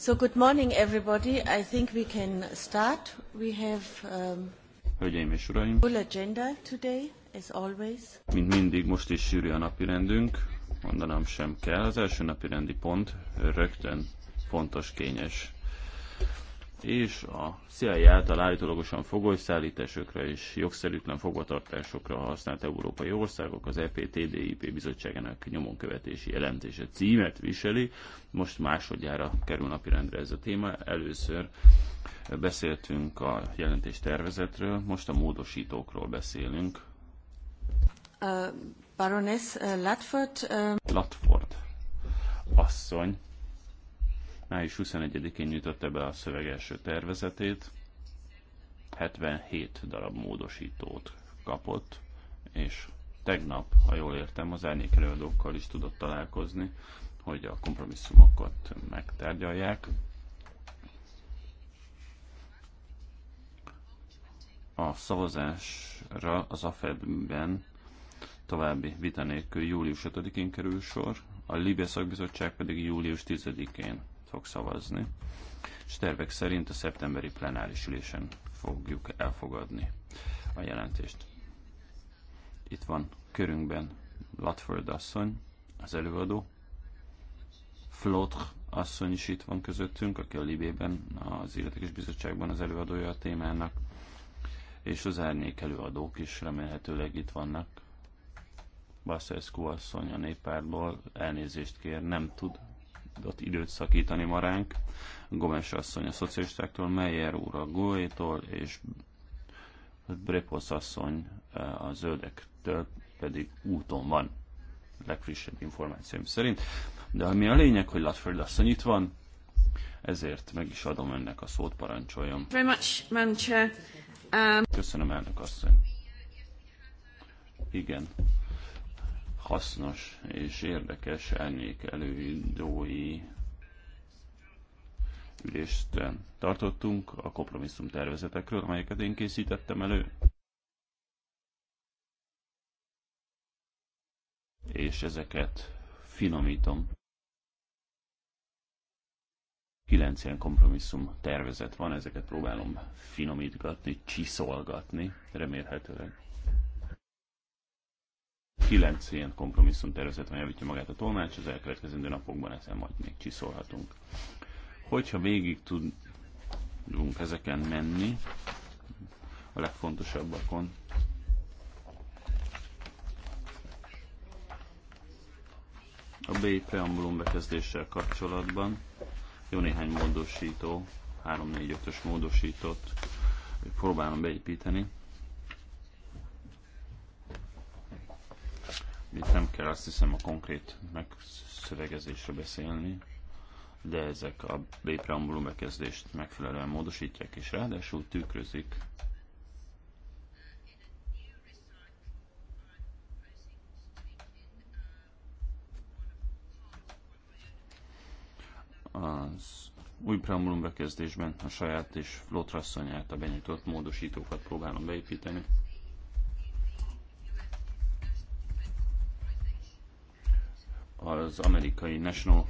So good morning everybody. I think we can start. We have um, Hölgyeim és uraim. Full agenda today, as always. Mint mindig, most is sűrű a napirendünk, mondanom sem kell. Az első napirendi pont rögtön fontos, kényes és a CIA által állítólagosan fogolyszállításokra és jogszerűtlen fogvatartásokra használt európai országok az EPTDIP bizottságának nyomonkövetési jelentése címet viseli. Most másodjára kerül napirendre ez a téma. Először beszéltünk a jelentés tervezetről, most a módosítókról beszélünk. Uh, Baroness uh, Latford. Uh... Latford asszony Május 21-én nyújtotta be a szöveg első tervezetét, 77 darab módosítót kapott, és tegnap, ha jól értem, az árnyékelőadókkal is tudott találkozni, hogy a kompromisszumokat megtárgyalják. A szavazásra az AFED-ben további vita nélkül július 5-én kerül sor, a Libia szakbizottság pedig július 10-én fog szavazni, és tervek szerint a szeptemberi plenáris ülésen fogjuk elfogadni a jelentést. Itt van körünkben Latford asszony, az előadó, Flotr asszony is itt van közöttünk, aki a Libében, az Illetékes Bizottságban az előadója a témának, és az árnyék előadók is remélhetőleg itt vannak. Baszeszku asszony a néppárból elnézést kér, nem tud ott időt szakítani ma ránk. Gomes asszony a szocialistáktól, Meyer úr a Góétól, és Brepos asszony e, a zöldektől pedig úton van legfrissebb információim szerint. De ami a lényeg, hogy Latford asszony itt van, ezért meg is adom önnek a szót, parancsoljon. Very much, Manche. Um... Köszönöm, elnök asszony. Igen, hasznos és érdekes elnék előidói ülést tartottunk a kompromisszum tervezetekről, amelyeket én készítettem elő. És ezeket finomítom. Kilenc ilyen kompromisszum tervezet van, ezeket próbálom finomítgatni, csiszolgatni, remélhetőleg 9 ilyen kompromisszum tervezetben javítja magát a tolmács, az elkövetkező napokban ezen majd még csiszolhatunk. Hogyha végig tudunk ezeken menni, a legfontosabbakon, a B preambulum bekezdéssel kapcsolatban jó néhány módosító, 3-4-5-ös módosítót próbálom beépíteni. Itt nem kell azt hiszem a konkrét megszövegezésre beszélni, de ezek a B preambulum bekezdést megfelelően módosítják, és ráadásul tükrözik az új preambulum bekezdésben a saját és Lotrasszony által benyújtott módosítókat próbálom beépíteni. az amerikai National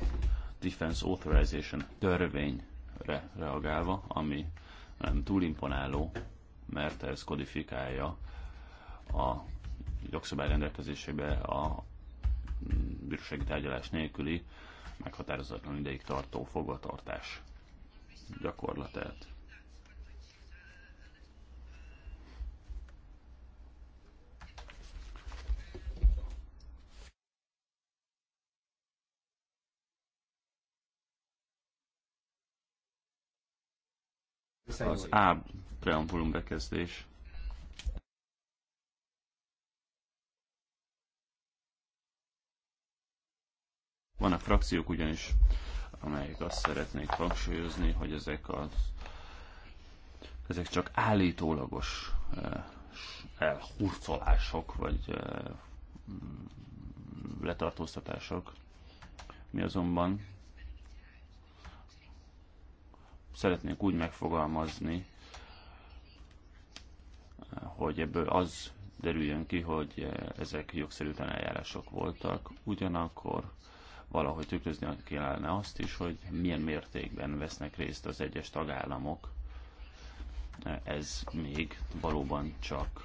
Defense Authorization törvényre reagálva, ami nem túl imponáló, mert ez kodifikálja a jogszabály rendelkezésébe a bírósági tárgyalás nélküli meghatározatlan ideig tartó fogvatartás gyakorlatát. Az A preambulum bekezdés. Vannak frakciók ugyanis, amelyek azt szeretnék hangsúlyozni, hogy ezek az ezek csak állítólagos eh, elhurcolások, vagy eh, mm, letartóztatások. Mi azonban szeretnénk úgy megfogalmazni, hogy ebből az derüljön ki, hogy ezek jogszerűtlen eljárások voltak, ugyanakkor valahogy tükrözni kellene azt is, hogy milyen mértékben vesznek részt az egyes tagállamok. Ez még valóban csak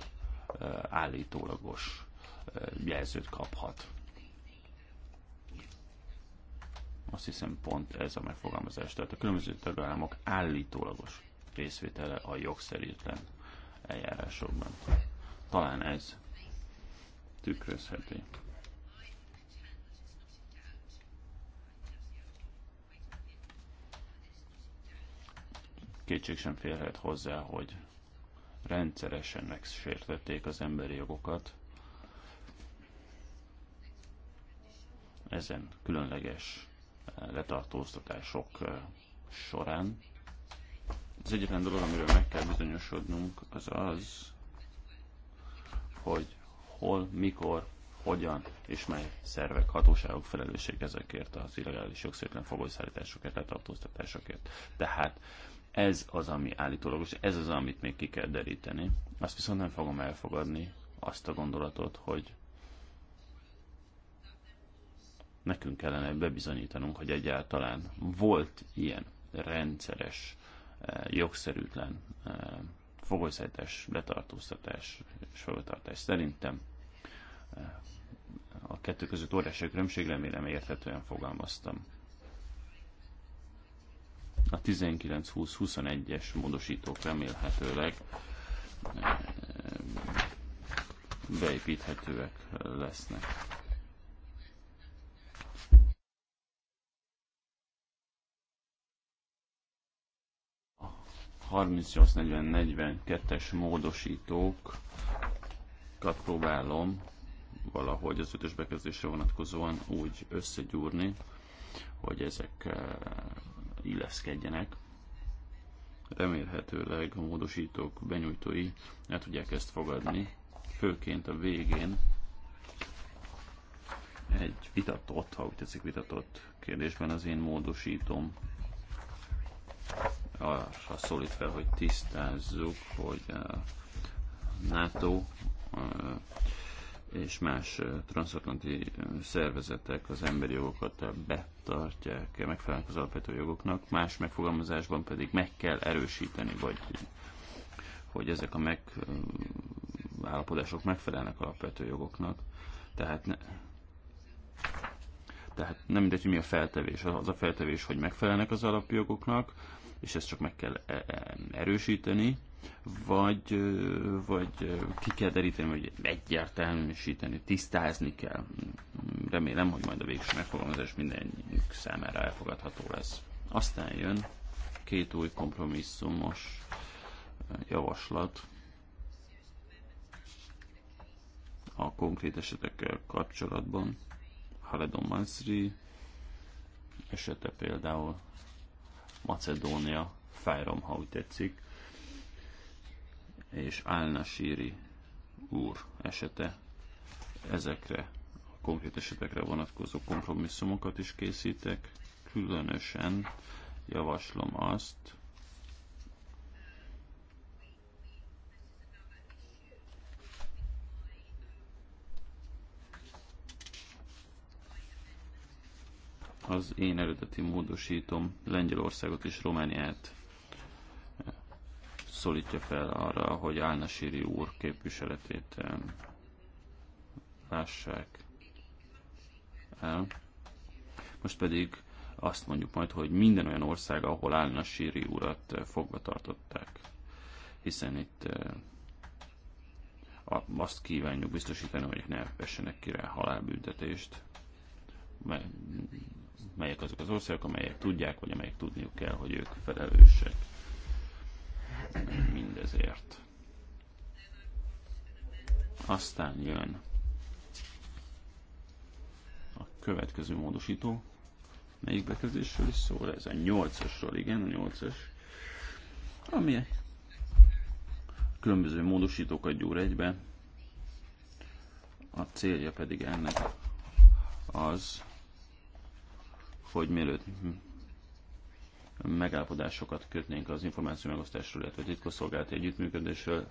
eh, állítólagos eh, jelzőt kaphat. Azt hiszem pont ez a megfogalmazás. Tehát a különböző tagállamok állítólagos részvétele a jogszerűtlen eljárásokban. Talán ez tükrözheti. Kétség sem férhet hozzá, hogy rendszeresen megsértették az emberi jogokat. Ezen különleges letartóztatások során. Az egyetlen dolog, amiről meg kell bizonyosodnunk, az az, hogy hol, mikor, hogyan és mely szervek, hatóságok felelősség ezekért az illegális jogszerűen fogolyszállításokért, letartóztatásokért. Tehát ez az, ami állítólagos, ez az, amit még ki kell deríteni. Azt viszont nem fogom elfogadni, azt a gondolatot, hogy nekünk kellene bebizonyítanunk, hogy egyáltalán volt ilyen rendszeres, eh, jogszerűtlen eh, fogolyszájtás, letartóztatás és fogvatartás. Szerintem eh, a kettő között óriási különbség, remélem érthetően fogalmaztam. A 19-20-21-es módosítók remélhetőleg beépíthetőek lesznek. 38-40-42-es módosítókat próbálom valahogy az ötös bekezdésre vonatkozóan úgy összegyúrni, hogy ezek eh, illeszkedjenek. Remélhetőleg a módosítók benyújtói el tudják ezt fogadni, főként a végén egy vitatott, ha úgy tetszik vitatott kérdésben az én módosítom arra szólít fel, hogy tisztázzuk, hogy a NATO és más transatlanti szervezetek az emberi jogokat betartják, megfelelnek az alapvető jogoknak, más megfogalmazásban pedig meg kell erősíteni, vagy hogy ezek a megállapodások megfelelnek alapvető jogoknak. Tehát ne, tehát nem mindegy, hogy mi a feltevés. Az a feltevés, hogy megfelelnek az alapjogoknak, és ezt csak meg kell e, e, erősíteni, vagy, vagy ki kell deríteni, vagy egyértelműsíteni, tisztázni kell. Remélem, hogy majd a végső megfogalmazás mindenünk számára elfogadható lesz. Aztán jön két új kompromisszumos javaslat a konkrét esetekkel kapcsolatban. Haledon Mansri esete például Macedónia, Fájrom, ha úgy tetszik, és Síri úr esete ezekre a konkrét esetekre vonatkozó kompromisszumokat is készítek. Különösen javaslom azt, az én eredeti módosítom Lengyelországot és Romániát eh, szólítja fel arra, hogy Álnasíri úr képviseletét eh, lássák el. Most pedig azt mondjuk majd, hogy minden olyan ország, ahol Álnasíri urat eh, fogva tartották, hiszen itt azt kívánjuk biztosítani, hogy ne vessenek ki rá halálbüntetést, melyek azok az országok, amelyek tudják, vagy amelyek tudniuk kell, hogy ők felelősek mindezért. Aztán jön a következő módosító. Melyik bekezdésről is szól? Ez a nyolcasról, igen, a nyolcas. Ami különböző módosítókat gyúr egybe. A célja pedig ennek az, hogy mielőtt megállapodásokat kötnénk az információ megosztásról, illetve titkosszolgálati együttműködésről,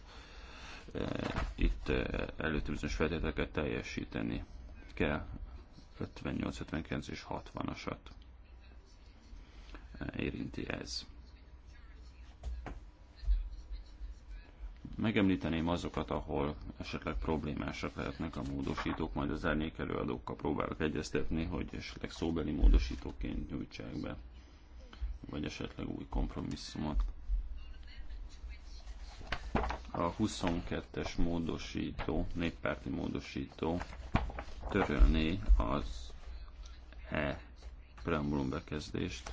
e, itt e, előtt bizonyos feltételeket teljesíteni kell 58, 59 és 60-asat e, érinti ez. Megemlíteném azokat, ahol esetleg problémásak lehetnek a módosítók, majd az árnyék előadókkal próbálok egyeztetni, hogy esetleg szóbeli módosítóként nyújtsák be, vagy esetleg új kompromisszumot. A 22-es módosító, néppárti módosító törölné az E preambulum bekezdést,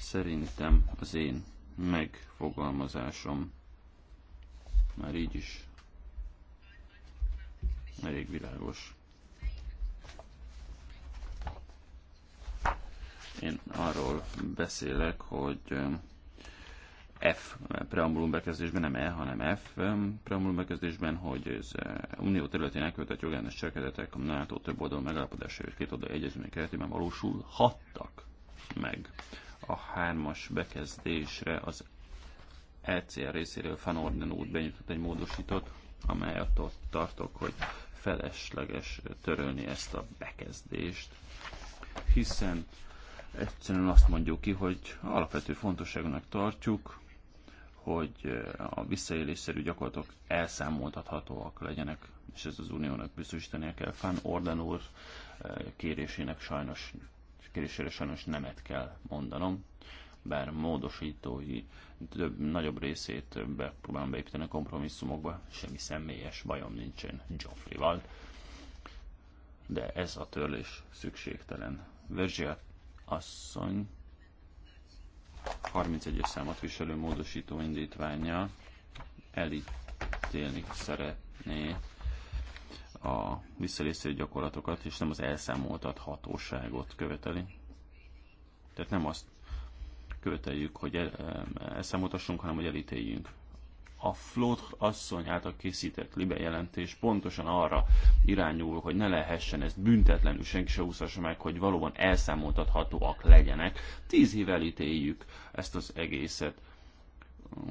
Szerintem az én megfogalmazásom már így is elég világos. Én arról beszélek, hogy um, F preambulum bekezdésben, nem E, hanem F um, preambulum bekezdésben, hogy az uh, unió területén elkövetett jogállás cselekedetek a NATO több oldalon megállapodásáért két oldal egyezmény keretében valósulhattak meg a hármas bekezdésre az ECR részéről Van út benyújtott egy módosítót, amely attól tartok, hogy felesleges törölni ezt a bekezdést, hiszen egyszerűen azt mondjuk ki, hogy alapvető fontosságúnak tartjuk, hogy a visszaélésszerű gyakorlatok elszámoltathatóak legyenek, és ez az uniónak biztosítania kell. Fan Orden úr eh, kérésének sajnos kérésére sajnos nemet kell mondanom, bár módosítói több, nagyobb részét be, próbálom beépíteni a kompromisszumokba, semmi személyes bajom nincsen Joffrival, de ez a törlés szükségtelen. Virgia asszony 31-es számot viselő módosító indítványa elítélni szeretné a visszalésző gyakorlatokat, és nem az hatóságot követeli. Tehát nem azt követeljük, hogy el, elszámoltassunk, hanem hogy elítéljünk. A Flót asszony által készített libe jelentés pontosan arra irányul, hogy ne lehessen ezt büntetlenül senki se úszassa meg, hogy valóban elszámoltathatóak legyenek. Tíz év elítéljük ezt az egészet.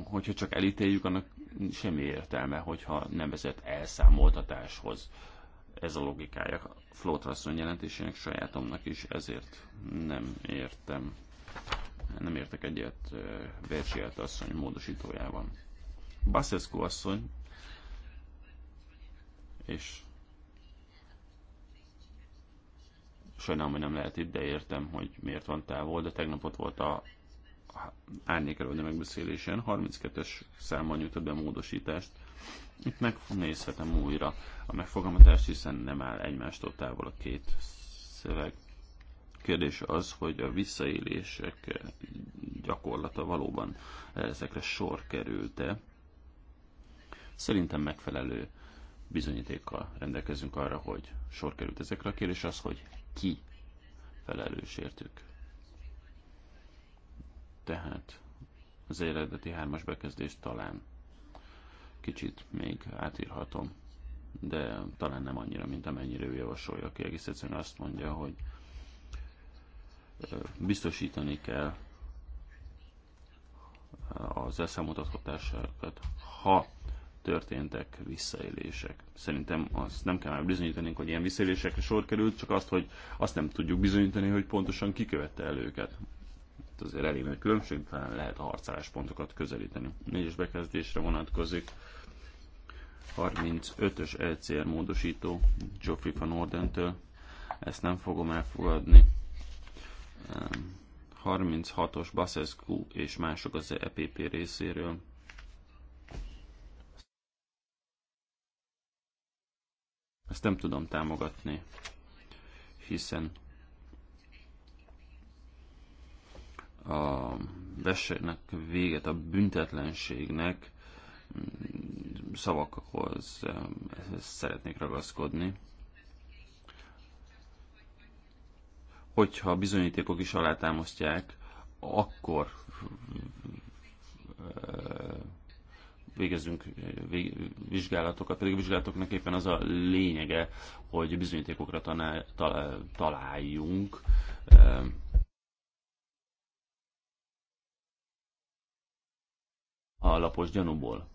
Hogyha csak elítéljük, annak semmi értelme, hogyha nem vezet elszámoltatáshoz. Ez a logikája a Flótrasszony jelentésének sajátomnak is, ezért nem értem. Nem értek egyet Vercsiát asszony módosítójában. Baszeszkó asszony és sajnálom, hogy nem lehet itt, de értem, hogy miért van távol, de tegnap ott volt a árnyékelődne megbeszélésen, 32-es számmal nyújtott be a módosítást. Itt megnézhetem újra a megfogalmatást, hiszen nem áll egymástól távol a két szöveg. Kérdés az, hogy a visszaélések gyakorlata valóban ezekre sor került-e. Szerintem megfelelő bizonyítékkal rendelkezünk arra, hogy sor került ezekre a kérdés az, hogy ki felelős értük tehát az eredeti hármas bekezdést talán kicsit még átírhatom, de talán nem annyira, mint amennyire ő javasolja, aki egész egyszerűen azt mondja, hogy biztosítani kell az eszemutatkozásokat, ha történtek visszaélések. Szerintem azt nem kell már bizonyítani, hogy ilyen visszaélésekre sor került, csak azt, hogy azt nem tudjuk bizonyítani, hogy pontosan kikövette el őket itt hát azért elég nagy különbség, talán lehet harcáláspontokat közelíteni. Négyes bekezdésre vonatkozik 35-ös LCR e módosító Geoffrey van Ordentől. Ezt nem fogom elfogadni. 36-os Basescu és mások az EPP részéről. Ezt nem tudom támogatni, hiszen a vessenek véget a büntetlenségnek, szavakhoz szeretnék ragaszkodni. Hogyha bizonyítékok is alátámasztják, akkor eh, végezünk vizsgálatokat, pedig a vizsgálatoknak éppen az a lényege, hogy bizonyítékokra találjunk, eh, lapos gyanúból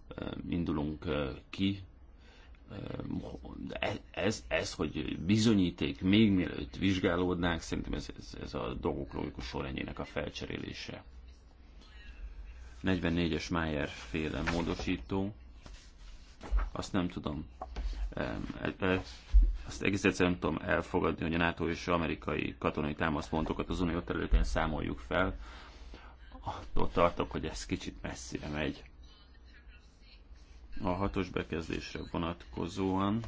indulunk ki, de e, ez, ez, hogy bizonyíték még mielőtt vizsgálódnánk, szerintem ez, ez, ez a dolgok logikus sorrendjének a felcserélése. 44-es Mayer féle módosító, azt nem tudom, e, e, azt egész egyszerűen nem tudom elfogadni, hogy a NATO és amerikai katonai támaszpontokat az unió területén számoljuk fel attól tartok, hogy ez kicsit messzire megy. A hatos bekezdésre vonatkozóan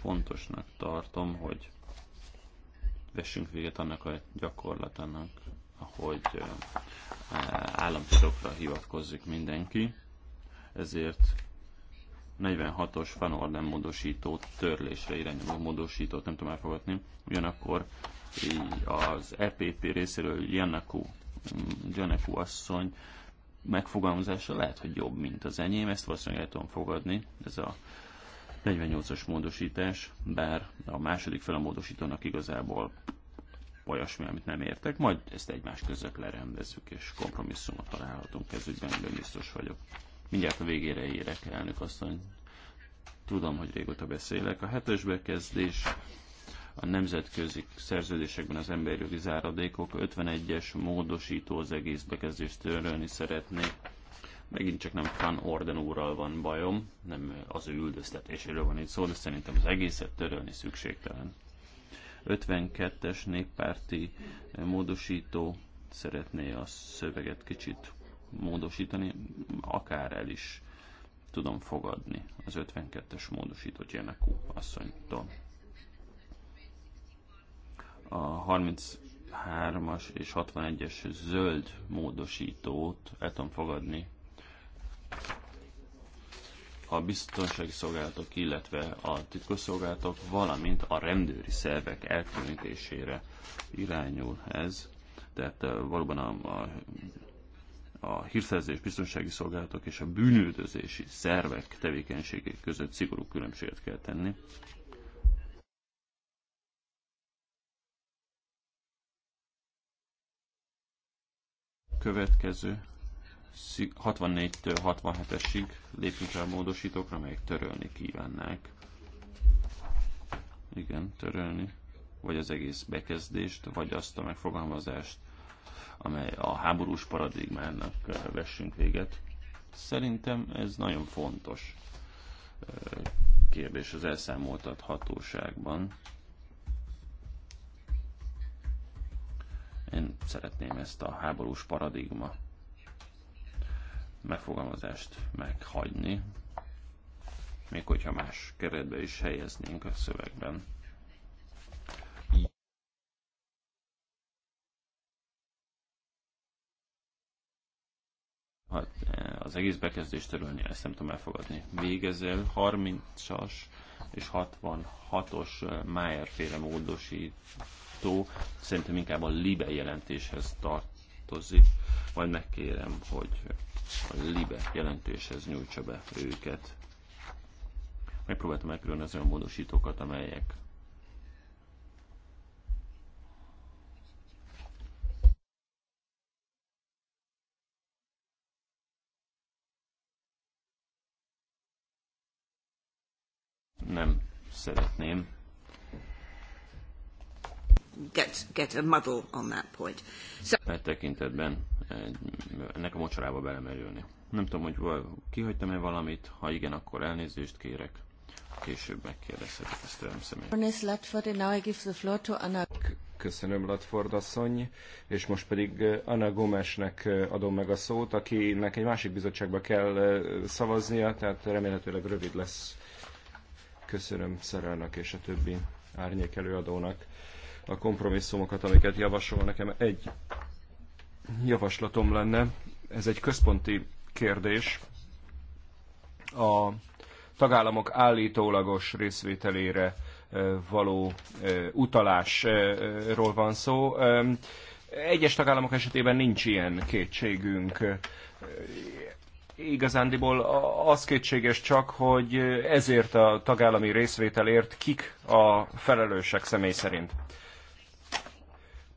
fontosnak tartom, hogy vessünk véget annak a gyakorlatának, ahogy eh, államcsokra hivatkozzuk mindenki, ezért 46-os fanordem módosító törlésre irányuló módosítót nem tudom elfogadni, ugyanakkor az EPP részéről Jannakú, Jannakú asszony megfogalmazása lehet, hogy jobb, mint az enyém, ezt valószínűleg el tudom fogadni, ez a 48-as módosítás, bár a második fel a módosítónak igazából olyasmi, amit nem értek, majd ezt egymás között lerendezzük, és kompromisszumot találhatunk ez ügyben, biztos vagyok. Mindjárt a végére érek, elnök hogy Tudom, hogy régóta beszélek. A kezdés a nemzetközi szerződésekben az emberi jogi záradékok 51-es módosító az egész bekezdést törölni szeretné. Megint csak nem Fan Orden úrral van bajom, nem az ő üldöztetéséről van itt szó, de szerintem az egészet törölni szükségtelen. 52-es néppárti módosító szeretné a szöveget kicsit módosítani, akár el is tudom fogadni az 52-es módosított Jenekú asszonytól a 33-as és 61-es zöld módosítót el tudom fogadni a biztonsági szolgálatok, illetve a titkosszolgálatok, valamint a rendőri szervek elkülönítésére irányul ez. Tehát valóban a, a, a hírszerzés, biztonsági szolgálatok és a bűnüldözési szervek tevékenységek között szigorú különbséget kell tenni. következő 64-től 67-esig lépjünk rá a módosítókra, amelyek törölni kívánnák. Igen, törölni. Vagy az egész bekezdést, vagy azt a megfogalmazást, amely a háborús paradigmának eh, vessünk véget. Szerintem ez nagyon fontos eh, kérdés az elszámoltathatóságban. Én szeretném ezt a háborús paradigma megfogalmazást meghagyni, még hogyha más keretbe is helyeznénk a szövegben. Hát, az egész bekezdést törölni, ezt nem tudom elfogadni. Végezel 30-as és 66-os Mayer féle módosít szó szerintem inkább a libe jelentéshez tartozik. Majd megkérem, hogy a libe jelentéshez nyújtsa be őket. Megpróbáltam elkülönni az olyan módosítókat, amelyek nem szeretném get, get a muddle on that point. So... E tekintetben e, ennek a mocsarába belemerülni. Nem tudom, hogy kihagytam-e valamit, ha igen, akkor elnézést kérek. Később megkérdezhetek ezt tőlem személyt. Köszönöm, Latford asszony, és most pedig e, Anna Gomesnek adom meg a szót, akinek egy másik bizottságba kell szavaznia, tehát remélhetőleg rövid lesz. Köszönöm Szerelnek és a többi árnyék előadónak a kompromisszumokat, amiket javasol nekem. Egy javaslatom lenne, ez egy központi kérdés, a tagállamok állítólagos részvételére való utalásról van szó. Egyes tagállamok esetében nincs ilyen kétségünk. Igazándiból az kétséges csak, hogy ezért a tagállami részvételért kik a felelősek személy szerint.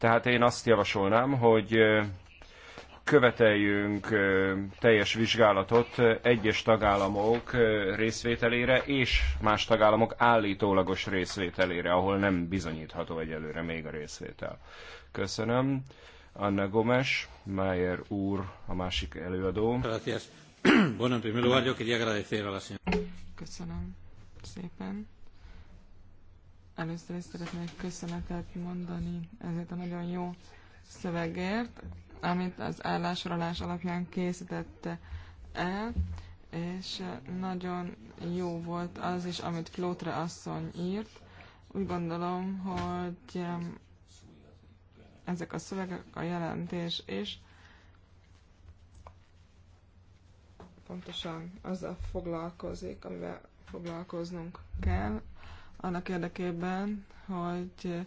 Tehát én azt javasolnám, hogy követeljünk teljes vizsgálatot egyes tagállamok részvételére és más tagállamok állítólagos részvételére, ahol nem bizonyítható egyelőre még a részvétel. Köszönöm. Anna Gomes, Mayer úr, a másik előadó. Gracias. Bueno, en primer lugar yo quería agradecer a la señora. Köszönöm szépen. Először is szeretnék köszönetet mondani ezért a nagyon jó szövegért, amit az állásorolás alapján készítette el, és nagyon jó volt az is, amit Flótre asszony írt. Úgy gondolom, hogy ezek a szövegek, a jelentés és pontosan azzal foglalkozik, amivel foglalkoznunk kell, annak érdekében, hogy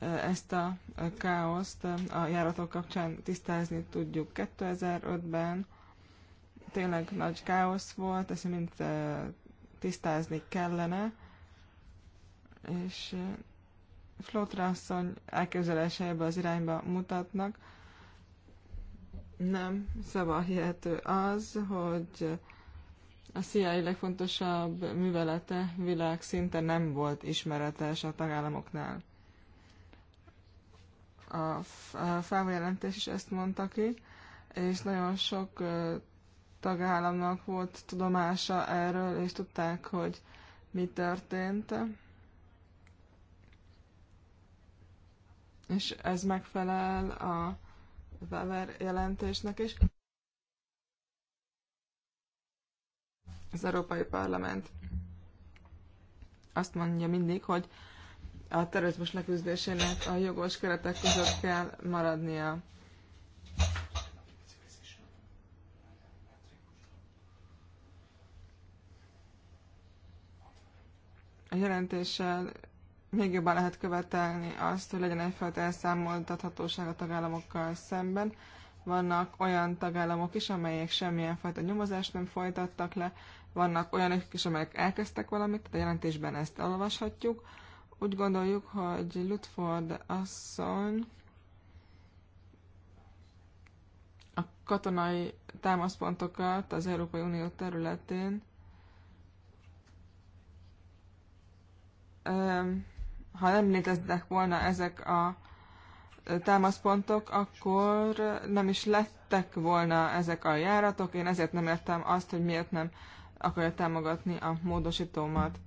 e, ezt a e, káoszt e, a járatok kapcsán tisztázni tudjuk. 2005-ben tényleg nagy káosz volt, ezt mind tisztázni kellene, és Flotrasszony ebbe az irányba mutatnak. Nem szava hihető az, hogy a CIA legfontosabb művelete világszinten nem volt ismeretes a tagállamoknál. A FAO jelentés is ezt mondta ki, és nagyon sok tagállamnak volt tudomása erről, és tudták, hogy mi történt. És ez megfelel a Weber jelentésnek is. Az Európai Parlament azt mondja mindig, hogy a terrorizmus leküzdésének a jogos keretek között kell maradnia. A jelentéssel még jobban lehet követelni azt, hogy legyen egyfajta elszámoltathatóság a tagállamokkal szemben. Vannak olyan tagállamok is, amelyek semmilyen fajta nyomozást nem folytattak le, vannak olyanok is, amelyek elkezdtek valamit, de a jelentésben ezt elolvashatjuk. Úgy gondoljuk, hogy Lutford asszony a katonai támaszpontokat az Európai Unió területén ha nem léteznek volna ezek a támaszpontok, akkor nem is lettek volna ezek a járatok. Én ezért nem értem azt, hogy miért nem akarja támogatni a módosítómat.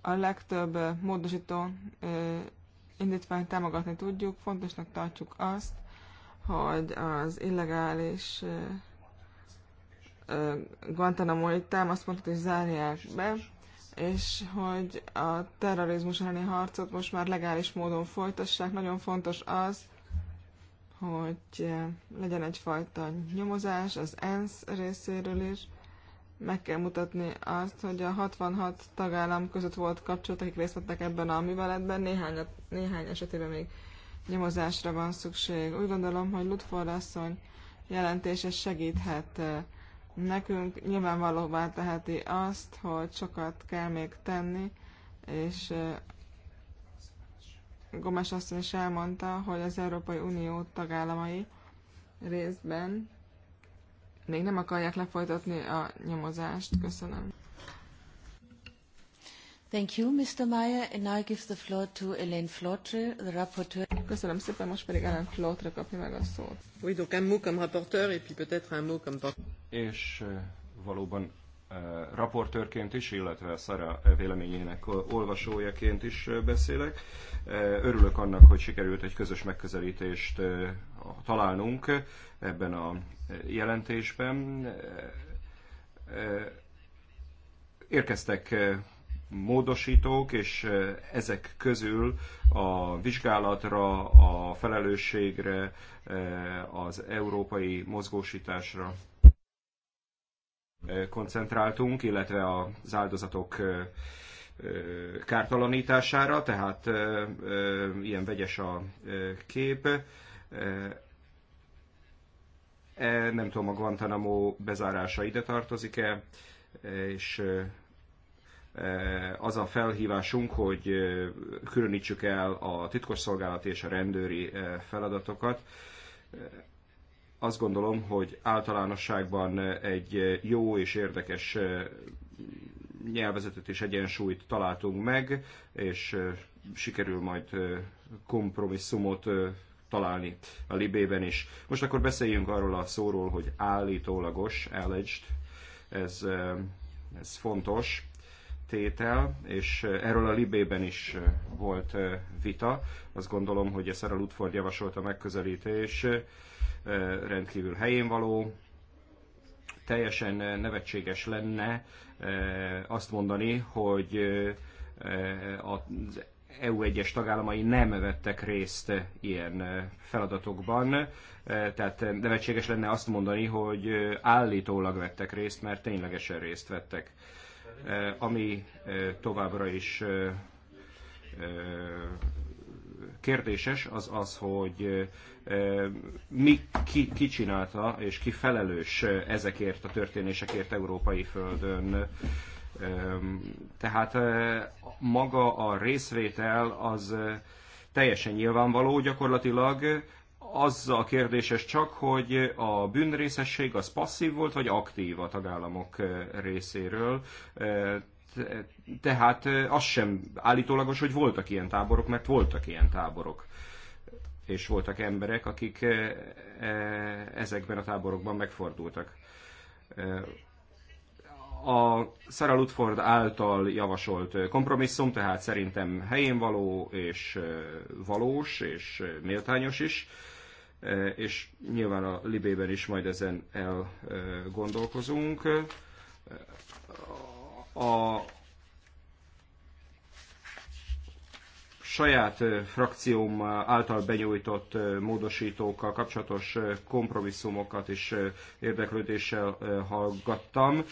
A legtöbb módosító indítványt támogatni tudjuk, fontosnak tartjuk azt, hogy az illegális Guantanamo-i támaszpontot is zárják be, és hogy a terrorizmus elleni harcot most már legális módon folytassák. Nagyon fontos az, hogy legyen egyfajta nyomozás az ENSZ részéről is. Meg kell mutatni azt, hogy a 66 tagállam között volt kapcsolat, akik részt vettek ebben a műveletben, néhány, néhány esetében még nyomozásra van szükség. Úgy gondolom, hogy Ludford asszony jelentése segíthet eh, nekünk nyilvánvalóvá teheti azt, hogy sokat kell még tenni, és Gomes asszony is elmondta, hogy az Európai Unió tagállamai részben még nem akarják lefolytatni a nyomozást. Köszönöm. Thank you, Mr. Meyer. And now I give the floor to Flotre, the rapporteur. Köszönöm szépen, most pedig Ellen Flotre kapja meg a szót. Oui, donc un mot comme rapporteur, et puis peut-être un mot comme... És valóban raportőrként is, illetve Szara véleményének olvasójaként is beszélek. Örülök annak, hogy sikerült egy közös megközelítést találnunk ebben a jelentésben. Érkeztek módosítók, és ezek közül a vizsgálatra, a felelősségre, az európai mozgósításra koncentráltunk, illetve az áldozatok kártalanítására, tehát ilyen vegyes a kép. E, nem tudom, a Guantanamo bezárása ide tartozik-e, és Eh, az a felhívásunk, hogy eh, különítsük el a titkosszolgálati és a rendőri eh, feladatokat. Azt gondolom, hogy általánosságban egy jó és érdekes nyelvezetet és egyensúlyt találtunk meg, és sikerül majd kompromisszumot találni a libében is. Most akkor beszéljünk arról a szóról, hogy állítólagos, alleged, ez, ez fontos tétel, és erről a Libében is volt vita. Azt gondolom, hogy a Sarah javasolt a megközelítés rendkívül helyén való, teljesen nevetséges lenne azt mondani, hogy az EU egyes tagállamai nem vettek részt ilyen feladatokban, tehát nevetséges lenne azt mondani, hogy állítólag vettek részt, mert ténylegesen részt vettek. Eh, ami eh, továbbra is eh, kérdéses, az az, hogy mi, ki, ki csinálta és ki felelős ezekért a történésekért európai földön. Tehát maga a részvétel az teljesen nyilvánvaló gyakorlatilag, az a kérdéses csak, hogy a bűnrészesség az passzív volt, vagy aktív a tagállamok eh, részéről. Eh, tehát eh, az sem állítólagos, hogy voltak ilyen táborok, mert voltak ilyen táborok. És voltak emberek, akik ezekben a táborokban megfordultak. A Sarah Ludford által javasolt kompromisszum, tehát szerintem helyén való és valós és méltányos is E, és nyilván a Libében is majd ezen elgondolkozunk. E, a saját e, frakcióm által benyújtott módosítókkal kapcsolatos kompromisszumokat is érdeklődéssel hallgattam,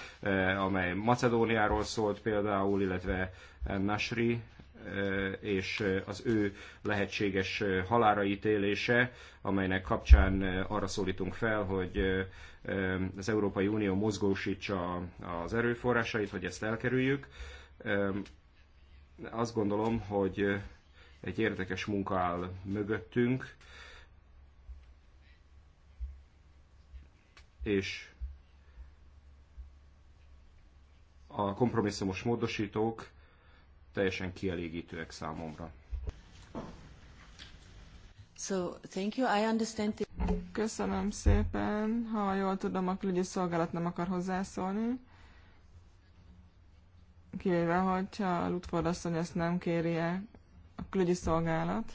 amely Macedóniáról szólt például, illetve Nasri és az ő lehetséges halára ítélése, amelynek kapcsán arra szólítunk fel, hogy az Európai Unió mozgósítsa az erőforrásait, hogy ezt elkerüljük. Azt gondolom, hogy egy érdekes munka áll mögöttünk, és a kompromisszumos módosítók teljesen kielégítőek számomra. So, thank you. I understand Köszönöm szépen. Ha jól tudom, a külügyi szolgálat nem akar hozzászólni. Kivéve, hogyha Lutford asszony ezt nem kéri -e a külügyi szolgálat.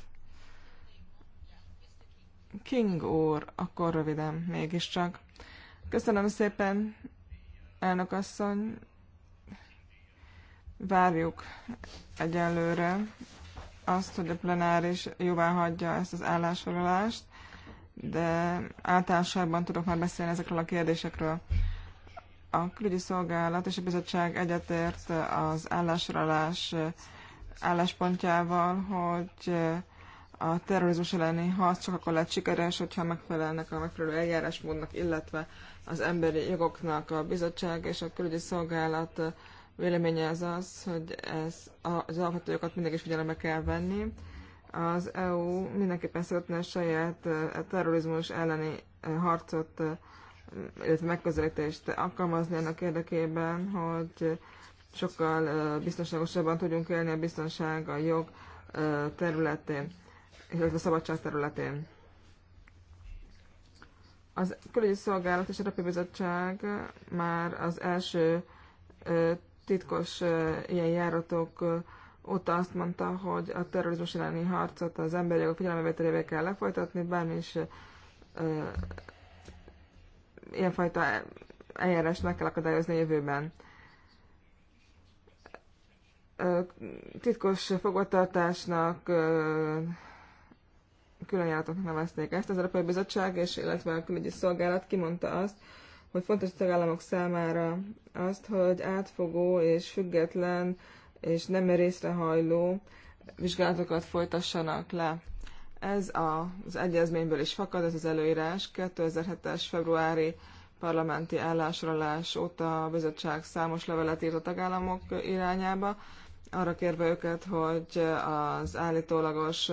King úr, akkor röviden mégiscsak. Köszönöm szépen, elnök asszony. Várjuk egyelőre azt, hogy a plenáris jóvá hagyja ezt az állásfoglalást, de általában tudok már beszélni ezekről a kérdésekről. A külügyi szolgálat és a bizottság egyetért az állásfoglalás álláspontjával, hogy a terrorizmus elleni harc csak akkor lehet sikeres, hogyha megfelelnek a megfelelő eljárásmódnak, illetve az emberi jogoknak a bizottság és a külügyi szolgálat véleménye az az, hogy ez az alapvetőjogokat mindig is figyelembe kell venni. Az EU mindenképpen szeretne a saját a terrorizmus elleni harcot, illetve megközelítést alkalmazni annak érdekében, hogy sokkal biztonságosabban tudjunk élni a biztonság, a jog területén, illetve a szabadság területén. Az külügyi szolgálat és a Bizottság már az első titkos ilyen járatok óta azt mondta, hogy a terrorizmus elleni harcot az emberi jogok figyelmevételével kell lefolytatni, bármi is ilyenfajta eljárást meg kell akadályozni a jövőben. Titkos fogvatartásnak különjáratoknak nevezték ezt. Az Európai Bizottság és illetve a külügyi szolgálat kimondta azt, hogy fontos a tagállamok számára azt, hogy átfogó és független és nem részrehajló vizsgálatokat folytassanak le. Ez a, az egyezményből is fakad, ez az előírás. 2007-es februári parlamenti állásralás óta a bizottság számos levelet írt a tagállamok irányába, arra kérve őket, hogy az állítólagos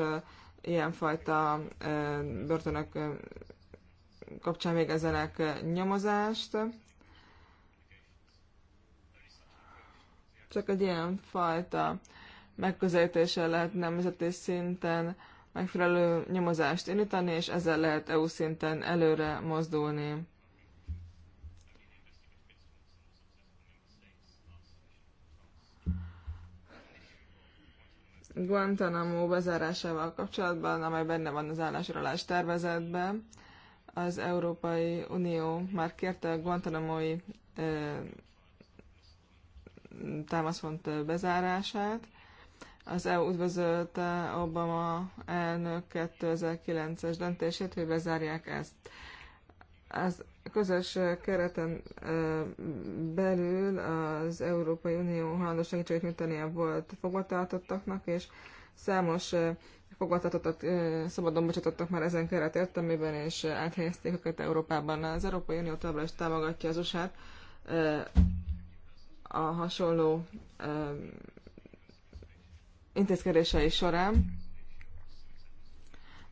ilyenfajta börtönök kapcsán végezzenek eh, nyomozást. Csak egy ilyen fajta megközelítése lehet nemzeti szinten megfelelő nyomozást indítani, és ezzel lehet EU szinten előre mozdulni. Guantanamo bezárásával kapcsolatban, amely benne van az állásrólás tervezetben. Az Európai Unió már kérte a Guantanamo-i támaszpont bezárását. Az EU üdvözölte Obama elnök 2009-es döntését, hogy bezárják ezt. Ez közös kereten belül az Európai Unió hajlandó segítséget volt fogvatartottaknak, és számos fogadhatatottat szabadon bocsátottak már ezen keret értelmében, és áthelyezték őket Európában. Az Európai Unió továbbra is támogatja az usa a hasonló intézkedései során,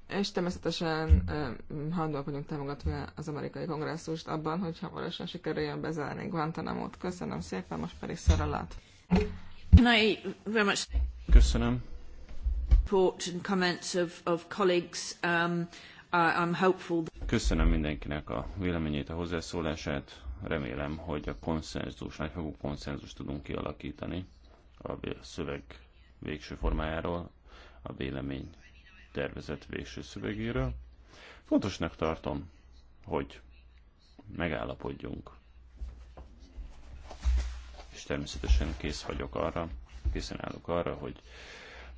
és természetesen hajlandóak támogatni az amerikai kongresszust abban, hogy hamarosan sikerüljön bezárni Guantanamo-t. Köszönöm szépen, most pedig Szaralat. Köszönöm. Report and comments of, of colleagues. Um, I'm hopeful. Köszönöm mindenkinek a véleményét, a hozzászólását. Remélem, hogy a konszenzus, nagyfogú konszenzus tudunk kialakítani a szöveg végső formájáról, a vélemény tervezett végső szövegéről. Fontosnak tartom, hogy megállapodjunk. És természetesen kész vagyok arra, készen állok arra, hogy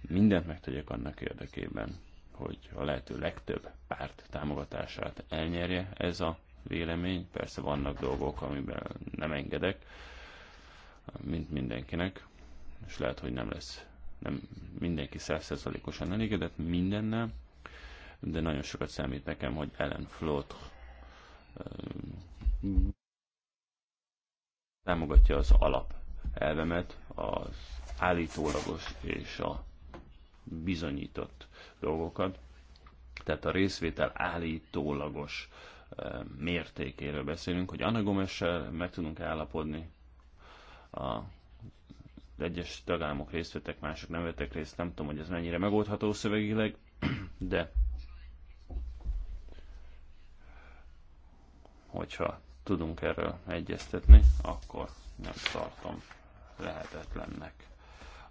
mindent megtegyek annak érdekében, hogy a lehető legtöbb párt támogatását elnyerje ez a vélemény. Persze vannak dolgok, amiben nem engedek, mint mindenkinek, és lehet, hogy nem lesz nem mindenki százszerzalékosan elégedett mindennel, de nagyon sokat számít nekem, hogy Ellen Flot um, támogatja az alap elvemet, az állítólagos és a bizonyított dolgokat. Tehát a részvétel állítólagos eh, mértékéről beszélünk, hogy Anna gomes meg tudunk állapodni a egyes tagállamok részt vettek, mások nem vettek részt, nem tudom, hogy ez mennyire megoldható szövegileg, de hogyha tudunk erről egyeztetni, akkor nem tartom lehetetlennek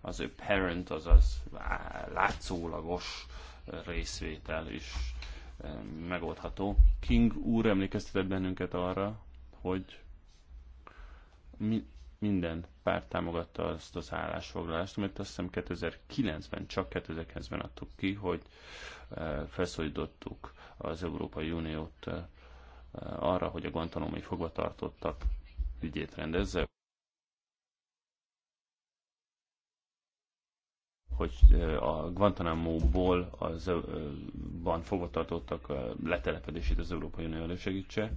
az apparent, azaz látszólagos részvétel is megoldható. King úr emlékeztetett bennünket arra, hogy mi, minden párt támogatta azt az állásfoglalást, amit azt hiszem 2009-ben, csak 2009-ben adtuk ki, hogy felszólítottuk az Európai Uniót arra, hogy a Guantanamo-i fogvatartottak ügyét rendezze. hogy a Guantanamo-ból az van fogvatartottak letelepedését az Európai Unió elősegítse.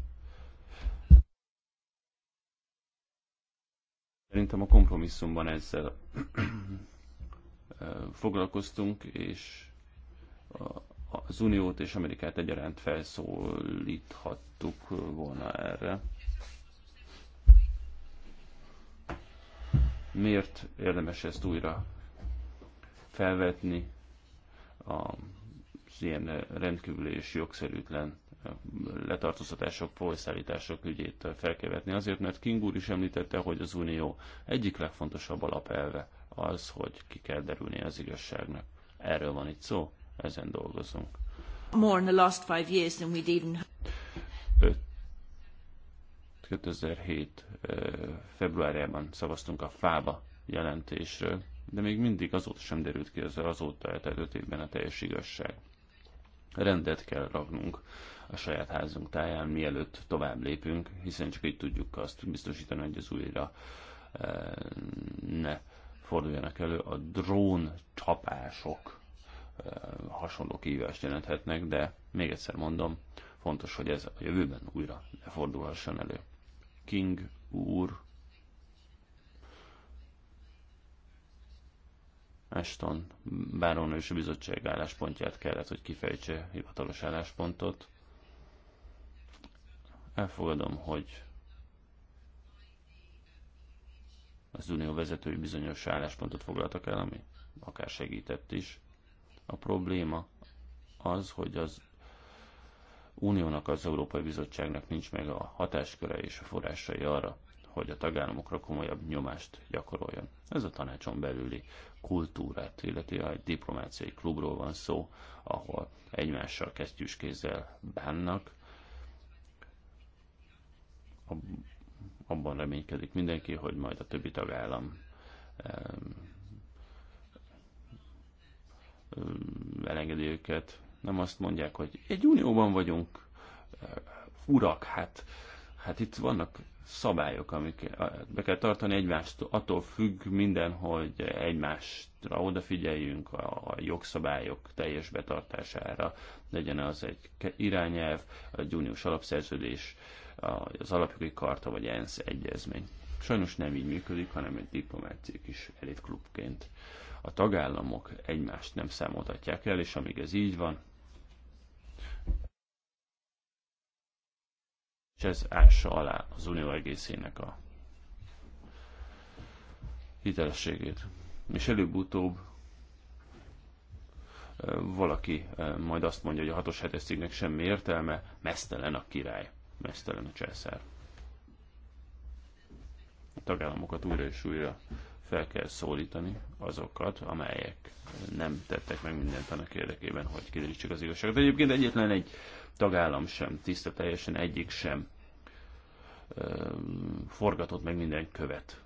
Szerintem a kompromisszumban ezzel foglalkoztunk, és az Uniót és Amerikát egyaránt felszólíthattuk volna erre. Miért érdemes ezt újra felvetni az ilyen rendkívül és jogszerűtlen eh, letartóztatások, folyszállítások ügyét felkevetni. Azért, mert King úr is említette, hogy az Unió egyik legfontosabb alapelve az, hogy ki kell derülni az igazságnak. Erről van itt szó, ezen dolgozunk. More in the last five years than we'd even... 2007. Eh, februárjában szavaztunk a FÁBA jelentésről, de még mindig azóta sem derült ki ezzel azóta eltelt évben a teljes igazság. Rendet kell ragnunk a saját házunk táján, mielőtt tovább lépünk, hiszen csak így tudjuk azt biztosítani, hogy az újra e, ne forduljanak elő a drón csapások e, hasonló kihívást jelenthetnek, de még egyszer mondom, fontos, hogy ez a jövőben újra ne fordulhasson elő. King úr Ashton Báronősi Bizottság álláspontját kellett, hogy kifejtse hivatalos álláspontot. Elfogadom, hogy az unió vezetői bizonyos álláspontot foglaltak el, ami akár segített is. A probléma az, hogy az uniónak, az Európai Bizottságnak nincs meg a hatásköre és a forrásai arra, hogy a tagállamokra komolyabb nyomást gyakoroljon. Ez a tanácson belüli kultúrát, illetve a diplomáciai klubról van szó, ahol egymással kesztyűs kézzel bánnak. Abban reménykedik mindenki, hogy majd a többi tagállam elengedi őket. Nem azt mondják, hogy egy unióban vagyunk, urak, hát, hát itt vannak szabályok, amik eh, be kell tartani egymást, attól függ minden, hogy egymástra odafigyeljünk a jogszabályok teljes betartására, legyen az egy irányelv, a június alapszerződés, az alapjogi karta vagy ENSZ egyezmény. Sajnos nem így működik, hanem egy diplomáciák is elitklubként. A tagállamok egymást nem számoltatják el, és amíg ez így van, és ez ássa alá az unió egészének a hitelességét. És előbb-utóbb valaki majd azt mondja, hogy a hatos hetes cikknek semmi értelme, mesztelen a király, mesztelen a császár. A tagállamokat újra és újra fel kell szólítani azokat, amelyek nem tettek meg mindent annak érdekében, hogy kiderítsük az igazságot. Egyébként egyetlen egy tagállam sem, tiszta teljesen egyik sem forgatott meg minden követ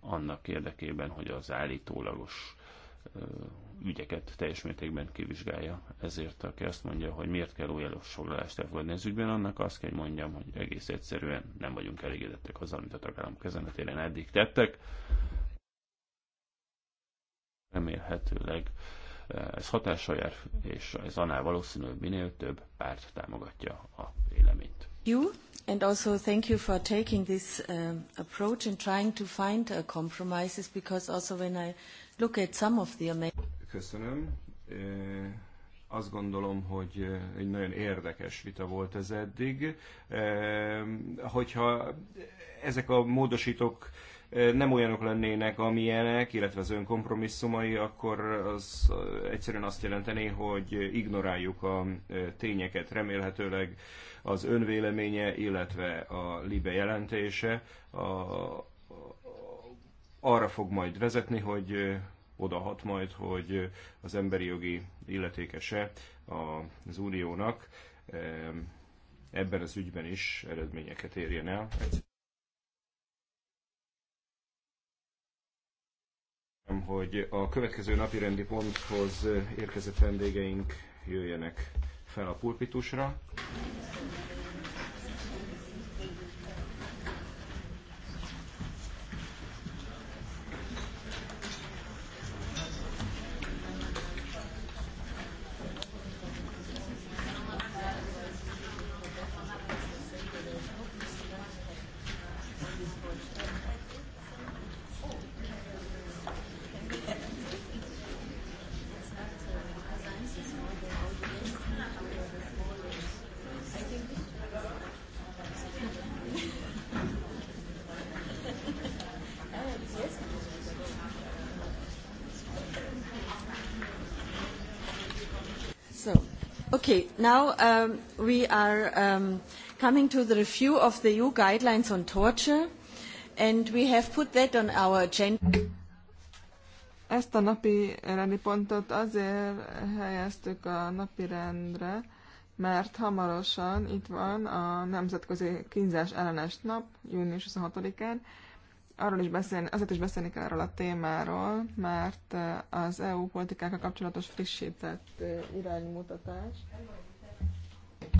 annak érdekében, hogy az állítólagos ügyeket teljes mértékben kivizsgálja. Ezért, aki azt mondja, hogy miért kell új foglalást elfogadni az ügyben, annak azt kell mondjam, hogy egész egyszerűen nem vagyunk elégedettek azzal, amit a tagállam kezemetéren eddig tettek. Remélhetőleg ez hatással jár, és ez annál valószínűbb minél több párt támogatja a véleményt. You and also thank you for taking this uh, approach and trying to find a uh, compromises because also when I look at some of the Köszönöm. Eh, azt gondolom, hogy eh, egy nagyon érdekes vita volt ez eddig. Eh, hogyha ezek a módosítók nem olyanok lennének, amilyenek, illetve az önkompromisszumai, akkor az egyszerűen azt jelenteni, hogy ignoráljuk a tényeket. Remélhetőleg az önvéleménye, illetve a libe jelentése a, arra fog majd vezetni, hogy odahat majd, hogy az emberi jogi illetékese az uniónak ebben az ügyben is eredményeket érjen el. hogy a következő napi rendi ponthoz eh, érkezett vendégeink jöjjenek fel a pulpitusra. Now um, we are um, coming to the review of the EU guidelines on torture, and we have put that on our agenda. Ezt a napi rendi pontot azért helyeztük a napi rendre, mert hamarosan itt van a Nemzetközi Kínzás ellenes nap, június 26-án. Arról is beszélni, azért is beszélni kell erről a témáról, mert az EU politikákkal kapcsolatos frissített uh, iránymutatás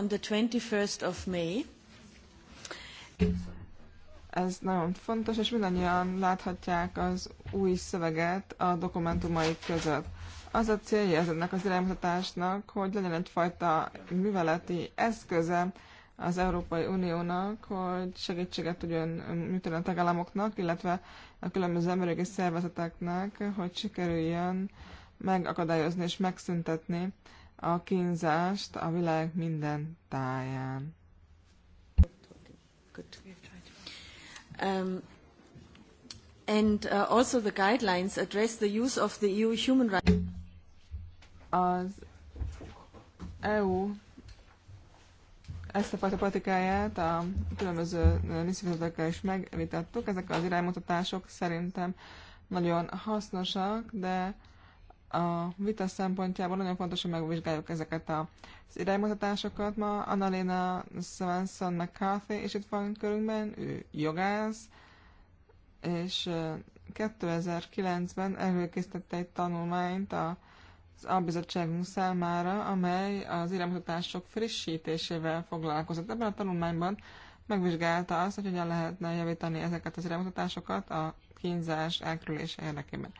On the 21st of May. Ez nagyon fontos, és mindannyian láthatják az új szöveget a dokumentumai között. Az a célja ezeknek az iránymutatásnak, hogy legyen egyfajta műveleti eszköze az Európai Uniónak, hogy segítséget tudjon nyújtani a tagállamoknak, illetve a különböző emberi szervezeteknek, hogy sikerüljön megakadályozni és megszüntetni a kínzást a világ minden táján. Um, and uh, also the guidelines address the use of the EU human rights. Az EU ezt a fajta politikáját a különböző visszafizetőkkel is megvitattuk. Ezek az iránymutatások szerintem nagyon hasznosak, de a vita szempontjából nagyon fontos, hogy megvizsgáljuk ezeket az iránymutatásokat ma. Annalena Svensson McCarthy, és itt van körünkben, ő jogász, és 2009-ben előkészítette egy tanulmányt az albizottságunk számára, amely az iránymutatások frissítésével foglalkozott. Ebben a tanulmányban megvizsgálta azt, hogy hogyan lehetne javítani ezeket az iránymutatásokat a kínzás elkerülése érdekében.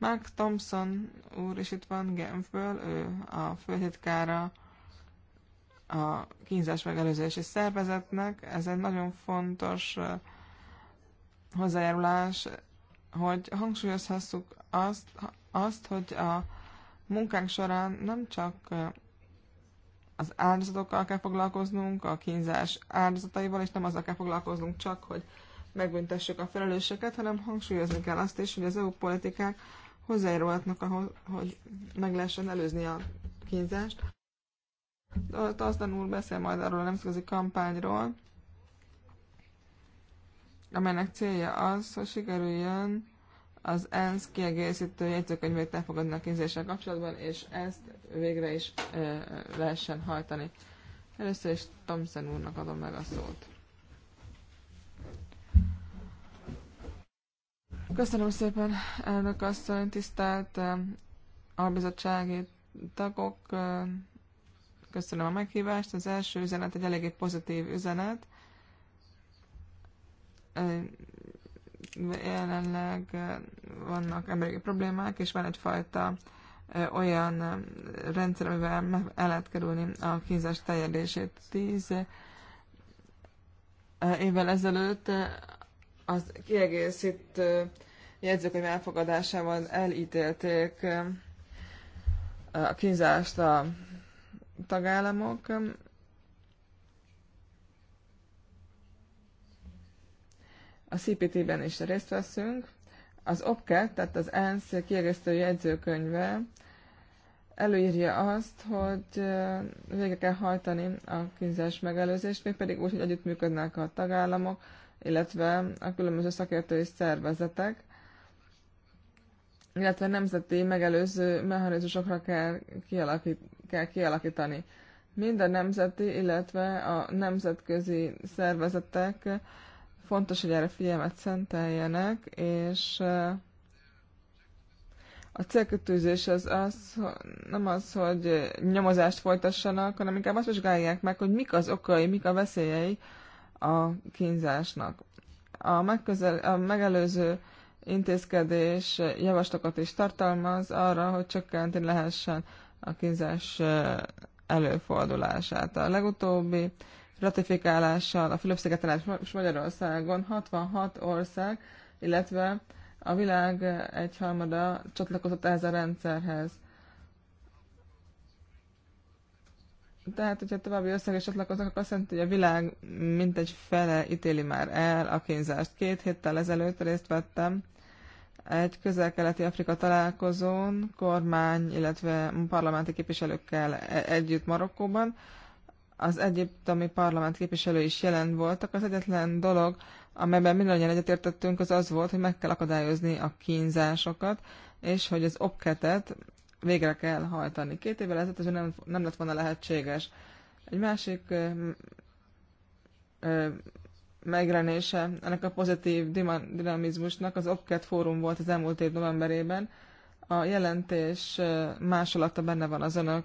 Mark Thompson úr is itt van Genfből, ő a főtitkára a kínzás megelőzési szervezetnek. Ez egy nagyon fontos hozzájárulás, hogy hangsúlyozhassuk azt, azt, hogy a munkánk során nem csak az áldozatokkal kell foglalkoznunk, a kínzás áldozataival, és nem azzal kell foglalkoznunk csak, hogy megbüntessük a felelőseket, hanem hangsúlyozni kell azt is, hogy az EU politikák hozzájárulhatnak ahhoz, hogy meg lehessen előzni a kínzást. Tasztan úr beszél majd arról a nemzetközi kampányról, amelynek célja az, hogy sikerüljön az ENSZ kiegészítő jegyzőkönyvét elfogadni a kínzéssel kapcsolatban, és ezt végre is ö, lehessen hajtani. Először is Thompson úrnak adom meg a szót. Köszönöm szépen, elnök asszony, tisztelt eh, albizottsági tagok, eh, köszönöm a meghívást. Az első üzenet egy eléggé pozitív üzenet. Eh, jelenleg vannak emberi problémák, és van egyfajta olyan rendszer, amivel el lehet kerülni a kínzás teljedését. Tíz évvel ezelőtt az kiegészítő jegyzőkönyv elfogadásában elítélték eh, a kínzást a tagállamok. A CPT-ben is részt veszünk. Az OPCAT, tehát az ENSZ kiegészítő jegyzőkönyve előírja azt, hogy eh, végre kell hajtani a kínzás megelőzést, mégpedig úgy, hogy együttműködnek a tagállamok, illetve a különböző szakértői szervezetek, illetve nemzeti megelőző mechanizmusokra kell, kialakít, kell kialakítani. Mind a nemzeti, illetve a nemzetközi szervezetek fontos, hogy erre figyelmet szenteljenek, és eh, a célkötőzés az, az nem az, hogy nyomozást folytassanak, hanem inkább azt vizsgálják meg, hogy mik az okai, mik a veszélyei a kínzásnak. A, megközel, a megelőző intézkedés javaslatokat is tartalmaz arra, hogy csökkenteni lehessen a kínzás előfordulását. A legutóbbi ratifikálással a Fülöp-szigeten és Magyarországon 66 ország, illetve a világ egyharmada csatlakozott ehhez a rendszerhez. Tehát, hogyha további is csatlakoznak, akkor azt jelenti, hogy a világ mintegy fele ítéli már el a kínzást. Két héttel ezelőtt részt vettem egy közel-keleti Afrika találkozón, kormány, illetve parlamenti képviselőkkel e- együtt Marokkóban. Az egyiptomi parlament képviselő is jelen voltak. Az egyetlen dolog, amelyben mindannyian egyetértettünk, az az volt, hogy meg kell akadályozni a kínzásokat, és hogy az opketet, végre kell hajtani. Két évvel ezelőtt ez nem, nem lett volna lehetséges. Egy másik ö, ö, ennek a pozitív dinamizmusnak az Opket fórum volt az elmúlt év novemberében. A jelentés másolata benne van az önök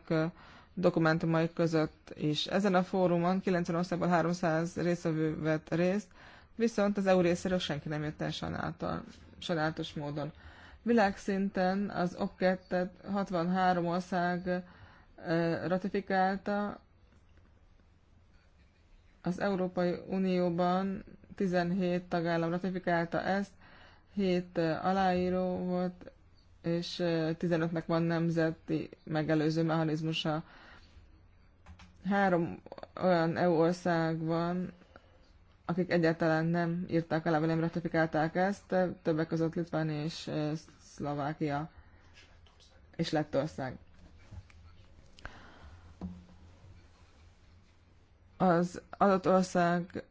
dokumentumai között is. Ezen a fórumon 90 országból 300 részvevő vett részt, viszont az EU részéről senki nem jött el sajnálatos módon. Világszinten az OKET-et 63 ország ratifikálta, az Európai Unióban 17 tagállam ratifikálta ezt, 7 aláíró volt, és 15-nek van nemzeti megelőző mechanizmusa. Három olyan EU ország van, akik egyáltalán nem írták alá, vagy nem ratifikálták ezt, többek között Litván és eh, Szlovákia és Lettország. Az adott ország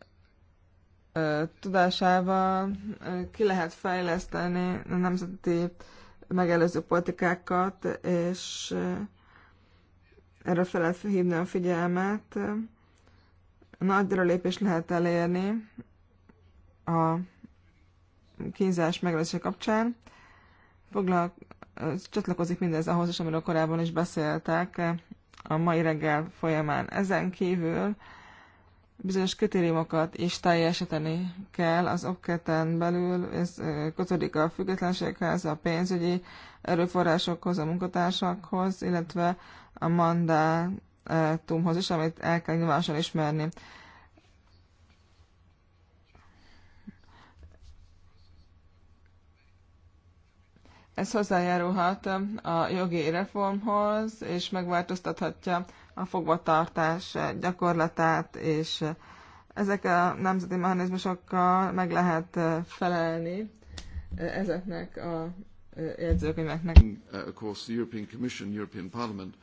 eh, tudásával eh, ki lehet fejleszteni a nemzeti megelőző politikákat, és erre fel lehet hívni a figyelmet. Nagy lépés lehet elérni a kínzás megelőzése kapcsán. Foglalk, csatlakozik mindez ahhoz is, amiről korábban is beszéltek a mai reggel folyamán. Ezen kívül bizonyos kritériumokat is teljesíteni kell az oketen belül, ez kötődik a függetlenséghez, a pénzügyi erőforrásokhoz, a munkatársakhoz, illetve a mandát mandátumhoz is, amit el kell nyilvánosan ismerni. Ez hozzájárulhat a jogi reformhoz, és megváltoztathatja a fogvatartás gyakorlatát, és ezek a nemzeti mechanizmusokkal meg lehet felelni ezeknek a jegyzőkönyveknek. Uh, of course, the European Commission, European Parliament uh,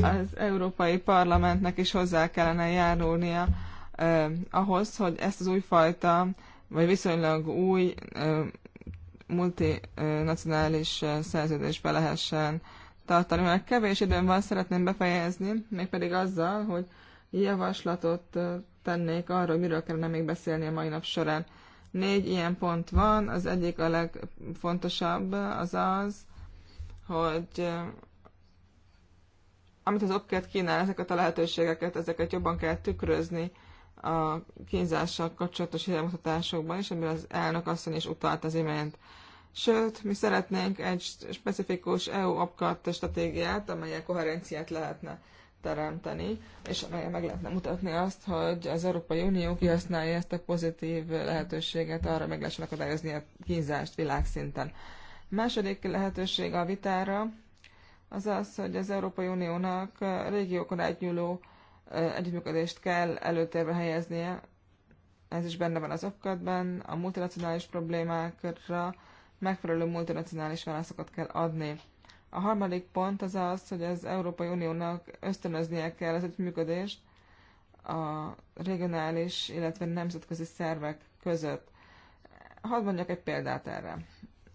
az Európai Parlamentnek is hozzá kellene járulnia eh, ahhoz, hogy ezt az újfajta, vagy viszonylag új eh, multinacionális eh, szerződésbe lehessen tartani. Mert kevés időm van, szeretném befejezni, mégpedig azzal, hogy javaslatot eh, tennék arra, hogy miről kellene még beszélni a mai nap során. Négy ilyen pont van, az egyik a legfontosabb az az, hogy amit az opket kínál, ezeket a lehetőségeket, ezeket jobban kell tükrözni a kínzással kapcsolatos hírmutatásokban, is, amire az elnök asszony is utalt az imént. Sőt, mi szeretnénk egy specifikus EU apkat stratégiát, amelyen koherenciát lehetne teremteni, és amelyen meg lehetne mutatni azt, hogy az Európai Unió kihasználja ezt a pozitív lehetőséget, arra meg lehessen akadályozni a kínzást világszinten. Második lehetőség a vitára az az, hogy az Európai Uniónak régiókon átnyúló együttműködést kell előtérbe helyeznie. Ez is benne van az okatban, a multinacionális problémákra megfelelő multinacionális válaszokat kell adni. A harmadik pont az az, hogy az Európai Uniónak ösztönöznie kell az együttműködést a regionális, illetve nemzetközi szervek között. Hadd mondjak egy példát erre.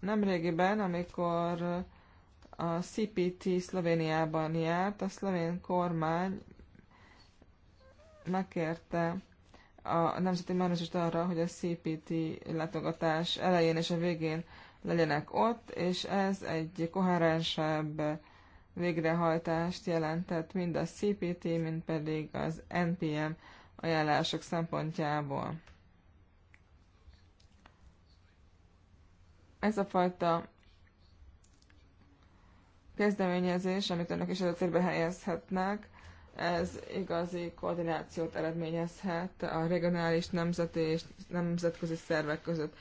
Nemrégiben, amikor a CPT Szlovéniában járt, a szlovén kormány megkérte a Nemzeti Márosost arra, hogy a CPT látogatás elején és a végén legyenek ott, és ez egy koherensebb végrehajtást jelentett mind a CPT, mind pedig az NPM ajánlások szempontjából. Ez a fajta kezdeményezés, amit önök is előtérbe helyezhetnek, ez igazi koordinációt eredményezhet a regionális, nemzeti és nemzetközi szervek között.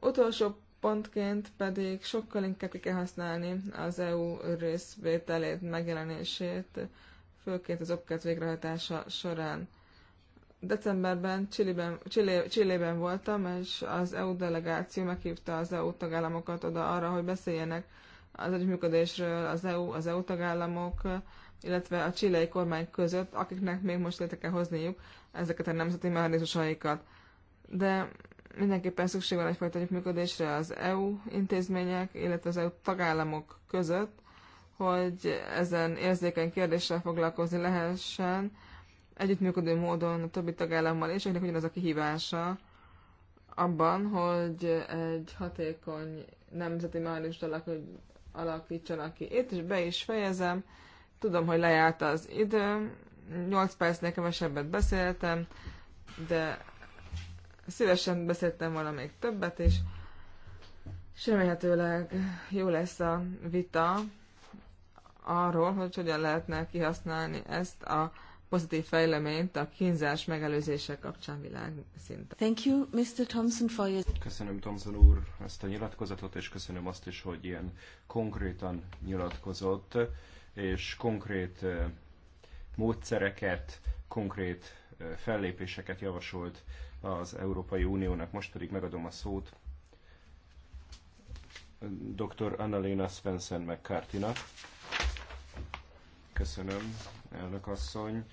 Utolsó pontként pedig sokkal inkább ki kell használni az EU részvételét, megjelenését, főként az okket végrehajtása során. Decemberben Chilében, Chile, Chilében voltam, és az EU delegáció meghívta az EU tagállamokat oda arra, hogy beszéljenek az együttműködésről az EU, az EU tagállamok, illetve a csilei kormány között, akiknek még most létre kell hozniuk ezeket a nemzeti mechanizmusaikat. De mindenképpen szükség van egyfajta együttműködésre az EU intézmények, illetve az EU tagállamok között, hogy ezen érzékeny kérdéssel foglalkozni lehessen, együttműködő módon a többi tagállammal, és ennek ugyanaz a kihívása abban, hogy egy hatékony nemzeti mechanizmust alakítsanak ki. Itt is be is fejezem, tudom, hogy lejárt az idő, 8 percnél kevesebbet beszéltem, de szívesen beszéltem volna még többet is, és remélhetőleg jó lesz a vita arról, hogy hogyan lehetne kihasználni ezt a pozitív fejleményt a kínzás megelőzése kapcsán szinten. Thank you, Mr. Thompson, for your... Köszönöm, Thompson úr, ezt a nyilatkozatot, és köszönöm azt is, hogy ilyen konkrétan nyilatkozott, és konkrét eh, módszereket, konkrét eh, fellépéseket javasolt az Európai Uniónak. Most pedig megadom a szót dr. Annalena Svensson mccarty nak Köszönöm, elnök asszony.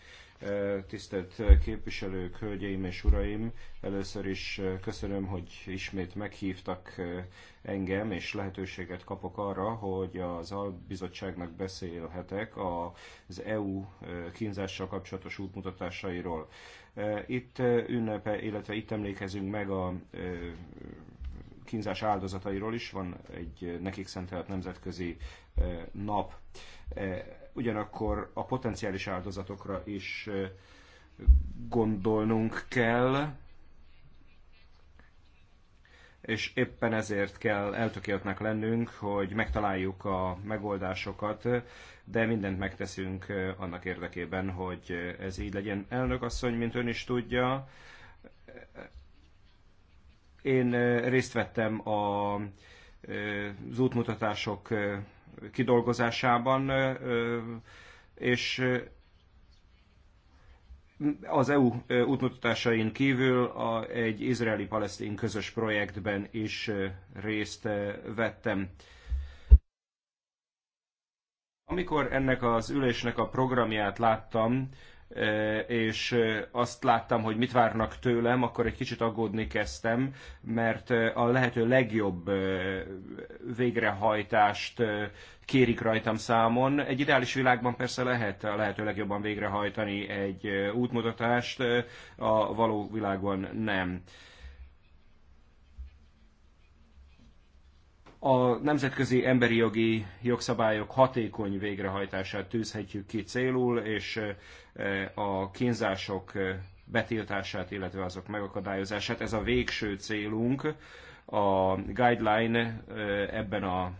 Tisztelt képviselők, hölgyeim és uraim! Először is köszönöm, hogy ismét meghívtak engem, és lehetőséget kapok arra, hogy az albizottságnak beszélhetek az EU kínzással kapcsolatos útmutatásairól. Itt ünnepe, illetve itt emlékezünk meg a kínzás áldozatairól is, van egy nekik szentelt nemzetközi nap ugyanakkor a potenciális áldozatokra is gondolnunk kell, és éppen ezért kell eltökéltnek lennünk, hogy megtaláljuk a megoldásokat, de mindent megteszünk annak érdekében, hogy ez így legyen. Elnök asszony, mint ön is tudja, én részt vettem a, az útmutatások kidolgozásában, és az EU útmutatásain kívül a, egy izraeli-palesztin közös projektben is részt vettem. Amikor ennek az ülésnek a programját láttam, Eh, és eh, azt láttam, hogy mit várnak tőlem, akkor egy kicsit aggódni kezdtem, mert eh, a lehető legjobb végrehajtást kérik rajtam számon. Egy ideális világban persze lehet a lehető legjobban végrehajtani egy útmutatást, a való világban nem. a nemzetközi emberi jogi jogszabályok hatékony végrehajtását tűzhetjük ki célul, és eh, a kínzások eh, betiltását, illetve azok megakadályozását. Ez a végső célunk. A guideline eh, ebben a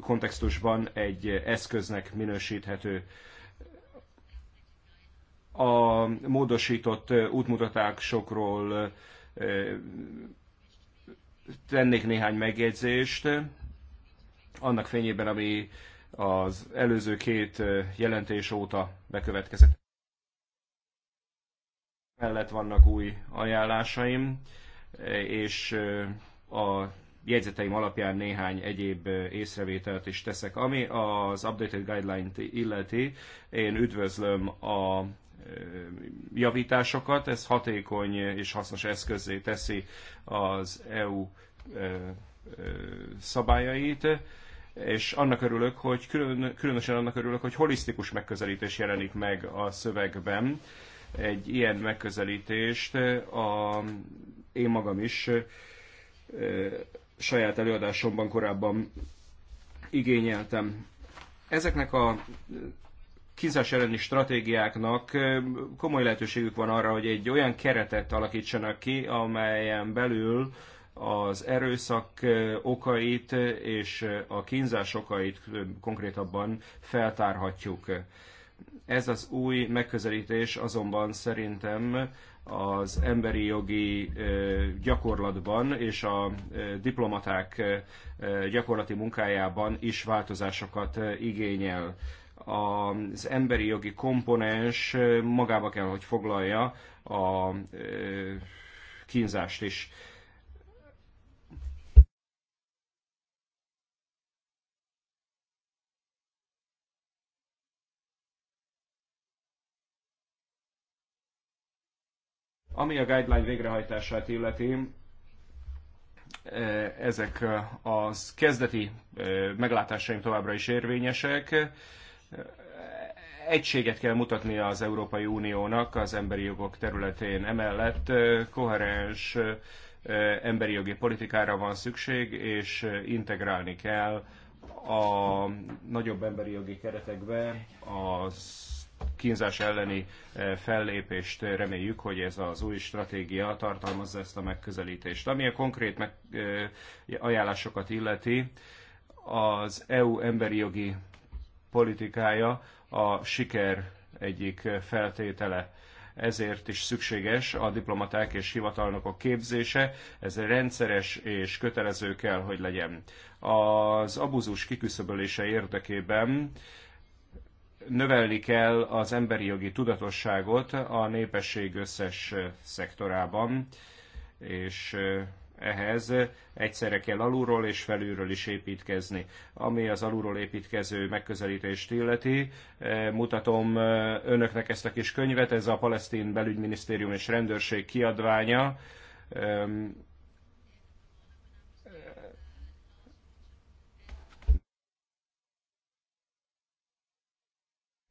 kontextusban egy eszköznek minősíthető. A módosított útmutatásokról tennék néhány megjegyzést annak fényében, ami az előző két jelentés óta bekövetkezett. Mellett vannak új ajánlásaim, és a jegyzeteim alapján néhány egyéb észrevételt is teszek. Ami az Updated Guideline-t illeti, én üdvözlöm a javításokat, ez hatékony és hasznos eszközé teszi az EU e, e, szabályait, és annak örülök, hogy külön, különösen annak örülök, hogy holisztikus megközelítés jelenik meg a szövegben. Egy ilyen megközelítést e, a, én magam is saját előadásomban korábban igényeltem. Ezeknek a kínzás elleni stratégiáknak komoly lehetőségük van arra, hogy egy olyan keretet alakítsanak ki, amelyen belül az erőszak okait és a kínzás okait konkrétabban feltárhatjuk. Ez az új megközelítés azonban szerintem az emberi jogi gyakorlatban és a diplomaták gyakorlati munkájában is változásokat igényel az emberi jogi komponens magába kell, hogy foglalja a kínzást is. Ami a guideline végrehajtását illeti, ezek az kezdeti meglátásaim továbbra is érvényesek egységet kell mutatnia az Európai Uniónak az emberi jogok területén. Emellett koherens emberi jogi politikára van szükség, és integrálni kell a nagyobb emberi jogi keretekbe a kínzás elleni fellépést reméljük, hogy ez az új stratégia tartalmazza ezt a megközelítést. Ami a konkrét meg, ajánlásokat illeti, az EU emberi jogi politikája a siker egyik feltétele. Ezért is szükséges a diplomaták és hivatalnokok képzése, ez rendszeres és kötelező kell, hogy legyen. Az abuzus kiküszöbölése érdekében növelni kell az emberi jogi tudatosságot a népesség összes szektorában, és ehhez egyszerre kell alulról és felülről is építkezni. Ami az alulról építkező megközelítést illeti, eh, mutatom eh, önöknek ezt a kis könyvet, ez a Palesztin Belügyminisztérium és Rendőrség kiadványa.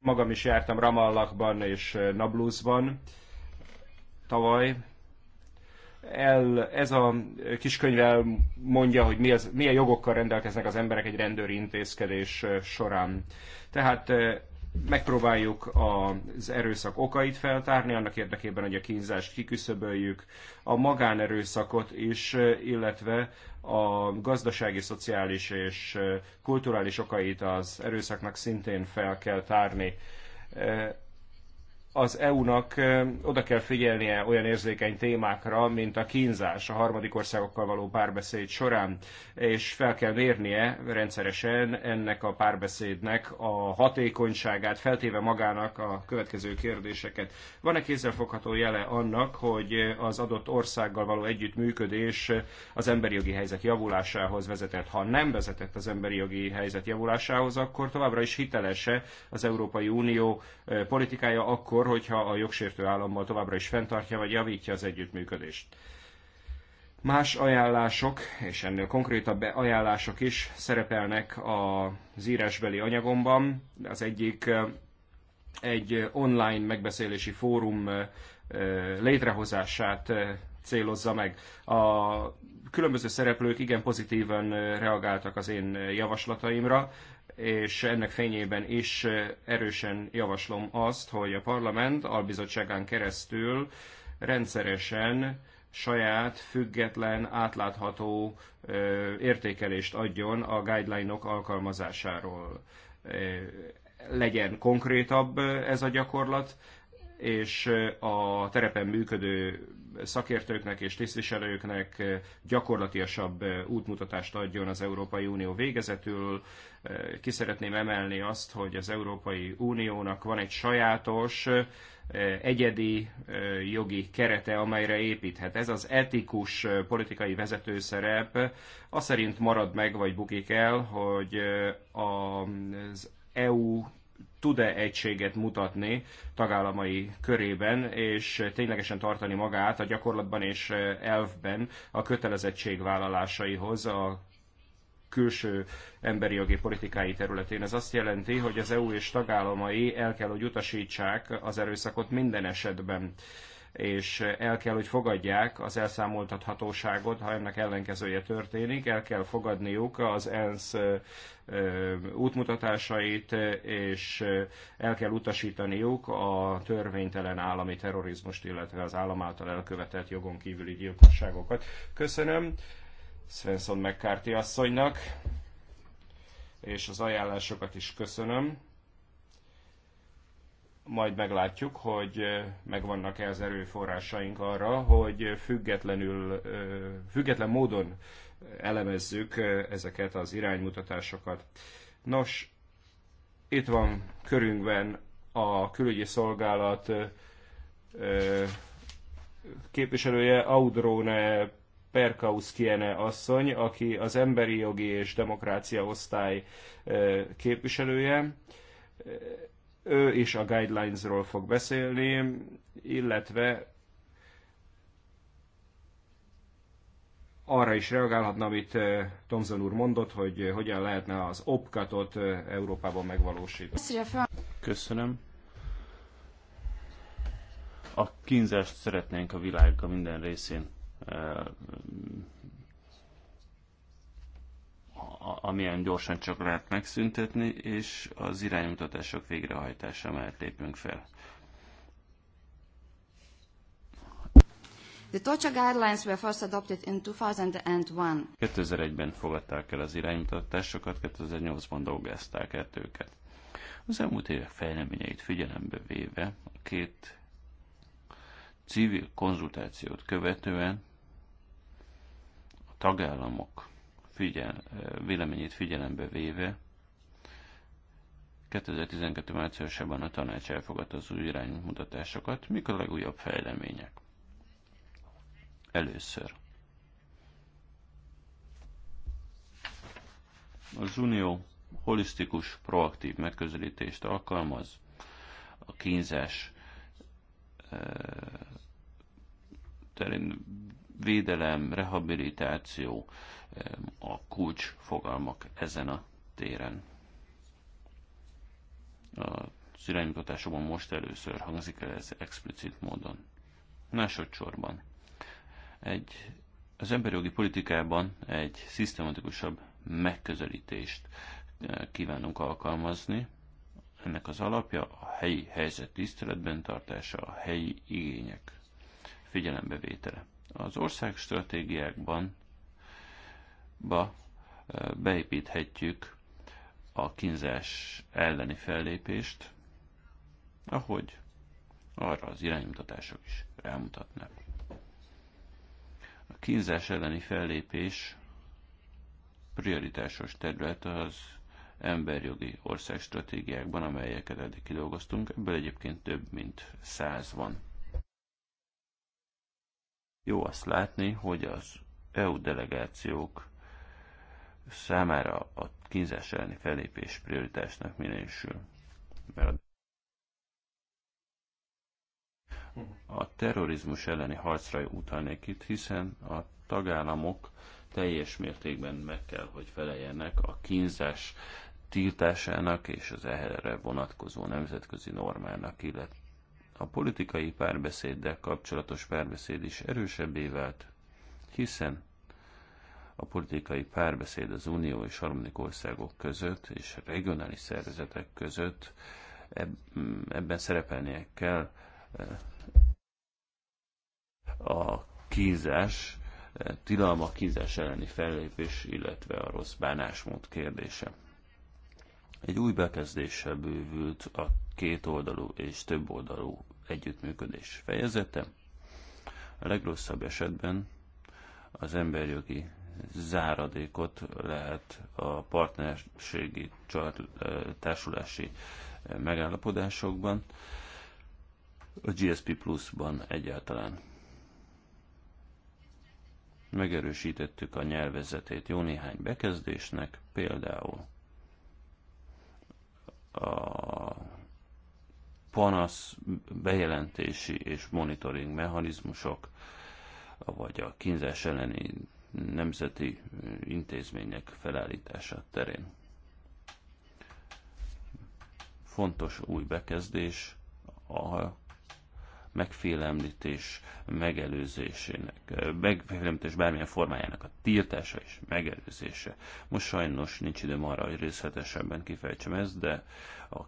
Magam is jártam Ramallakban és Nablusban tavaly, el, ez a kis könyv mondja, hogy mi az, milyen jogokkal rendelkeznek az emberek egy rendőri intézkedés során. Tehát megpróbáljuk az erőszak okait feltárni, annak érdekében, hogy a kínzást kiküszöböljük, a magánerőszakot is, illetve a gazdasági, szociális és kulturális okait az erőszaknak szintén fel kell tárni az EU-nak oda kell figyelnie olyan érzékeny témákra, mint a kínzás a harmadik országokkal való párbeszéd során, és fel kell mérnie rendszeresen ennek a párbeszédnek a hatékonyságát, feltéve magának a következő kérdéseket. Van-e kézzelfogható jele annak, hogy az adott országgal való együttműködés az emberi jogi helyzet javulásához vezetett? Ha nem vezetett az emberi jogi helyzet javulásához, akkor továbbra is hitelese az Európai Unió politikája, akkor akkor, hogyha a jogsértő állammal továbbra is fenntartja vagy javítja az együttműködést. Más ajánlások, és ennél konkrétabb ajánlások is szerepelnek az írásbeli anyagomban. Az egyik egy online megbeszélési fórum létrehozását célozza meg. A különböző szereplők igen pozitívan reagáltak az én javaslataimra és ennek fényében is erősen javaslom azt, hogy a parlament albizottságán keresztül rendszeresen saját, független, átlátható értékelést adjon a guideline-ok alkalmazásáról. Legyen konkrétabb ez a gyakorlat, és a terepen működő szakértőknek és tisztviselőknek gyakorlatiasabb útmutatást adjon az Európai Unió végezetül ki szeretném emelni azt, hogy az Európai Uniónak van egy sajátos, egyedi jogi kerete, amelyre építhet. Ez az etikus politikai vezetőszerep azt szerint marad meg, vagy bukik el, hogy az EU tud-e egységet mutatni tagállamai körében, és ténylegesen tartani magát a gyakorlatban és elvben a kötelezettségvállalásaihoz a külső emberi jogi politikái területén. Ez azt jelenti, hogy az EU és tagállamai el kell, hogy utasítsák az erőszakot minden esetben és el kell, hogy fogadják az elszámoltathatóságot, ha ennek ellenkezője történik, el kell fogadniuk az ENSZ útmutatásait, és el kell utasítaniuk a törvénytelen állami terrorizmust, illetve az állam által elkövetett jogon kívüli gyilkosságokat. Köszönöm. Svensson McCarthy asszonynak, és az ajánlásokat is köszönöm. Majd meglátjuk, hogy megvannak-e az erőforrásaink arra, hogy függetlenül, független módon elemezzük ezeket az iránymutatásokat. Nos, itt van körünkben a külügyi szolgálat képviselője Audrone Perkauszkiene asszony, aki az emberi jogi és demokrácia osztály képviselője. Ő is a guidelinesról fog beszélni, illetve arra is reagálhatna, amit Tomzon úr mondott, hogy hogyan lehetne az opkatot Európában megvalósítani. Köszönöm. A kínzást szeretnénk a világ a minden részén amilyen gyorsan csak lehet megszüntetni, és az iránymutatások végrehajtása mellett lépünk fel. The torture guidelines were first adopted in 2001. 2001-ben fogadták el az iránymutatásokat, 2008-ban dolgozták el őket. Az elmúlt évek fejleményeit figyelembe véve a két civil konzultációt követően tagállamok figyel, véleményét figyelembe véve 2012. márciusában a tanács elfogadta az új iránymutatásokat. Mik a legújabb fejlemények? Először. Az Unió holisztikus, proaktív megközelítést alkalmaz, a kínzás eh, terén védelem, rehabilitáció a kulcs fogalmak ezen a téren. A iránymutatásokban most először hangzik el ez explicit módon. Másodszorban egy, az jogi politikában egy szisztematikusabb megközelítést kívánunk alkalmazni. Ennek az alapja a helyi helyzet tiszteletben tartása, a helyi igények figyelembevétele. Az ország stratégiákban ba e, beépíthetjük a kínzás elleni fellépést, ahogy arra az iránymutatások is rámutatnak. A kínzás elleni fellépés prioritásos terület az emberjogi országstratégiákban, amelyeket eddig kidolgoztunk, ebből egyébként több mint száz van. Jó azt látni, hogy az EU delegációk számára a kínzás elleni felépés prioritásnak minősül. mert A terrorizmus elleni harcra utalnék itt, hiszen a tagállamok teljes mértékben meg kell, hogy feleljenek a kínzás tiltásának és az erre vonatkozó nemzetközi normának, illetve a politikai párbeszéddel kapcsolatos párbeszéd is erősebbé vált, hiszen a politikai párbeszéd az Unió és harmadik országok között és regionális szervezetek között ebben szerepelnie kell eh, a kínzás, eh, tilalma kínzás elleni fellépés, illetve a rossz bánásmód kérdése. Egy új bekezdéssel bővült a kétoldalú és többoldalú együttműködés fejezete. A legrosszabb esetben az emberjogi záradékot lehet a partnerségi társulási megállapodásokban, a GSP Plus-ban egyáltalán. Megerősítettük a nyelvezetét jó néhány bekezdésnek, például a panasz bejelentési és monitoring mechanizmusok, vagy a kínzás elleni nemzeti intézmények felállítása terén. Fontos új bekezdés a megfélemlítés megelőzésének, megfélemlítés bármilyen formájának a tiltása és megelőzése. Most sajnos nincs időm arra, hogy részletesebben kifejtsem ezt, de a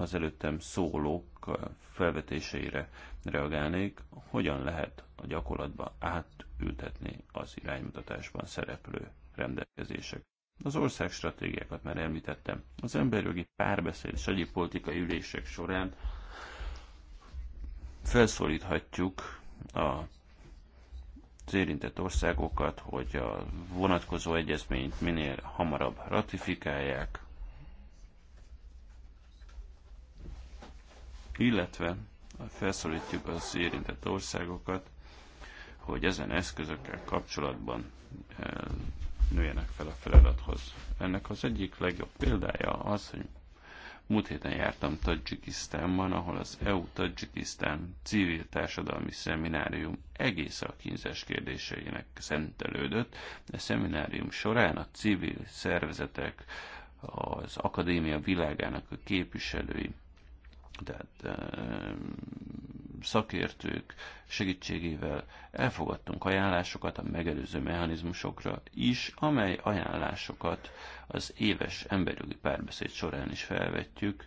az előttem szólók felvetéseire reagálnék, hogyan lehet a gyakorlatba átültetni az iránymutatásban szereplő rendelkezések. Az ország stratégiákat már említettem. Az emberjogi párbeszéd és egyéb politikai ülések során felszólíthatjuk a az érintett országokat, hogy a vonatkozó egyezményt minél hamarabb ratifikálják, illetve felszólítjuk az érintett országokat, hogy ezen eszközökkel kapcsolatban eh, nőjenek fel a feladathoz. Ennek az egyik legjobb példája az, hogy múlt héten jártam Tadzsikisztánban, ahol az EU-Tadzsikisztán civil társadalmi szeminárium egész a kínzás kérdéseinek szentelődött, de szeminárium során a civil szervezetek, az akadémia világának a képviselői, tehát szakértők segítségével elfogadtunk ajánlásokat a megelőző mechanizmusokra is, amely ajánlásokat az éves emberjogi párbeszéd során is felvetjük,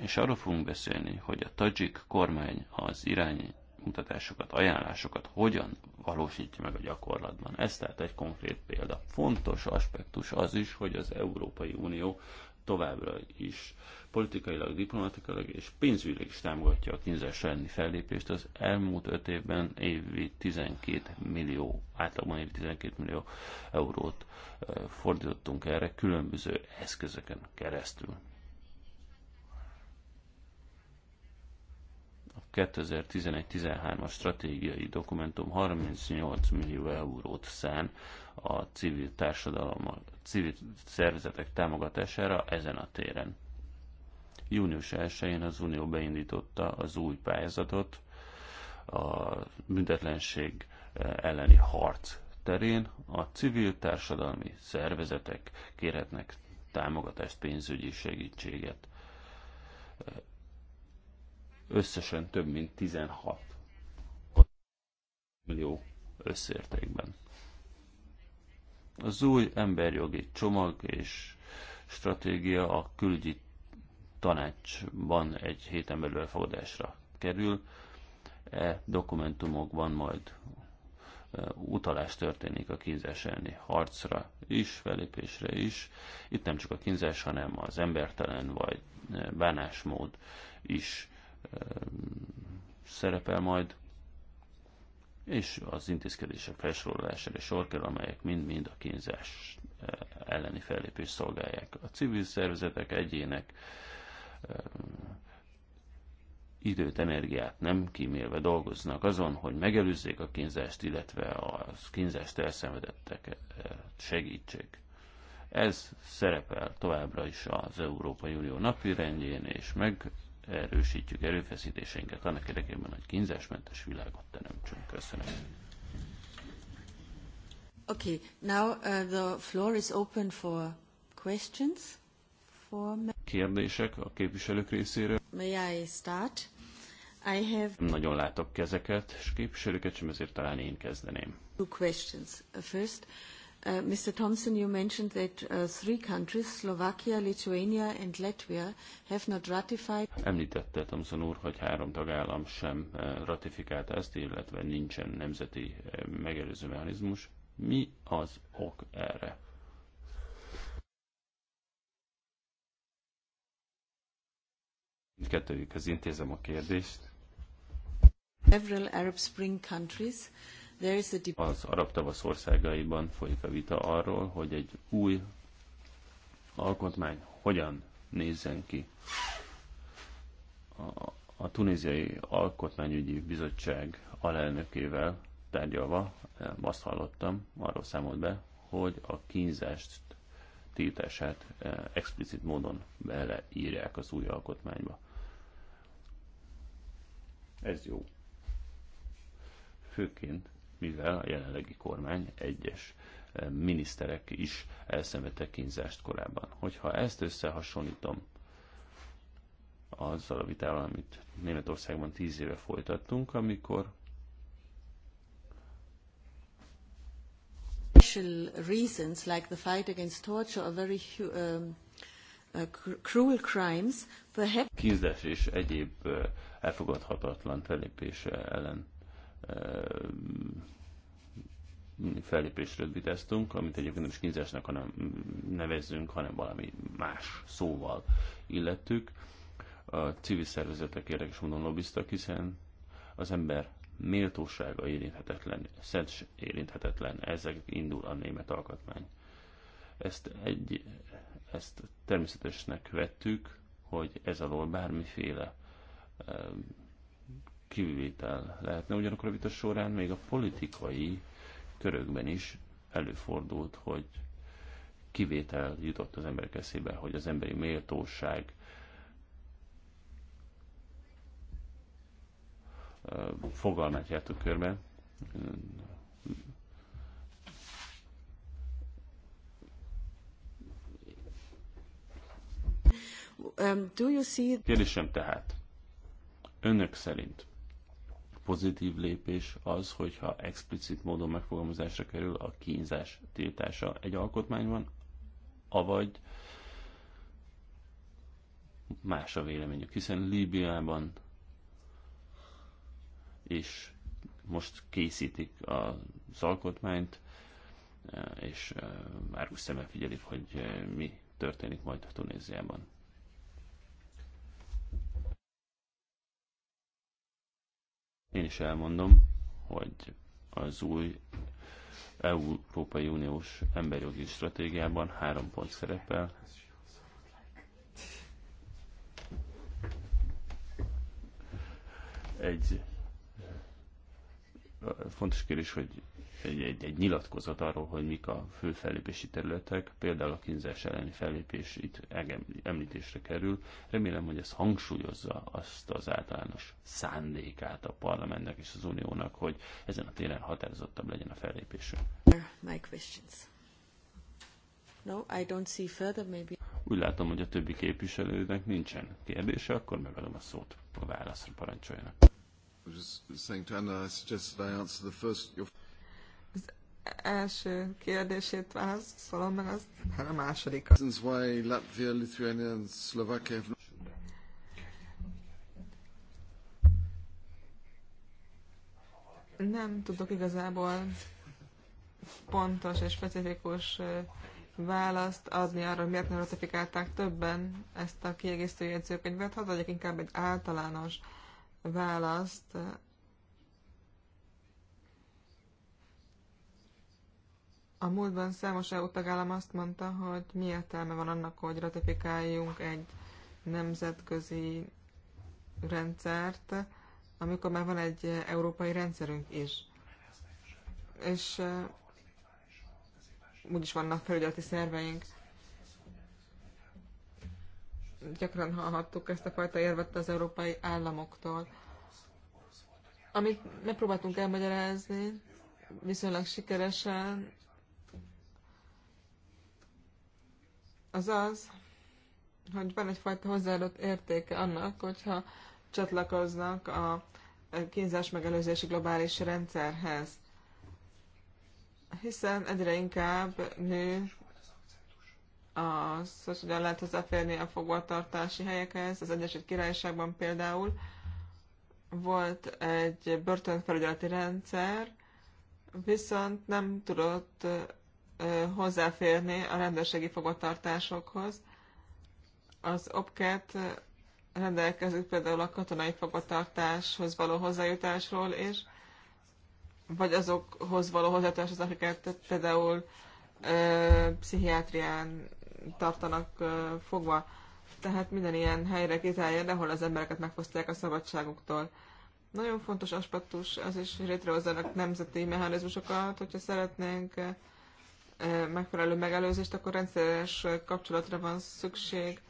és arról fogunk beszélni, hogy a tajik kormány az iránymutatásokat, ajánlásokat hogyan valósítja meg a gyakorlatban. Ez tehát egy konkrét példa. Fontos aspektus az is, hogy az Európai Unió továbbra is politikailag, diplomatikailag és pénzügyileg is támogatja a kínzás elleni fellépést. Az elmúlt öt évben évi 12 millió, átlagban évi 12 millió eurót fordítottunk erre különböző eszközöken keresztül. A 2011-13-as stratégiai dokumentum 38 millió eurót szán a civil társadalom, a civil szervezetek támogatására ezen a téren. Június 1-én az Unió beindította az új pályázatot a büntetlenség eh, elleni harc terén. A civil társadalmi szervezetek kérhetnek támogatást, pénzügyi segítséget. Eh, összesen több mint 16 millió összértékben. Az új emberjogi csomag és stratégia a külügyi tanácsban egy héten belül elfogadásra kerül. E dokumentumokban majd e, utalás történik a kínzás elleni harcra is, felépésre is. Itt nem csak a kínzás, hanem az embertelen vagy e, bánásmód is e, szerepel majd és az intézkedések felsorolására sor kell, amelyek mind-mind a kínzás eh, elleni fellépést szolgálják. A civil szervezetek, egyének eh, időt, energiát nem kímélve dolgoznak azon, hogy megelőzzék a kínzást, illetve a kínzást elszenvedettek eh, segítsék. Ez szerepel továbbra is az Európai Unió napirendjén, és meg erősítjük erőfeszítéseinket annak érdekében, hogy kínzásmentes világot teremtsünk. Köszönöm. Okay, now uh, the floor is open for questions. For... Kérdések a képviselők részéről. May I start? I have... Nem nagyon látok kezeket, és képviselőket sem, ezért talán én kezdeném. Two questions. First, Uh, Mr. Thompson, you mentioned that uh, three countries, Slovakia, Lithuania and Latvia, have not ratified. Említette Thompson úr, hogy három tagállam sem uh, ratifikálta ezt, illetve nincsen nemzeti uh, megelőző mechanizmus. Mi az ok erre? Mindkettőjükhez intézem a kérdést. Several Arab Spring countries az arab tavasz országaiban folyik a vita arról, hogy egy új alkotmány hogyan nézzen ki. A, a tunéziai alkotmányügyi bizottság alelnökével tárgyalva azt hallottam, arról számolt be, hogy a kínzást tiltását explicit módon beleírják az új alkotmányba. Ez jó. Főként mivel a jelenlegi kormány egyes eh, miniszterek is elszenvedtek kínzást korábban. Hogyha ezt összehasonlítom azzal a vitával, amit Németországban tíz éve folytattunk, amikor special reasons like the fight against torture or very um, uh, cruel crimes, perhaps... Kínzás és egyéb eh, elfogadhatatlan felépése ellen fellépésről viteztünk, amit egyébként nem is kínzásnak hanem nevezzünk, hanem valami más szóval illettük. A civil szervezetek érdekes módon lobbiztak, hiszen az ember méltósága érinthetetlen, szent érinthetetlen, ezek indul a német alkotmány. Ezt, egy, ezt természetesnek vettük, hogy ez alól bármiféle kivétel lehetne. Ugyanakkor a vita során még a politikai körökben is előfordult, hogy kivétel jutott az emberek eszébe, hogy az emberi méltóság fogalmát jártuk körbe. Um, do you see... Kérdésem tehát, önök szerint pozitív lépés az, hogyha explicit módon megfogalmazásra kerül a kínzás tiltása egy alkotmányban, avagy más a véleményük, hiszen Líbiában és most készítik az alkotmányt, és eh, már úgy szemmel figyelik, hogy eh, mi történik majd a Tunéziában. Én is elmondom, hogy az új Európai Uniós emberjogi stratégiában három pont szerepel. Egy fontos kérdés, hogy egy, egy, egy nyilatkozat arról, hogy mik a fő fellépési területek, például a kínzás elleni fellépés itt említésre kerül. Remélem, hogy ez hangsúlyozza azt az általános szándékát a parlamentnek és az uniónak, hogy ezen a téren határozottabb legyen a fellépésünk. My questions. No, I don't see further, maybe. Úgy látom, hogy a többi képviselőnek nincsen kérdése, akkor megadom a szót a válaszra parancsoljanak. Just saying to Anna, I that I answer the first, your első kérdését válaszolom, meg az hát a második. Nem tudok igazából pontos és specifikus választ adni arra, hogy miért nem ratifikálták többen ezt a kiegészítő jegyzőkönyvet. Hadd adjak inkább egy általános választ A múltban számos EU tagállam azt mondta, hogy mi értelme van annak, hogy ratifikáljunk egy nemzetközi rendszert, amikor már van egy európai rendszerünk is. És úgyis vannak felügyeleti szerveink. Gyakran hallhattuk ezt a fajta érvet az európai államoktól. Amit megpróbáltunk elmagyarázni, viszonylag sikeresen az az, hogy van egyfajta hozzáadott értéke annak, hogyha csatlakoznak a kínzás megelőzési globális rendszerhez. Hiszen egyre inkább nő az, hogy hogyan lehet hozzáférni a fogvatartási helyekhez. Az Egyesült Királyságban például volt egy börtönfelügyeleti rendszer, viszont nem tudott hozzáférni a rendőrségi fogvatartásokhoz. Az OPKET rendelkezik például a katonai fogvatartáshoz való hozzájutásról és vagy azokhoz való hozzájutáshoz, akiket például ö, pszichiátrián tartanak ö, fogva. Tehát minden ilyen helyre de ahol az embereket megfosztják a szabadságuktól. Nagyon fontos aspektus az is, hogy létrehozzanak nemzeti mechanizmusokat, hogyha szeretnénk megfelelő megelőzést, akkor rendszeres kapcsolatra van szükség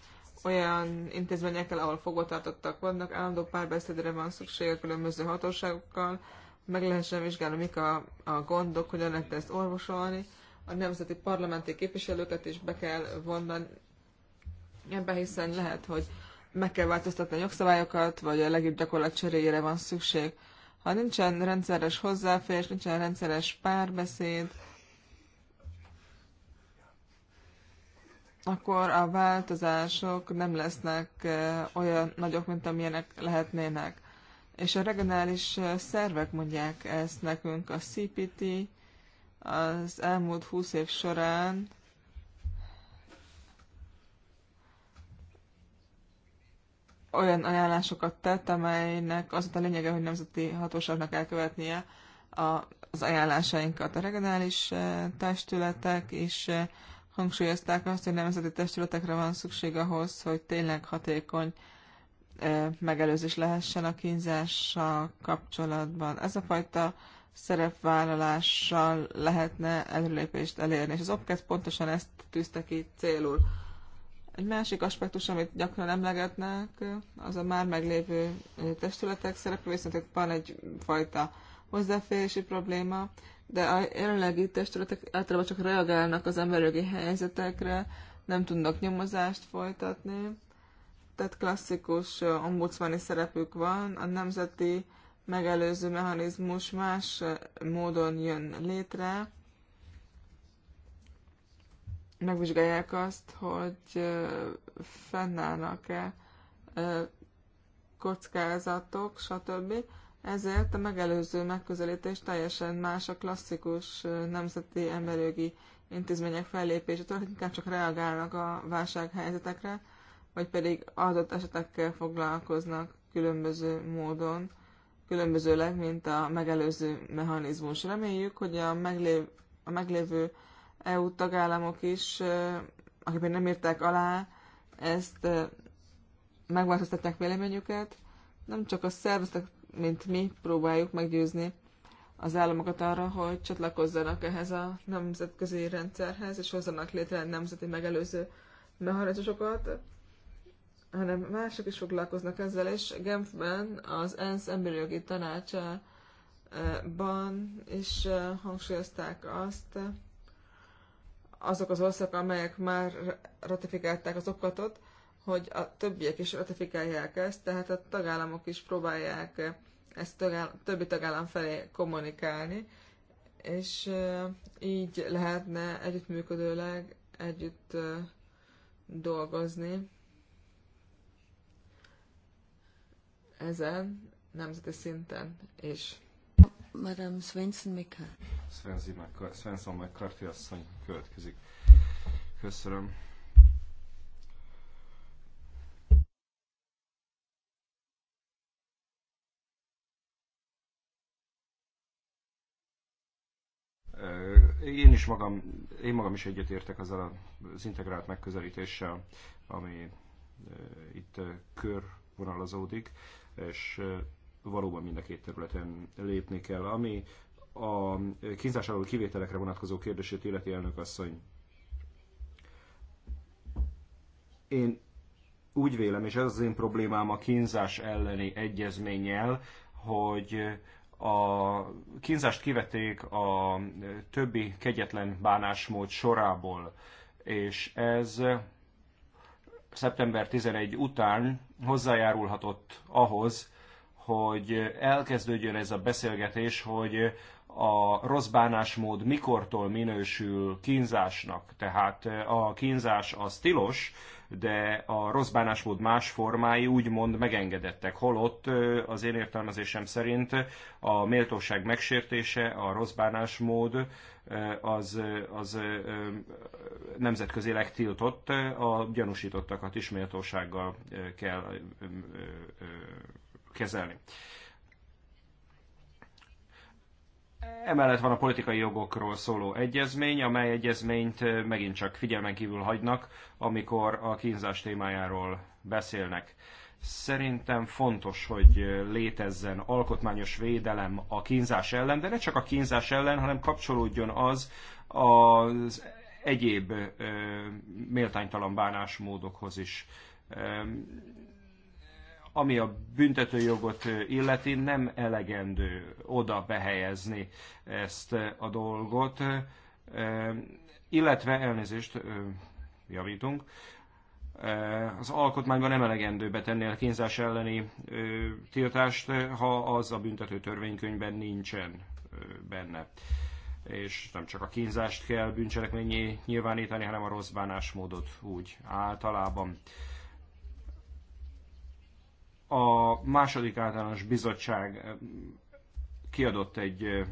olyan intézményekkel, ahol fogvatartottak vannak, állandó párbeszédre van szükség a különböző hatóságokkal, meg lehessen vizsgálni, mik a, a gondok, hogyan lehet ezt orvosolni. A nemzeti parlamenti képviselőket is be kell vonni ebbe, hiszen lehet, hogy meg kell változtatni a jogszabályokat, vagy a legjobb gyakorlat cseréjére van szükség. Ha nincsen rendszeres hozzáférés, nincsen rendszeres párbeszéd, akkor a változások nem lesznek olyan nagyok, mint amilyenek lehetnének. És a regionális szervek mondják ezt nekünk. A CPT az elmúlt 20 év során olyan ajánlásokat tett, amelynek az a lényege, hogy nemzeti hatóságnak elkövetnie az ajánlásainkat. A regionális testületek is hangsúlyozták azt, hogy nemzeti testületekre van szükség ahhoz, hogy tényleg hatékony e, megelőzés lehessen a kínzással kapcsolatban. Ez a fajta szerepvállalással lehetne előlépést elérni, és az OPCAT pontosan ezt tűzte ki célul. Egy másik aspektus, amit gyakran emlegetnek, az a már meglévő e, testületek szerepe, viszont itt van egyfajta hozzáférési probléma, de a jelenlegi testületek általában csak reagálnak az emberjogi helyzetekre, nem tudnak nyomozást folytatni. Tehát klasszikus ombudsmani szerepük van, a nemzeti megelőző mechanizmus más módon jön létre. Megvizsgálják azt, hogy fennállnak-e kockázatok, stb. Ezért a megelőző megközelítés teljesen más a klasszikus nemzeti emberjogi intézmények fellépésétől, hogy inkább csak reagálnak a válsághelyzetekre, vagy pedig adott esetekkel foglalkoznak különböző módon, különbözőleg, mint a megelőző mechanizmus. Reméljük, hogy a, meglév, a meglévő EU tagállamok is, akik még nem írták alá, ezt megváltoztatják véleményüket, nem csak a szervezetek mint mi próbáljuk meggyőzni az államokat arra, hogy csatlakozzanak ehhez a nemzetközi rendszerhez, és hozzanak létre nemzeti megelőző mechanizmusokat, hanem mások is foglalkoznak ezzel, és Genfben az ENSZ emberi jogi tanácsában is hangsúlyozták azt, azok az országok, amelyek már ratifikálták az okatot, hogy a többiek is ratifikálják ezt, tehát a tagállamok is próbálják ezt tagállam, többi tagállam felé kommunikálni, és így lehetne együttműködőleg együtt dolgozni ezen nemzeti szinten is. Madame Svensson Mika. Svensson McCarthy asszony következik. Köszönöm. Én is magam, én magam is egyetértek azzal az integrált megközelítéssel, ami itt körvonalazódik, és valóban mind a két területen lépni kell. Ami a kínzás alól kivételekre vonatkozó kérdését illeti elnök asszony. Én úgy vélem, és ez az én problémám a kínzás elleni egyezménnyel, hogy a kínzást kivették a többi kegyetlen bánásmód sorából, és ez szeptember 11 után hozzájárulhatott ahhoz, hogy elkezdődjön ez a beszélgetés, hogy a rossz bánásmód mikortól minősül kínzásnak. Tehát a kínzás az tilos, de a rossz bánásmód más formái úgymond megengedettek. Holott az én értelmezésem szerint a méltóság megsértése, a rossz bánásmód az, az nemzetközileg tiltott, a gyanúsítottakat is méltósággal kell kezelni. Emellett van a politikai jogokról szóló egyezmény, amely egyezményt megint csak figyelmen kívül hagynak, amikor a kínzás témájáról beszélnek. Szerintem fontos, hogy létezzen alkotmányos védelem a kínzás ellen, de ne csak a kínzás ellen, hanem kapcsolódjon az az egyéb méltánytalan bánásmódokhoz is ami a büntetőjogot illeti, nem elegendő oda behelyezni ezt a dolgot, illetve elnézést javítunk, az alkotmányban nem elegendő betenni a kínzás elleni tiltást, ha az a büntető törvénykönyvben nincsen benne. És nem csak a kínzást kell bűncselekményé nyilvánítani, hanem a rossz bánásmódot úgy általában a második általános bizottság eh, kiadott egy eh,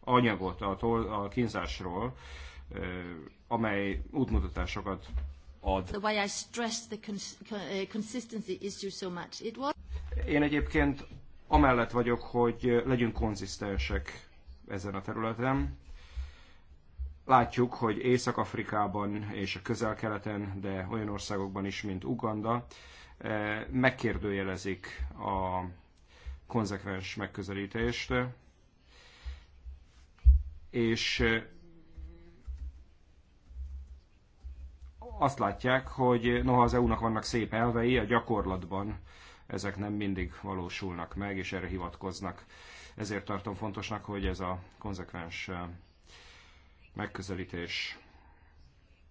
anyagot a, tol, a kínzásról, eh, amely útmutatásokat ad. I stress the consistency issue so much. It was... Én egyébként amellett vagyok, hogy legyünk konzisztensek ezen a területen. Látjuk, hogy Észak-Afrikában és a közel-keleten, de olyan országokban is, mint Uganda, E, megkérdőjelezik a konzekvens megközelítést, és e, azt látják, hogy noha az EU-nak vannak szép elvei, a gyakorlatban ezek nem mindig valósulnak meg, és erre hivatkoznak. Ezért tartom fontosnak, hogy ez a konzekvens e, megközelítés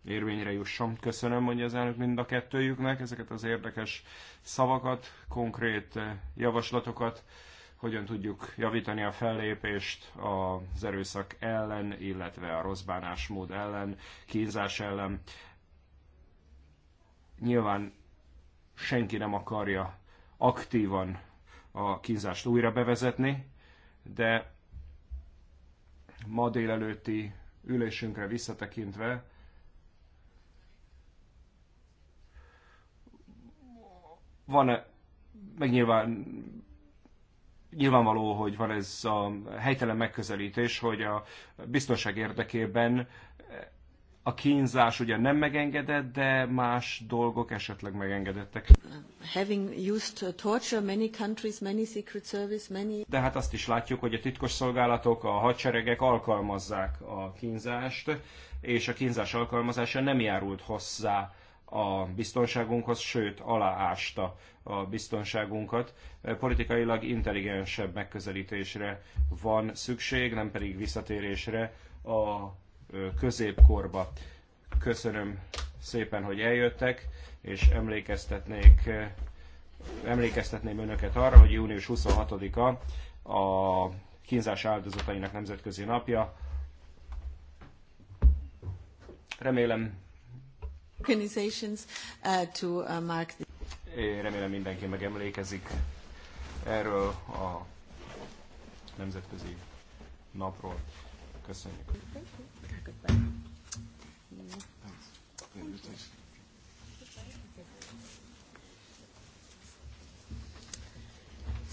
érvényre jusson. Köszönöm, mondja az elnök mind a kettőjüknek ezeket az érdekes szavakat, konkrét eh, javaslatokat, hogyan tudjuk javítani a fellépést az erőszak ellen, illetve a rossz bánásmód ellen, kínzás ellen. Nyilván senki nem akarja aktívan a kínzást újra bevezetni, de ma délelőtti ülésünkre visszatekintve Van, meg nyilván nyilvánvaló, hogy van ez a helytelen megközelítés, hogy a biztonság érdekében eh, a kínzás ugye nem megengedett, de más dolgok esetleg megengedettek. Having used torture, many countries, many secret service, many... De hát azt is látjuk, hogy a titkos szolgálatok, a hadseregek alkalmazzák a kínzást, és a kínzás alkalmazása nem járult hozzá a biztonságunkhoz, sőt aláásta a biztonságunkat. Politikailag intelligensebb megközelítésre van szükség, nem pedig visszatérésre a középkorba. Köszönöm szépen, hogy eljöttek, és emlékeztetnék, emlékeztetném önöket arra, hogy június 26-a a kínzás áldozatainak nemzetközi napja. Remélem Uh, uh, remélem mindenki megemlékezik erről a nemzetközi napról. Köszönjük.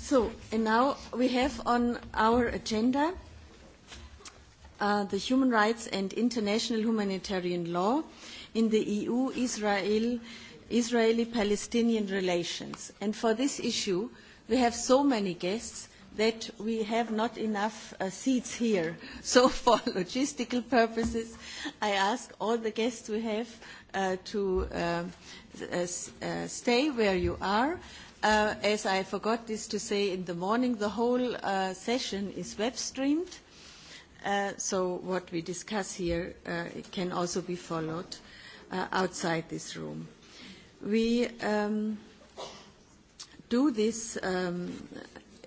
So, and now we have on our agenda uh, the human rights and international humanitarian law in the EU-Israel Israeli-Palestinian relations. And for this issue, we have so many guests that we have not enough uh, seats here. So for logistical purposes, I ask all the guests we have uh, to uh, uh, stay where you are. Uh, as I forgot this to say in the morning, the whole uh, session is web streamed. Uh, so what we discuss here uh, can also be followed uh, outside this room. We um, do this, um,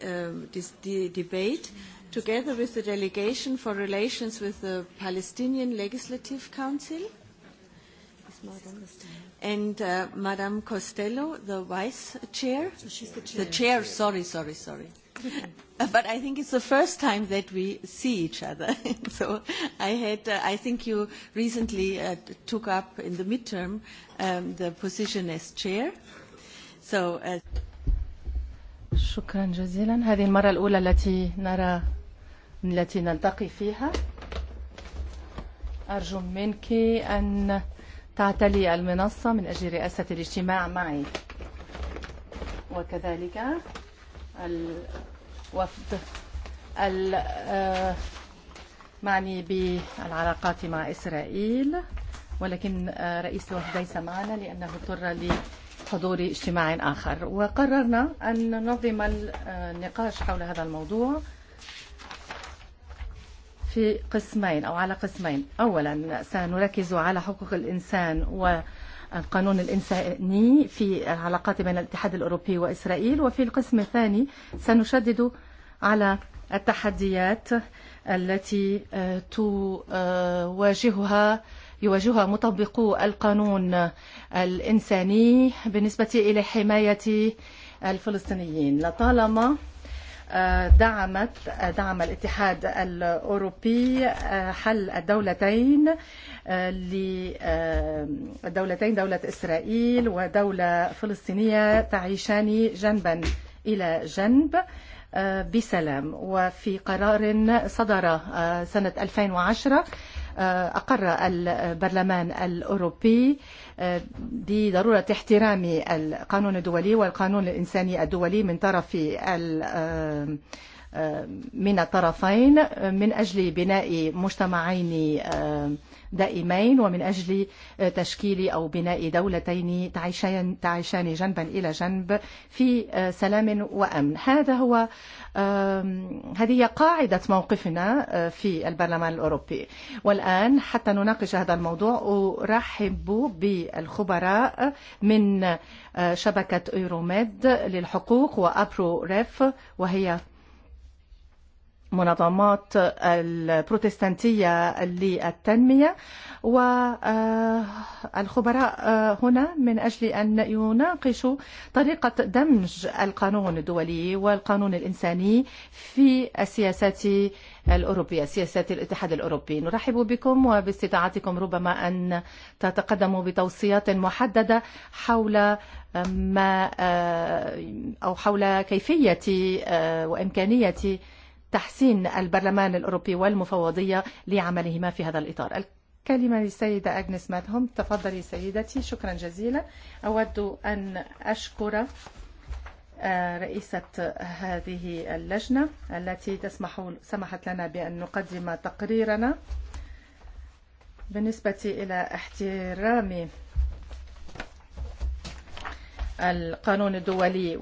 uh, this de debate together with the delegation for relations with the Palestinian Legislative Council and uh, Madame Costello, the vice chair. So she's the chair. The chair, sorry, sorry, sorry. but I think it's the first time that we see each other. so I had, uh, I think you recently uh, took up in the midterm um, the position as chair. So. Uh, شكرا جزيلا هذه المرة الأولى التي نرى التي نلتقي فيها أرجو منك أن تعتلي المنصة من أجل رئاسة الاجتماع معي وكذلك الوفد المعني بالعلاقات مع إسرائيل ولكن رئيس الوفد ليس معنا لأنه اضطر لحضور اجتماع آخر وقررنا أن ننظم النقاش حول هذا الموضوع في قسمين أو على قسمين أولا سنركز على حقوق الإنسان و القانون الإنساني في العلاقات بين الاتحاد الأوروبي وإسرائيل وفي القسم الثاني سنشدد على التحديات التي تواجهها يواجهها مطبقو القانون الإنساني بالنسبة إلى حماية الفلسطينيين لطالما دعمت دعم الاتحاد الأوروبي حل الدولتين لدولتين دولة إسرائيل ودولة فلسطينية تعيشان جنبا إلى جنب بسلام وفي قرار صدر سنة 2010 أقر البرلمان الأوروبي بضرورة احترام القانون الدولي والقانون الإنساني الدولي من طرف من الطرفين من أجل بناء مجتمعين دائمين ومن أجل تشكيل أو بناء دولتين تعيشان, تعيشان جنبا إلى جنب في سلام وأمن هذا هو هذه قاعدة موقفنا في البرلمان الأوروبي والآن حتى نناقش هذا الموضوع أرحب بالخبراء من شبكة إيروميد للحقوق وأبرو ريف وهي منظمات البروتستانتية للتنمية والخبراء هنا من أجل أن يناقشوا طريقة دمج القانون الدولي والقانون الإنساني في السياسات الأوروبية سياسات الاتحاد الأوروبي نرحب بكم وباستطاعتكم ربما أن تتقدموا بتوصيات محددة حول ما أو حول كيفية وإمكانية تحسين البرلمان الأوروبي والمفوضية لعملهما في هذا الإطار كلمة للسيدة أجنس مادهم تفضلي سيدتي شكرا جزيلا أود أن أشكر رئيسة هذه اللجنة التي تسمح سمحت لنا بأن نقدم تقريرنا بالنسبة إلى احترامي القانون الدولي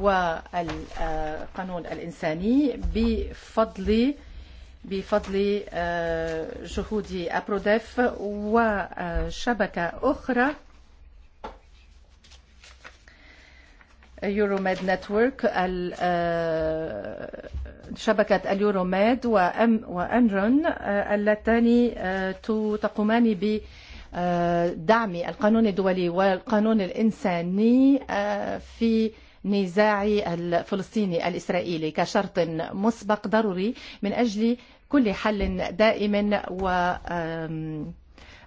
والقانون الإنساني بفضل بفضل جهود أبروديف وشبكة أخرى يوروميد نتورك شبكة اليوروميد وأنرون اللتان تقومان دعم القانون الدولي والقانون الإنساني في نزاع الفلسطيني الإسرائيلي كشرط مسبق ضروري من أجل كل حل دائم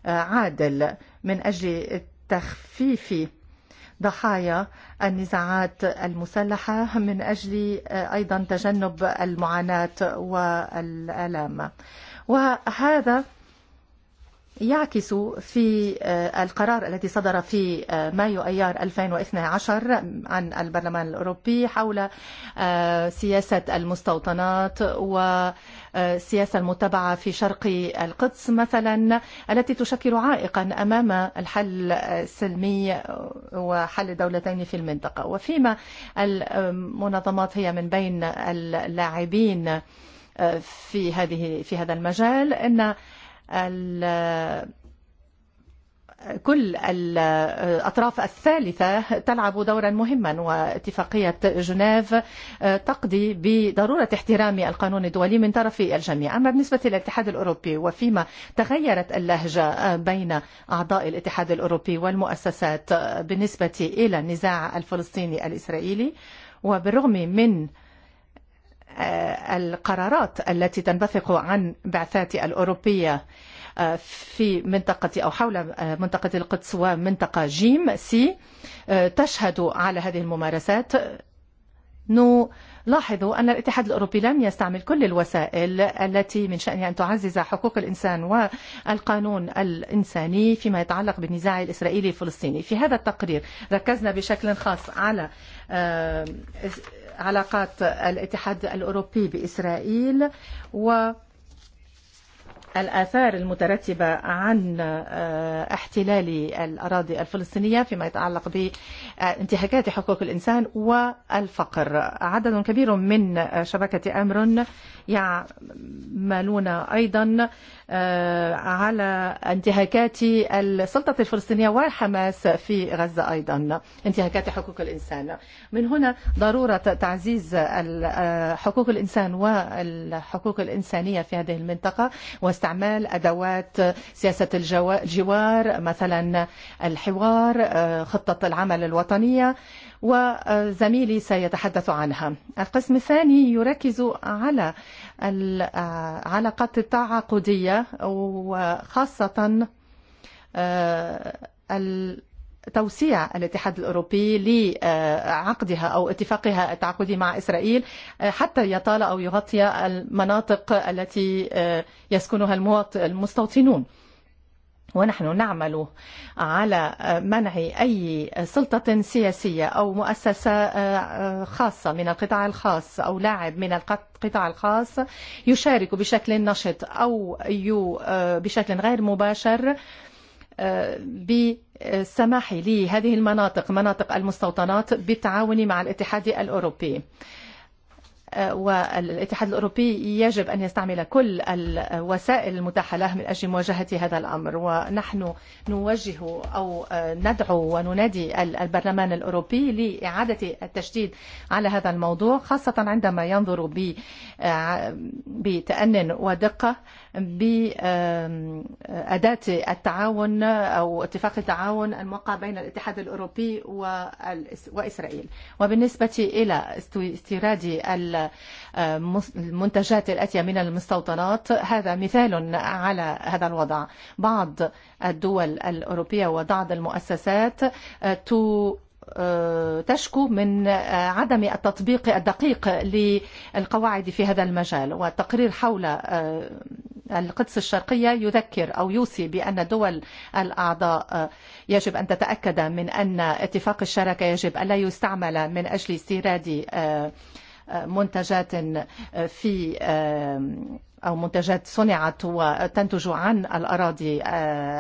وعادل من أجل تخفيف ضحايا النزاعات المسلحة من أجل أيضا تجنب المعاناة والألام وهذا يعكس في القرار الذي صدر في مايو أيار 2012 عن البرلمان الأوروبي حول سياسة المستوطنات والسياسة المتبعة في شرق القدس مثلا التي تشكل عائقا أمام الحل السلمي وحل دولتين في المنطقة وفيما المنظمات هي من بين اللاعبين في هذه في هذا المجال ان كل الأطراف الثالثة تلعب دورا مهما واتفاقية جنيف تقضي بضرورة احترام القانون الدولي من طرف الجميع أما بالنسبة للاتحاد الأوروبي وفيما تغيرت اللهجة بين أعضاء الاتحاد الأوروبي والمؤسسات بالنسبة إلى النزاع الفلسطيني الإسرائيلي وبالرغم من القرارات التي تنبثق عن بعثات الأوروبية في منطقة أو حول منطقة القدس ومنطقة جيم سي تشهد على هذه الممارسات نلاحظ أن الاتحاد الأوروبي لم يستعمل كل الوسائل التي من شأنها أن تعزز حقوق الإنسان والقانون الإنساني فيما يتعلق بالنزاع الإسرائيلي الفلسطيني في هذا التقرير ركزنا بشكل خاص على علاقات الاتحاد الأوروبي بإسرائيل و الآثار المترتبة عن احتلال الأراضي الفلسطينية فيما يتعلق بانتهاكات حقوق الإنسان والفقر عدد كبير من شبكة أمر يعملون أيضا على انتهاكات السلطة الفلسطينية والحماس في غزة أيضا انتهاكات حقوق الإنسان من هنا ضرورة تعزيز حقوق الإنسان والحقوق الإنسانية في هذه المنطقة واستعمال أدوات سياسة الجوار مثلا الحوار خطة العمل الوطنية وزميلي سيتحدث عنها القسم الثاني يركز على العلاقات التعاقدية وخاصة توسيع الاتحاد الأوروبي لعقدها أو اتفاقها التعاقدي مع إسرائيل حتى يطال أو يغطي المناطق التي يسكنها المستوطنون ونحن نعمل على منع أي سلطة سياسية أو مؤسسة خاصة من القطاع الخاص أو لاعب من القطاع الخاص يشارك بشكل نشط أو بشكل غير مباشر بالسماح لهذه المناطق مناطق المستوطنات بالتعاون مع الاتحاد الأوروبي. والاتحاد الأوروبي يجب أن يستعمل كل الوسائل المتاحة له من أجل مواجهة هذا الأمر ونحن نوجه أو ندعو وننادي البرلمان الأوروبي لإعادة التشديد على هذا الموضوع خاصة عندما ينظر بتأن ودقة بأداة التعاون أو اتفاق التعاون الموقع بين الاتحاد الأوروبي وإسرائيل وبالنسبة إلى استيراد المنتجات الآتية من المستوطنات هذا مثال على هذا الوضع بعض الدول الأوروبية وبعض المؤسسات تشكو من عدم التطبيق الدقيق للقواعد في هذا المجال والتقرير حول القدس الشرقية يذكر أو يوصي بأن دول الأعضاء يجب أن تتأكد من أن اتفاق الشراكة يجب ألا يستعمل من أجل استيراد منتجات في أو منتجات صنعت وتنتج عن الأراضي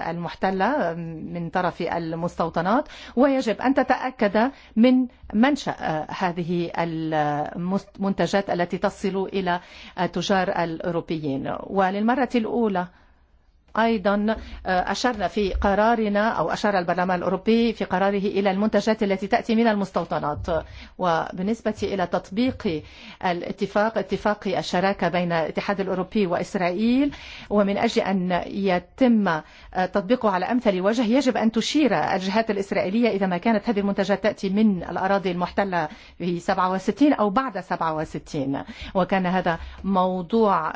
المحتلة من طرف المستوطنات ويجب أن تتأكد من منشأ هذه المنتجات التي تصل إلى تجار الأوروبيين وللمرة الأولى ايضا اشرنا في قرارنا او اشار البرلمان الاوروبي في قراره الى المنتجات التي تاتي من المستوطنات وبالنسبه الى تطبيق الاتفاق اتفاق الشراكه بين الاتحاد الاوروبي واسرائيل ومن اجل ان يتم تطبيقه على امثل وجه يجب ان تشير الجهات الاسرائيليه اذا ما كانت هذه المنتجات تاتي من الاراضي المحتله في 67 او بعد 67 وكان هذا موضوع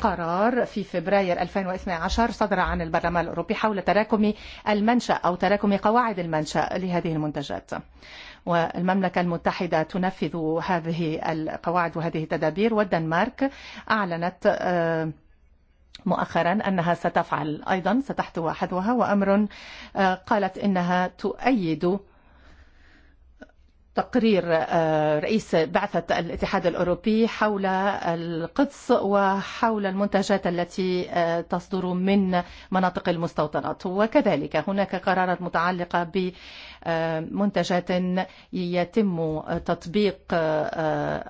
قرار في فبراير 2012 صدر عن البرلمان الأوروبي حول تراكم المنشأ أو تراكم قواعد المنشأ لهذه المنتجات والمملكة المتحدة تنفذ هذه القواعد وهذه التدابير والدنمارك أعلنت مؤخرا أنها ستفعل أيضا ستحتوى حذوها وأمر قالت إنها تؤيد تقرير رئيس بعثة الاتحاد الأوروبي حول القدس وحول المنتجات التي تصدر من مناطق المستوطنات وكذلك هناك قرارات متعلقة بمنتجات يتم تطبيق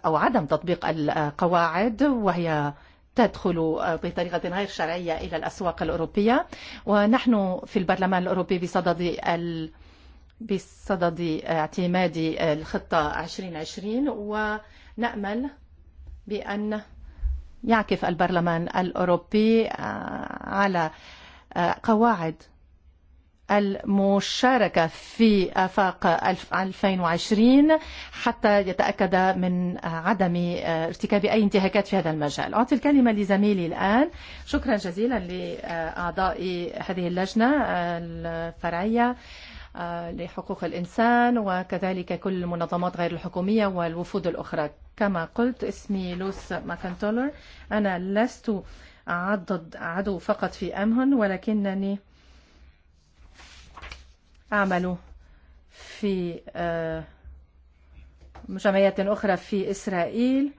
أو عدم تطبيق القواعد وهي تدخل بطريقة غير شرعية إلى الأسواق الأوروبية ونحن في البرلمان الأوروبي بصدد ال بصدد اعتماد الخطة 2020 ونأمل بأن يعكف البرلمان الأوروبي على قواعد المشاركة في آفاق 2020 حتى يتأكد من عدم ارتكاب أي انتهاكات في هذا المجال أعطي الكلمة لزميلي الآن شكرا جزيلا لأعضاء هذه اللجنة الفرعية لحقوق الإنسان وكذلك كل المنظمات غير الحكومية والوفود الأخرى كما قلت اسمي لوس ماكنتولر أنا لست عضد عدو فقط في أمهن ولكنني أعمل في مجمعيات أخرى في إسرائيل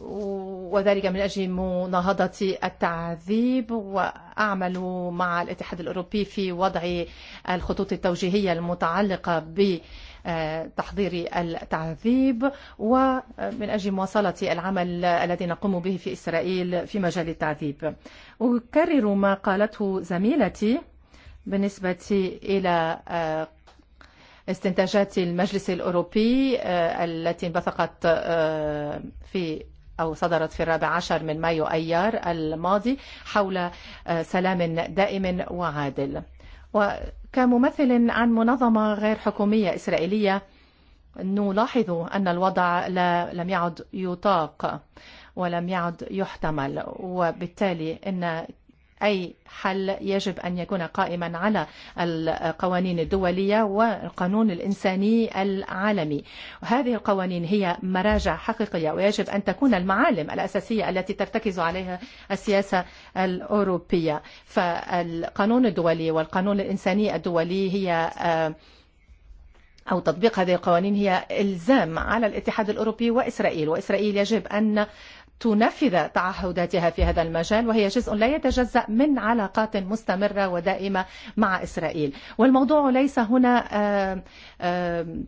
وذلك من أجل مناهضة التعذيب وأعمل مع الاتحاد الأوروبي في وضع الخطوط التوجيهية المتعلقة ب تحضير التعذيب ومن أجل مواصلة العمل الذي نقوم به في إسرائيل في مجال التعذيب أكرر ما قالته زميلتي بالنسبة إلى استنتاجات المجلس الأوروبي التي انبثقت في أو صدرت في الرابع عشر من مايو أيار الماضي حول سلام دائم وعادل وكممثل عن منظمة غير حكومية إسرائيلية نلاحظ أن الوضع لا لم يعد يطاق ولم يعد يحتمل وبالتالي إن أي حل يجب أن يكون قائما على القوانين الدولية والقانون الإنساني العالمي وهذه القوانين هي مراجع حقيقية ويجب أن تكون المعالم الأساسية التي ترتكز عليها السياسة الأوروبية فالقانون الدولي والقانون الإنساني الدولي هي أو تطبيق هذه القوانين هي إلزام على الاتحاد الأوروبي وإسرائيل وإسرائيل يجب أن تنفذ تعهداتها في هذا المجال وهي جزء لا يتجزأ من علاقات مستمرة ودائمة مع إسرائيل والموضوع ليس هنا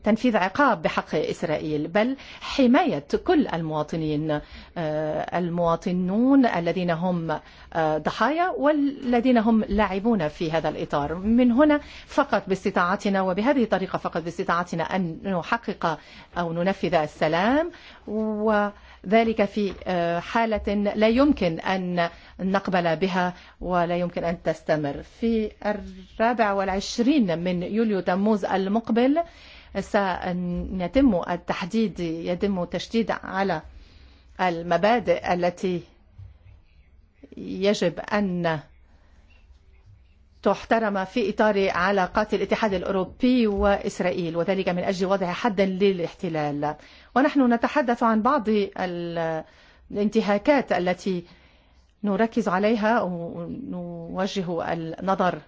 تنفيذ عقاب بحق إسرائيل بل حماية كل المواطنين المواطنون الذين هم ضحايا والذين هم لاعبون في هذا الإطار من هنا فقط باستطاعتنا وبهذه الطريقة فقط باستطاعتنا أن نحقق أو ننفذ السلام و ذلك في حالة لا يمكن أن نقبل بها ولا يمكن أن تستمر في الرابع والعشرين من يوليو تموز المقبل سيتم التحديد يتم تشديد على المبادئ التي يجب أن تحترم في إطار علاقات الاتحاد الأوروبي وإسرائيل وذلك من أجل وضع حدا للاحتلال ونحن نتحدث عن بعض الانتهاكات التي نركز عليها ونوجه النظر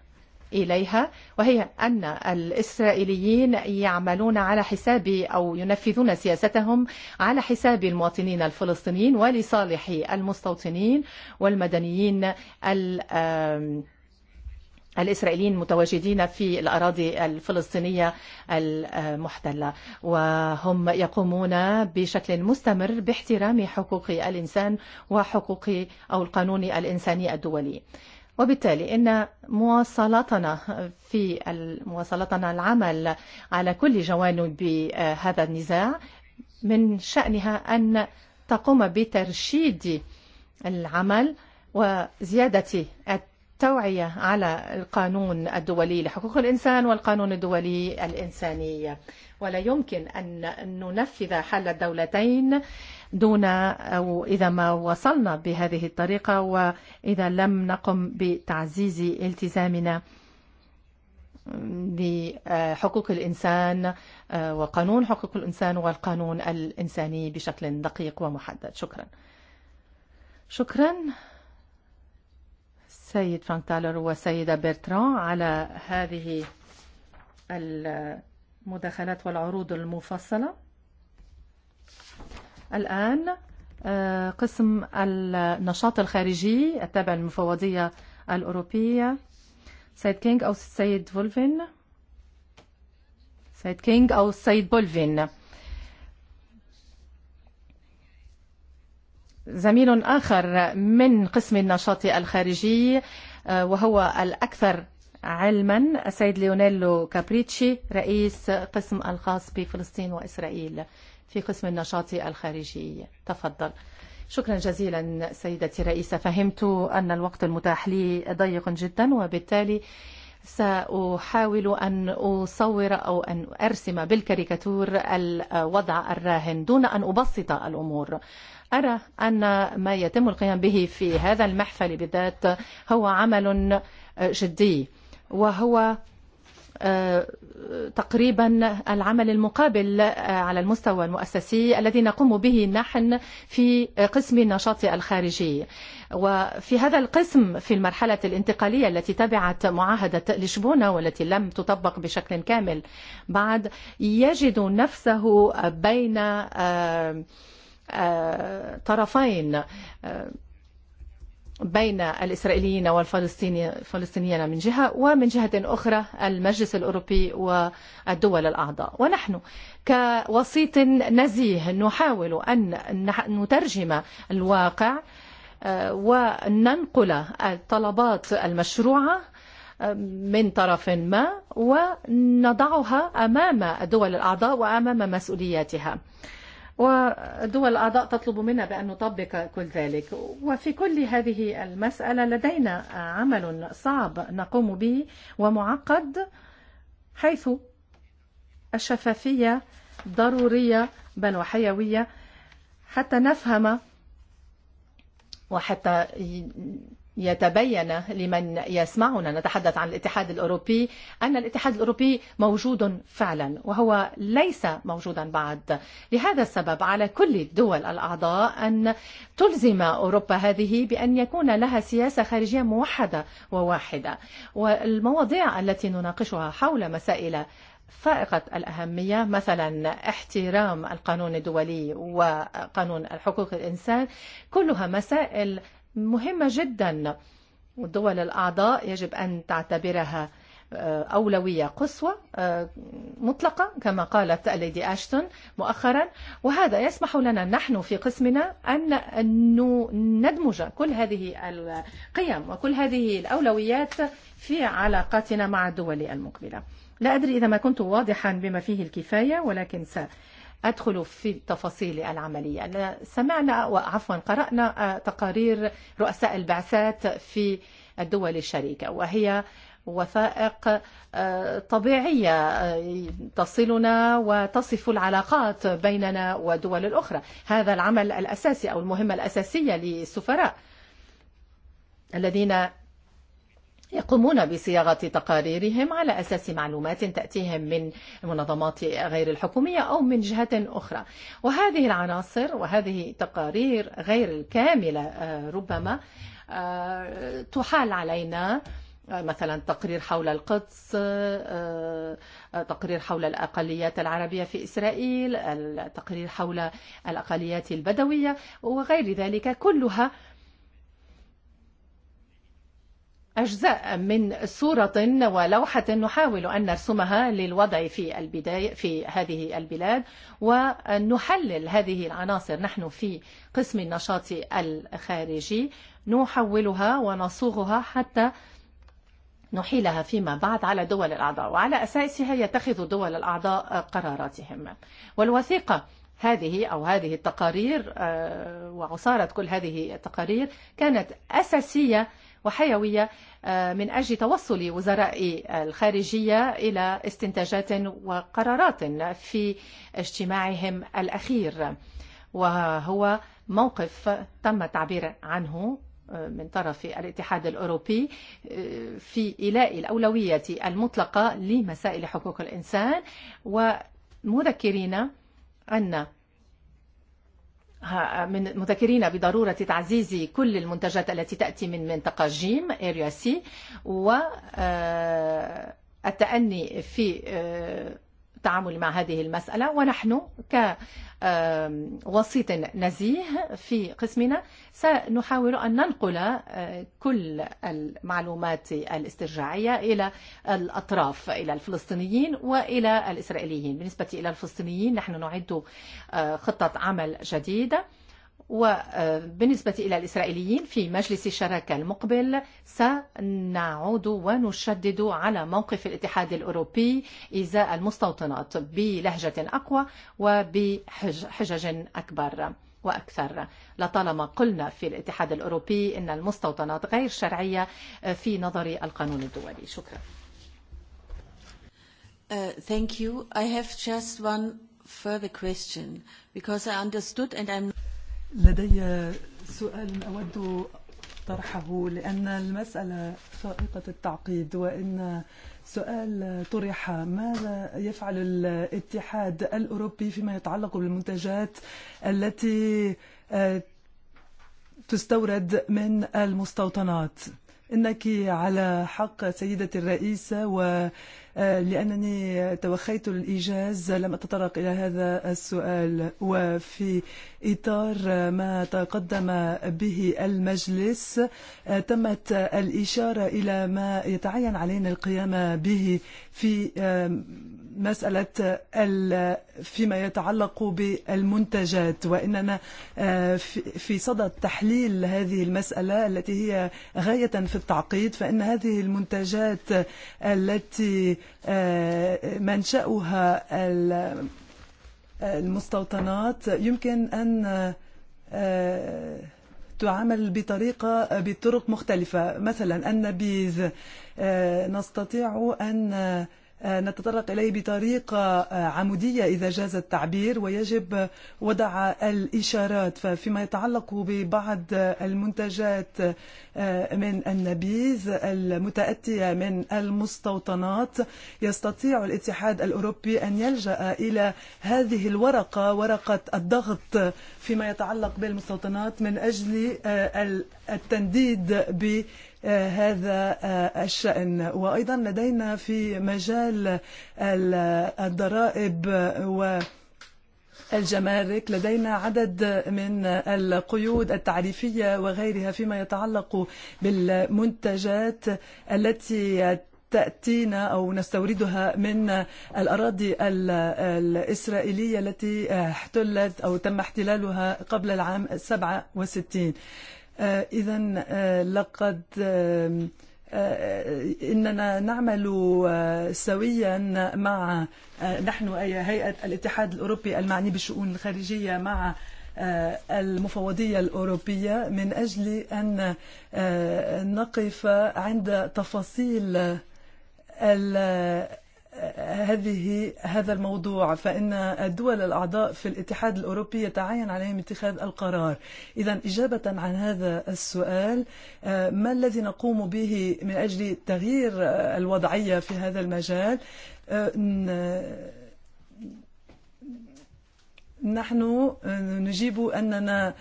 إليها وهي أن الإسرائيليين يعملون على حساب أو ينفذون سياستهم على حساب المواطنين الفلسطينيين ولصالح المستوطنين والمدنيين ال الإسرائيليين متواجدين في الأراضي الفلسطينية المحتلة وهم يقومون بشكل مستمر باحترام حقوق الإنسان وحقوق أو القانون الإنساني الدولي وبالتالي إن مواصلتنا في مواصلتنا العمل على كل جوانب هذا النزاع من شأنها أن تقوم بترشيد العمل وزيادة الت توعية على القانون الدولي لحقوق الإنسان والقانون الدولي الإنساني ولا يمكن أن ننفذ حل الدولتين دون أو إذا ما وصلنا بهذه الطريقة وإذا لم نقم بتعزيز التزامنا لحقوق الإنسان وقانون حقوق الإنسان والقانون الإنساني بشكل دقيق ومحدد شكرا شكرا السيد فرانك تالر وسيدة بيرتران على هذه المداخلات والعروض المفصلة الآن قسم النشاط الخارجي التابع للمفوضية الأوروبية سيد كينغ أو سيد فولفين سيد كينغ أو سيد بولفين زميل آخر من قسم النشاط الخارجي وهو الأكثر علما السيد ليونيلو كابريتشي رئيس قسم الخاص بفلسطين وإسرائيل في قسم النشاط الخارجي تفضل شكرا جزيلا سيدتي رئيسة فهمت أن الوقت المتاح لي ضيق جدا وبالتالي سأحاول أن أصور أو أن أرسم بالكاريكاتور الوضع الراهن دون أن أبسط الأمور أرى أن ما يتم القيام به في هذا المحفل بالذات هو عمل جدي وهو تقريبا العمل المقابل على المستوى المؤسسي الذي نقوم به نحن في قسم النشاط الخارجي وفي هذا القسم في المرحلة الانتقالية التي تبعت معاهدة لشبونة والتي لم تطبق بشكل كامل بعد يجد نفسه بين طرفين بين الإسرائيليين والفلسطينيين من جهة ومن جهة أخرى المجلس الأوروبي والدول الأعضاء ونحن كوسيط نزيه نحاول أن نترجم الواقع وننقل الطلبات المشروعة من طرف ما ونضعها أمام الدول الأعضاء وأمام مسؤولياتها. ودول الأعضاء تطلب منا بأن نطبق كل ذلك وفي كل هذه المسألة لدينا عمل صعب نقوم به ومعقد حيث الشفافية ضرورية بل وحيوية حتى نفهم وحتى يتبين لمن يسمعنا نتحدث عن الاتحاد الأوروبي أن الاتحاد الأوروبي موجود فعلا وهو ليس موجودا بعد لهذا السبب على كل الدول الأعضاء أن تلزم أوروبا هذه بأن يكون لها سياسة خارجية موحدة وواحدة والمواضيع التي نناقشها حول مسائل فائقة الأهمية مثلا احترام القانون الدولي وقانون الحقوق الإنسان كلها مسائل مهمة جدا والدول الأعضاء يجب أن تعتبرها أولوية قصوى مطلقة كما قالت ليدي أشتون مؤخرا وهذا يسمح لنا نحن في قسمنا أن ندمج كل هذه القيم وكل هذه الأولويات في علاقاتنا مع الدول المقبلة لا أدري إذا ما كنت واضحا بما فيه الكفاية ولكن سأ أدخل في تفاصيل العملية سمعنا وعفوا قرأنا تقارير رؤساء البعثات في الدول الشريكة وهي وثائق طبيعية تصلنا وتصف العلاقات بيننا ودول الأخرى هذا العمل الأساسي أو المهمة الأساسية للسفراء الذين يقومون بصياغة تقاريرهم على أساس معلومات تأتيهم من منظمات غير الحكومية أو من جهة أخرى وهذه العناصر وهذه تقارير غير الكاملة ربما تحال علينا مثلا تقرير حول القدس تقرير حول الأقليات العربية في إسرائيل التقرير حول الأقليات البدوية وغير ذلك كلها أجزاء من صورة ولوحة نحاول أن نرسمها للوضع في البداية في هذه البلاد ونحلل هذه العناصر نحن في قسم النشاط الخارجي نحولها ونصوغها حتى نحيلها فيما بعد على دول الأعضاء وعلى أساسها يتخذ دول الأعضاء قراراتهم والوثيقة هذه أو هذه التقارير وعصارة كل هذه التقارير كانت أساسية وحيوية من أجل توصل وزراء الخارجية إلى استنتاجات وقرارات في اجتماعهم الأخير وهو موقف تم التعبير عنه من طرف الاتحاد الأوروبي في إيلاء الأولوية المطلقة لمسائل حقوق الإنسان ومذكرين أن من مذكرين بضرورة تعزيز كل المنتجات التي تأتي من منطقة جيم إيريا سي والتأني في التعامل مع هذه المسألة ونحن كوسيط نزيه في قسمنا سنحاول أن ننقل كل المعلومات الاسترجاعية إلى الأطراف إلى الفلسطينيين وإلى الإسرائيليين بالنسبة إلى الفلسطينيين نحن نعد خطة عمل جديدة وبالنسبة إلى الإسرائيليين في مجلس الشراكة المقبل سنعود ونشدد على موقف الاتحاد الأوروبي إزاء المستوطنات بلهجة أقوى وبحجج أكبر وأكثر لطالما قلنا في الاتحاد الأوروبي أن المستوطنات غير شرعية في نظر القانون الدولي شكرا Uh, thank you. I have just one further question because I understood and I'm لدي سؤال أود طرحه لأن المسألة فائقة التعقيد وإن سؤال طرح ماذا يفعل الاتحاد الأوروبي فيما يتعلق بالمنتجات التي تستورد من المستوطنات إنك على حق سيدة الرئيسة و لأنني توخيت الإيجاز لم أتطرق إلى هذا السؤال وفي إطار ما تقدم به المجلس تمت الإشارة إلى ما يتعين علينا القيام به في مسألة فيما يتعلق بالمنتجات وإننا في صدد تحليل هذه المسألة التي هي غاية في التعقيد فإن هذه المنتجات التي منشأها المستوطنات يمكن أن تعامل بطريقة بطرق مختلفة مثلا النبيذ نستطيع أن نتطرق إليه بطريقة عمودية إذا جاز التعبير ويجب وضع الإشارات فيما يتعلق ببعض المنتجات من النبيذ المتأتية من المستوطنات يستطيع الاتحاد الأوروبي أن يلجأ إلى هذه الورقة ورقة الضغط فيما يتعلق بالمستوطنات من أجل التنديد ب هذا الشأن وأيضا لدينا في مجال الضرائب و الجمارك لدينا عدد من القيود التعريفية وغيرها فيما يتعلق بالمنتجات التي تأتينا أو نستوردها من الأراضي الإسرائيلية التي احتلت أو تم احتلالها قبل العام 67 إذا لقد إننا نعمل سويا مع نحن أي هيئة الاتحاد الأوروبي المعني بالشؤون الخارجية مع المفوضية الأوروبية من أجل أن نقف عند تفاصيل هذه هذا الموضوع فإن الدول الأعضاء في الاتحاد الأوروبي يتعين عليهم اتخاذ القرار إذا إجابة عن هذا السؤال ما الذي نقوم به من أجل تغيير الوضعية في هذا المجال نحن نجيب أننا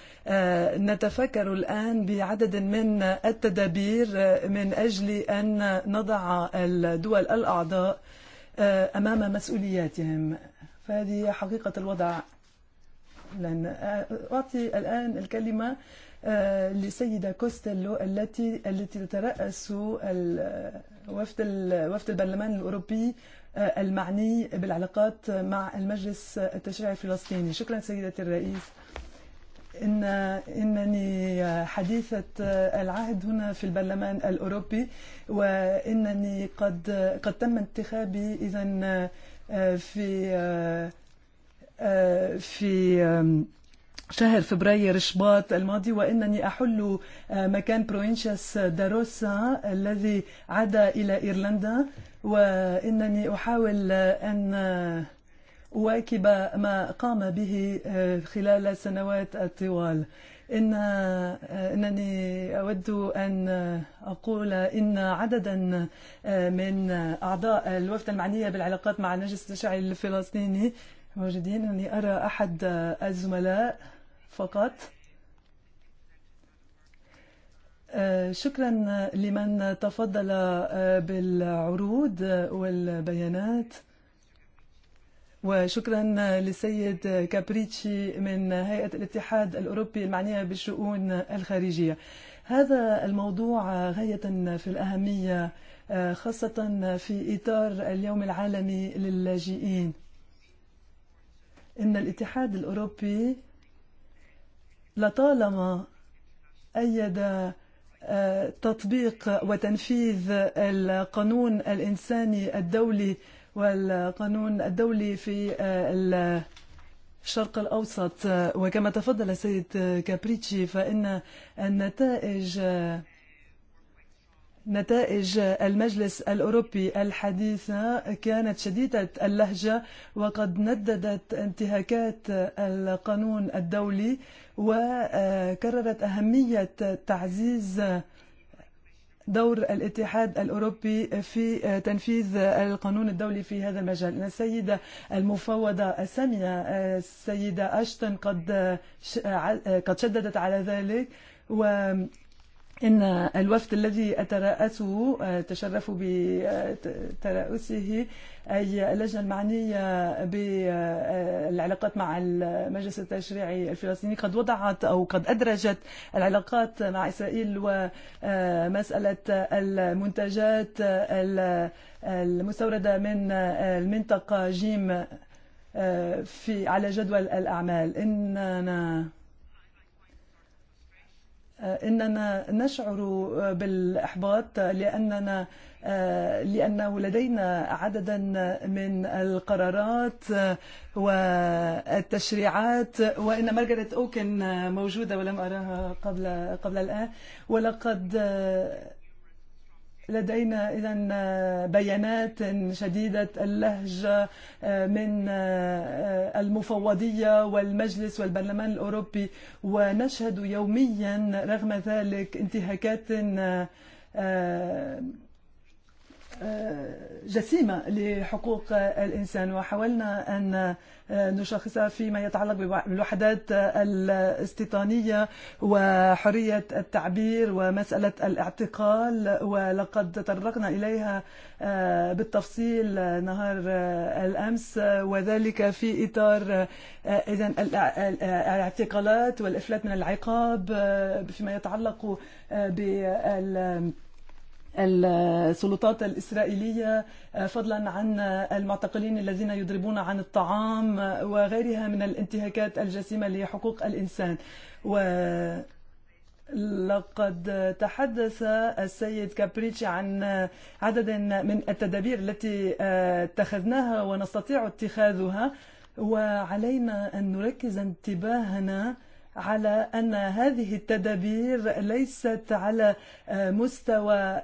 نتفكر الآن بعدد من التدابير من أجل أن نضع الدول الأعضاء أمام مسؤولياتهم فهذه حقيقة الوضع لن أعطي الآن الكلمة لسيدة كوستيلو التي التي تترأس وفد وفد البرلمان الأوروبي المعني بالعلاقات مع المجلس التشريعي الفلسطيني شكرا سيدتي الرئيس إن إنني حديثة العهد هنا في البرلمان الأوروبي وإنني قد قد تم انتخابي إذا في في شهر فبراير شباط الماضي وانني احل مكان بروينشاس داروسا الذي عاد الى ايرلندا وانني احاول ان واكب ما قام به خلال سنوات الطوال إن أنني أود أن أقول إن عددا من أعضاء الوفد المعنية بالعلاقات مع المجلس الاستشاري الفلسطيني موجودين أني أرى أحد الزملاء فقط شكرا لمن تفضل بالعروض والبيانات وشكرا للسيد كابريتشي من هيئة الاتحاد الأوروبي المعنية بالشؤون الخارجية هذا الموضوع غاية في الأهمية خاصة في إطار اليوم العالمي للاجئين إن الاتحاد الأوروبي لطالما أيد تطبيق وتنفيذ القانون الإنساني الدولي والقانون الدولي في الشرق الأوسط وكما تفضل السيد كابريتشي فإن النتائج نتائج المجلس الأوروبي الحديثة كانت شديدة اللهجة وقد نددت انتهاكات القانون الدولي وكررت أهمية تعزيز دور الاتحاد الأوروبي في تنفيذ القانون الدولي في هذا المجال السيدة المفوضة السامية السيدة أشتن قد قد شددت على ذلك و إن الوفد الذي أترأسه تشرف بترأسه أي اللجنة المعنية بالعلاقات مع المجلس التشريعي الفلسطيني قد وضعت أو قد أدرجت العلاقات مع إسرائيل ومسألة المنتجات المستوردة من المنطقة جيم في على جدول الأعمال إننا إننا نشعر بالإحباط لأننا لأنه لدينا عددا من القرارات والتشريعات وإن مارغريت أوكن موجودة ولم أراها قبل قبل الآن ولقد لدينا إذا بيانات شديدة اللهجة من المفوضية والمجلس والبرلمان الأوروبي ونشهد يوميا رغم ذلك انتهاكات جسيمة لحقوق الإنسان وحاولنا أن نشخصها فيما يتعلق بالوحدات الاستيطانية وحرية التعبير ومسألة الاعتقال ولقد تطرقنا إليها بالتفصيل نهار الأمس وذلك في إطار إذن الاعتقالات والإفلات من العقاب فيما يتعلق بال السلطات الإسرائيلية فضلا عن المعتقلين الذين يضربون عن الطعام وغيرها من الانتهاكات الجسيمة لحقوق الإنسان و لقد تحدث السيد كابريتش عن عدد من التدابير التي اتخذناها ونستطيع اتخاذها وعلينا أن نركز انتباهنا على أن هذه التدابير ليست على مستوى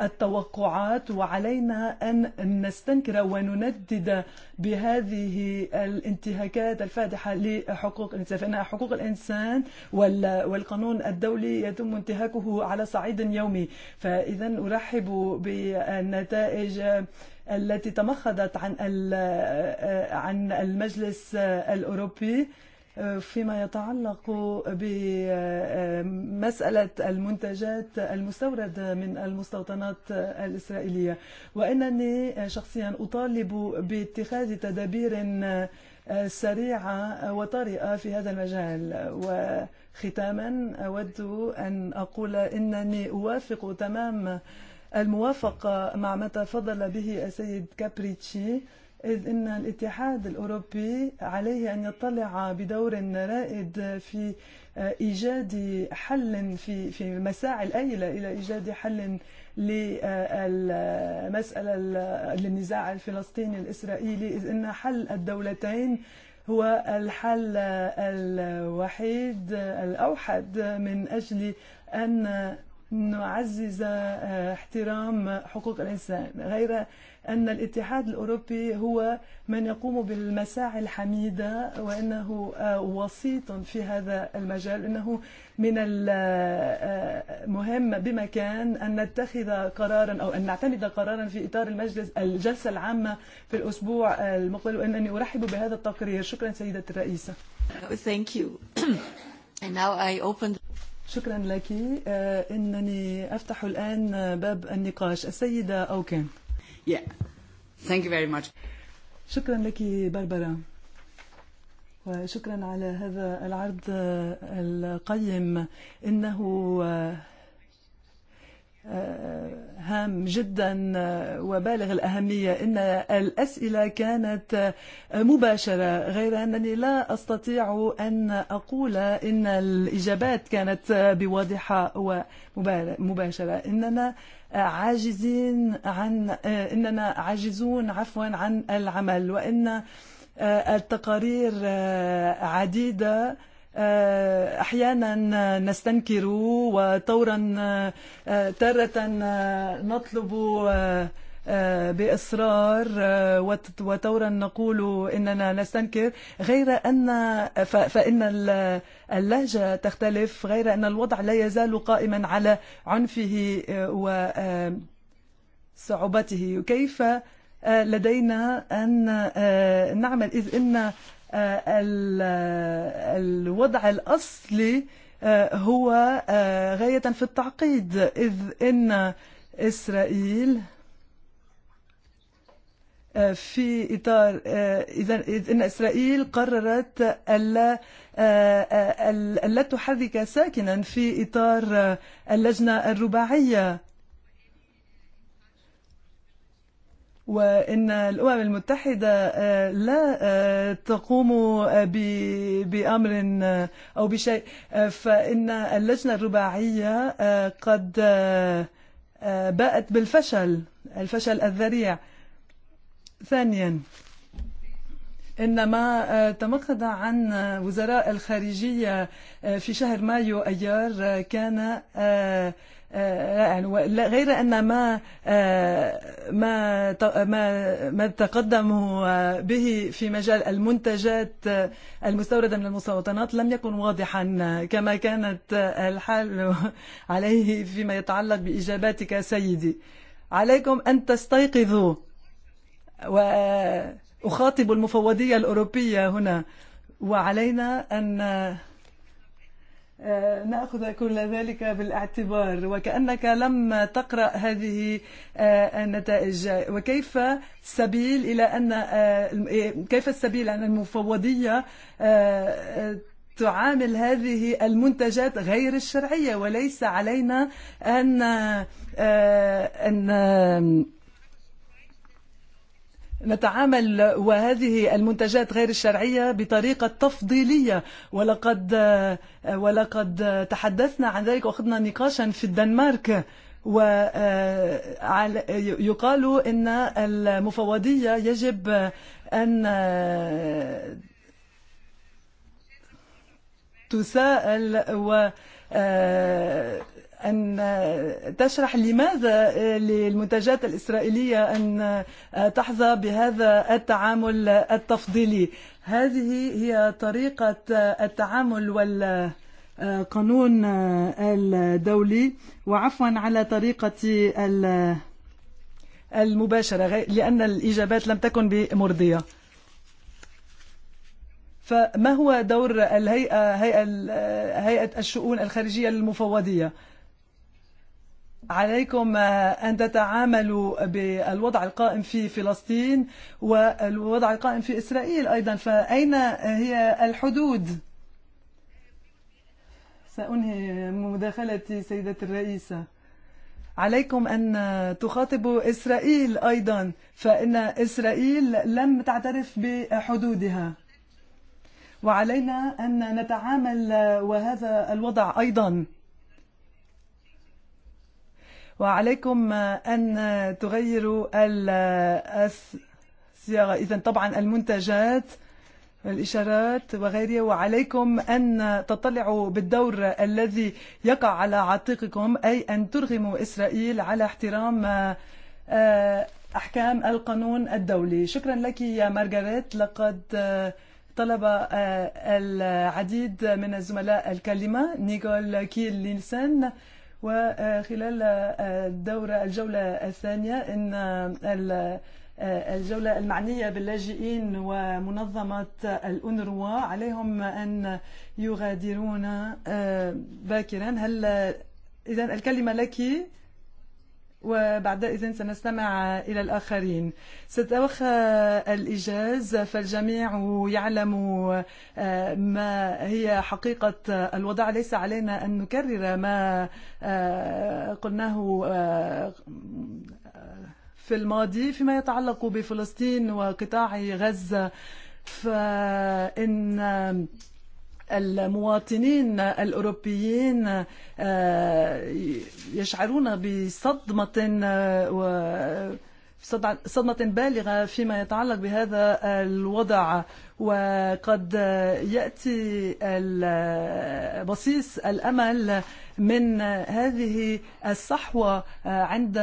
التوقعات وعلينا أن نستنكر ونندد بهذه الانتهاكات الفادحة لحقوق الإنسان فإن حقوق الإنسان والقانون الدولي يتم انتهاكه على صعيد يومي فإذا أرحب بالنتائج التي تمخضت عن عن المجلس الأوروبي فيما يتعلق بمسألة المنتجات المستوردة من المستوطنات الإسرائيلية وإنني شخصيا أطالب باتخاذ تدابير سريعة وطريقة في هذا المجال وختاما أود أن أقول إنني أوافق تمام الموافقة مع ما تفضل به السيد كابريتشي إذ أن الاتحاد الأوروبي عليه أن يطلع بدور رائد في إيجاد حل في في المساعي الأيلة إلى إيجاد حل للمسألة للنزاع الفلسطيني الإسرائيلي إذ أن حل الدولتين هو الحل الوحيد الأوحد من أجل أن نعزز احترام حقوق الإنسان غير أن الاتحاد الأوروبي هو من يقوم بالمساعي الحميدة وأنه وسيط في هذا المجال أنه من المهم بمكان أن نتخذ قرارا أو أن نعتمد قرارا في إطار المجلس الجلسة العامة في الأسبوع المقبل وأنني أرحب بهذا التقرير شكرا سيدة الرئيسة Thank you. And now I open شكرا لك إنني أفتح الآن باب النقاش السيدة أوكان Yeah. Thank you very much. شكرا لك باربرا وشكرا على هذا العرض القيم انه هام جدا وبالغ الأهمية إن الأسئلة كانت مباشرة غير أنني لا أستطيع أن أقول إن الإجابات كانت بواضحة ومباشرة إننا عاجزين عن اننا عاجزون عفوا عن العمل وان التقارير عديده احيانا نستنكر وطورا تاره نطلب بإصرار وتورا نقول إننا نستنكر غير أن فإن اللهجة تختلف غير أن الوضع لا يزال قائما على عنفه وصعوبته كيف لدينا أن نعمل إذ إن الوضع الأصلي هو غاية في التعقيد إذ إن إسرائيل في إطار إذا إن إسرائيل قررت ألا ألا تحرك ساكنا في إطار اللجنة الرباعية وإن الأمم المتحدة لا تقوم بأمر أو بشيء فإن اللجنة الرباعية قد باءت بالفشل الفشل الذريع ثانيا إنما تمقد عن وزراء الخارجية في شهر مايو أيار كان رائعا غير أن ما ما ما ما تقدموا به في مجال المنتجات المستوردة من المستوطنات لم يكن واضحا كما كانت الحال عليه فيما يتعلق بإجاباتك سيدي عليكم أن تستيقظوا وأخاطب المفوضية الأوروبية هنا وعلينا أن نأخذ كل ذلك بالاعتبار وكأنك لم تقرأ هذه النتائج وكيف السبيل إلى أن كيف السبيل أن المفوضية تعامل هذه المنتجات غير الشرعية وليس علينا أن أن نتعامل وهذه المنتجات غير الشرعية بطريقة تفضيلية ولقد ولقد تحدثنا عن ذلك وأخذنا نقاشا في الدنمارك ويقال أن المفوضية يجب أن تساءل و أن تشرح لماذا للمنتجات الإسرائيلية أن تحظى بهذا التعامل التفضيلي هذه هي طريقة التعامل وال قانون الدولي وعفوا على طريقة المباشرة لأن الإجابات لم تكن بمرضية فما هو دور الهيئة هيئة الشؤون الخارجية المفوضية؟ عليكم أن تتعاملوا بالوضع القائم في فلسطين والوضع القائم في إسرائيل أيضا فأين هي الحدود؟ سأنهي مداخلتي سيدة الرئيسة عليكم أن تخاطبوا إسرائيل أيضا فإن إسرائيل لم تعترف بحدودها وعلينا أن نتعامل وهذا الوضع أيضا وعليكم أن تغيروا الصياغة إذا طبعا المنتجات الإشارات وغيرها وعليكم أن تطلعوا بالدور الذي يقع على عاتقكم أي أن ترغموا إسرائيل على احترام أحكام القانون الدولي شكرا لك يا مارغريت لقد طلب العديد من الزملاء الكلمة نيكول كيل لينسن وخلال الدورة الجولة الثانية إن الجولة المعنية باللاجئين ومنظمة الأونروا عليهم أن يغادرون باكرا هل إذا الكلمة لك وبعد إذن سنستمع إلى الآخرين ستأخ الإجاز فالجميع يعلم ما هي حقيقة الوضع ليس علينا أن نكرر ما قلناه في الماضي فيما يتعلق بفلسطين وقطاع غزة فإن المواطنين الأوروبيين يشعرون بصدمة صدمة بالغة فيما يتعلق بهذا الوضع وقد يأتي بصيص الأمل من هذه الصحوة عند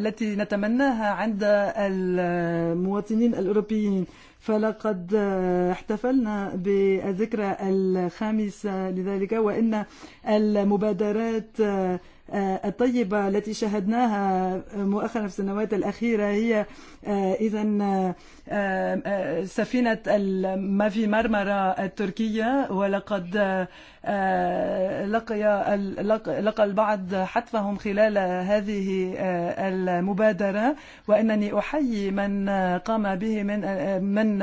التي نتمناها عند المواطنين الأوروبيين فلقد احتفلنا بالذكرى الخامسة لذلك وإن المبادرات الطيبة التي شهدناها مؤخرا في السنوات الأخيرة هي إذا سفينة المافي مرمرة التركية ولقد لقي لقى البعض حتفهم خلال هذه المبادرة وإنني أحيي من قام به من من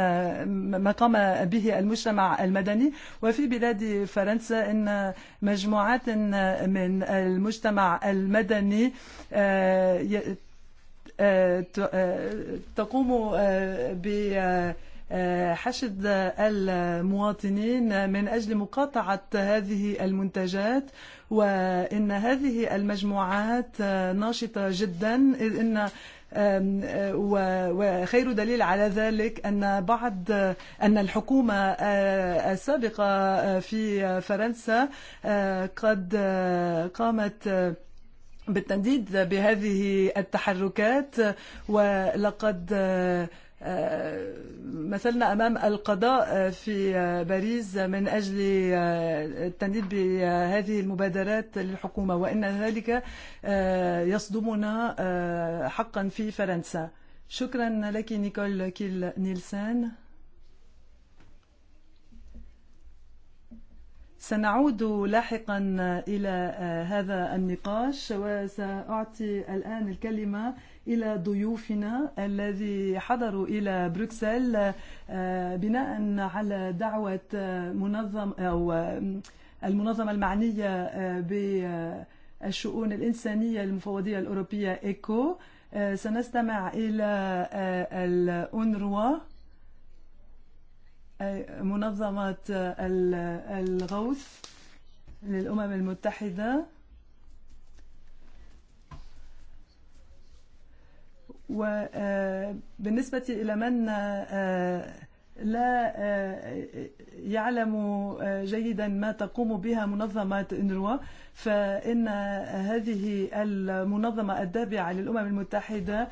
ما قام به المجتمع المدني وفي بلاد فرنسا إن مجموعات من المجتمع المدني تقوم بحشد المواطنين من أجل مقاطعة هذه المنتجات وإن هذه المجموعات ناشطة جدا إذ إن وخير دليل على ذلك أن بعض أن الحكومة السابقة في فرنسا قد قامت بالتنديد بهذه التحركات ولقد مثلنا أمام القضاء في باريس من أجل التنديد بهذه المبادرات للحكومة وإن ذلك يصدمنا حقا في فرنسا شكرا لك نيكول كيل نيلسان سنعود لاحقا إلى هذا النقاش وسأعطي الآن الكلمة إلى ضيوفنا الذي حضروا إلى بروكسل بناء على دعوة منظم أو المنظمة المعنية بالشؤون الإنسانية المفوضية الأوروبية إيكو سنستمع إلى الأونروا منظمة الغوث للأمم المتحدة وبالنسبة إلى من لا يعلم جيدا ما تقوم بها منظمة إنروا فإن هذه المنظمة التابعة للأمم المتحدة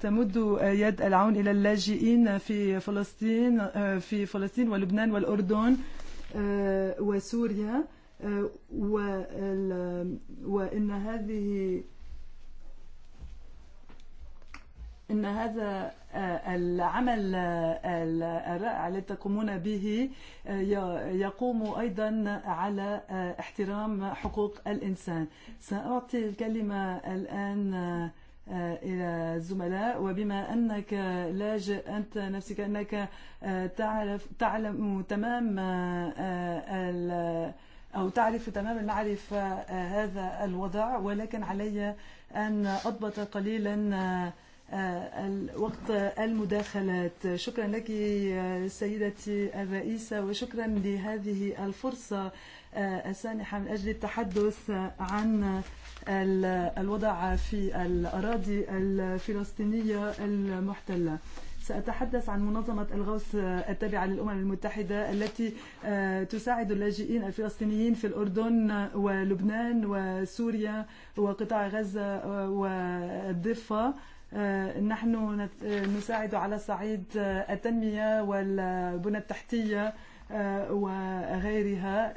تمد يد العون إلى اللاجئين في فلسطين في فلسطين ولبنان والأردن وسوريا وإن هذه ان هذا العمل الرائع الذي تقومون به يقوم ايضا على احترام حقوق الانسان ساعطي الكلمه الان إلى الزملاء وبما أنك لاجئ أنت نفسك أنك تعرف تعلم تمام أو تعرف تمام المعرفة هذا الوضع ولكن علي أن أضبط قليلا الوقت المداخلات شكرا لك سيدتي الرئيسة وشكرا لهذه الفرصة السانحة من أجل التحدث عن الوضع في الأراضي الفلسطينية المحتلة سأتحدث عن منظمة الغوث التابعة للأمم المتحدة التي تساعد اللاجئين الفلسطينيين في الأردن ولبنان وسوريا وقطاع غزة والضفة نحن نساعد على صعيد التنمية والبنى التحتية وغيرها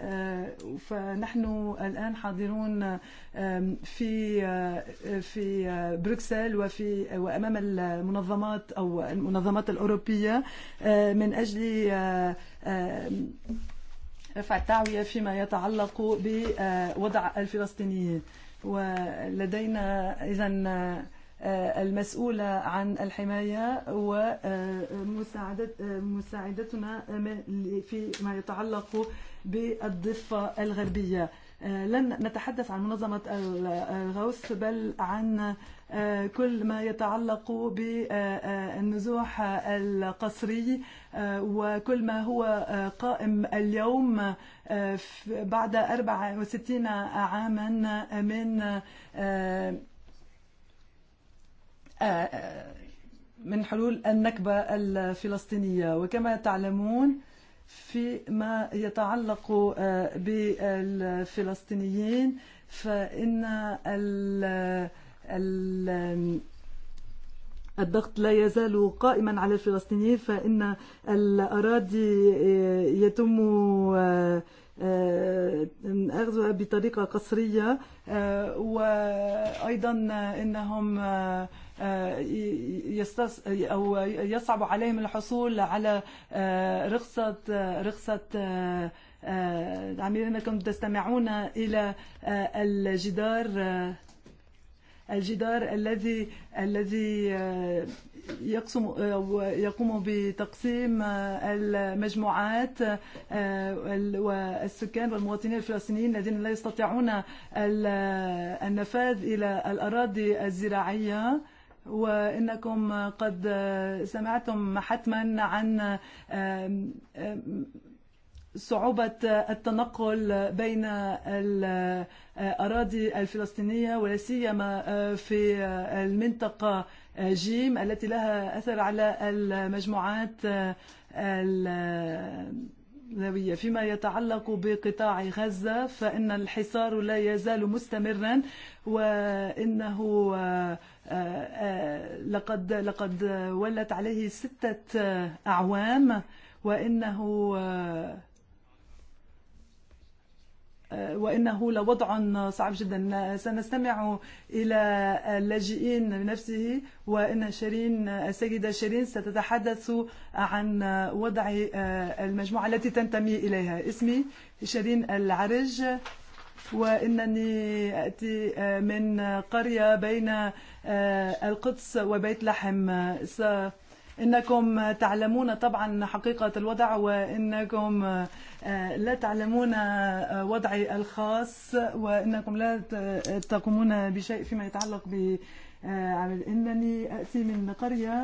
فنحن الآن حاضرون في في بروكسل وفي وأمام المنظمات أو المنظمات الأوروبية من أجل رفع التعوية فيما يتعلق بوضع الفلسطينيين ولدينا إذا المسؤولة عن الحماية ومساعدتنا في ما يتعلق بالضفة الغربية لن نتحدث عن منظمة الغوث بل عن كل ما يتعلق بالنزوح القسري وكل ما هو قائم اليوم بعد 64 عاما من من حلول النكبة الفلسطينية وكما تعلمون فيما يتعلق بالفلسطينيين فإن الضغط لا يزال قائما على الفلسطينيين فإن الأراضي يتم أخذها بطريقة قصرية وأيضا إنهم يستص... أو يصعب عليهم الحصول على رخصة رخصة عميل أنكم تستمعون إلى الجدار الجدار الذي الذي يقسم ويقوم بتقسيم المجموعات والسكان والمواطنين الفلسطينيين الذين لا يستطيعون النفاذ الى الاراضي الزراعيه وانكم قد سمعتم حتما عن صعوبة التنقل بين الأراضي الفلسطينية ولا سيما في المنطقة جيم التي لها أثر على المجموعات الذوية فيما يتعلق بقطاع غزة فإن الحصار لا يزال مستمرا وإنه لقد لقد ولت عليه ستة أعوام وإنه وإنه لوضع صعب جدا سنستمع إلى اللاجئين بنفسه وإن شيرين السيدة شيرين ستتحدث عن وضع المجموعة التي تنتمي إليها اسمي شيرين العرج وإنني أتي من قرية بين القدس وبيت لحم إنكم تعلمون طبعا حقيقة الوضع وإنكم لا تعلمون وضعي الخاص وإنكم لا تقومون بشيء فيما يتعلق ب إنني أتي من قرية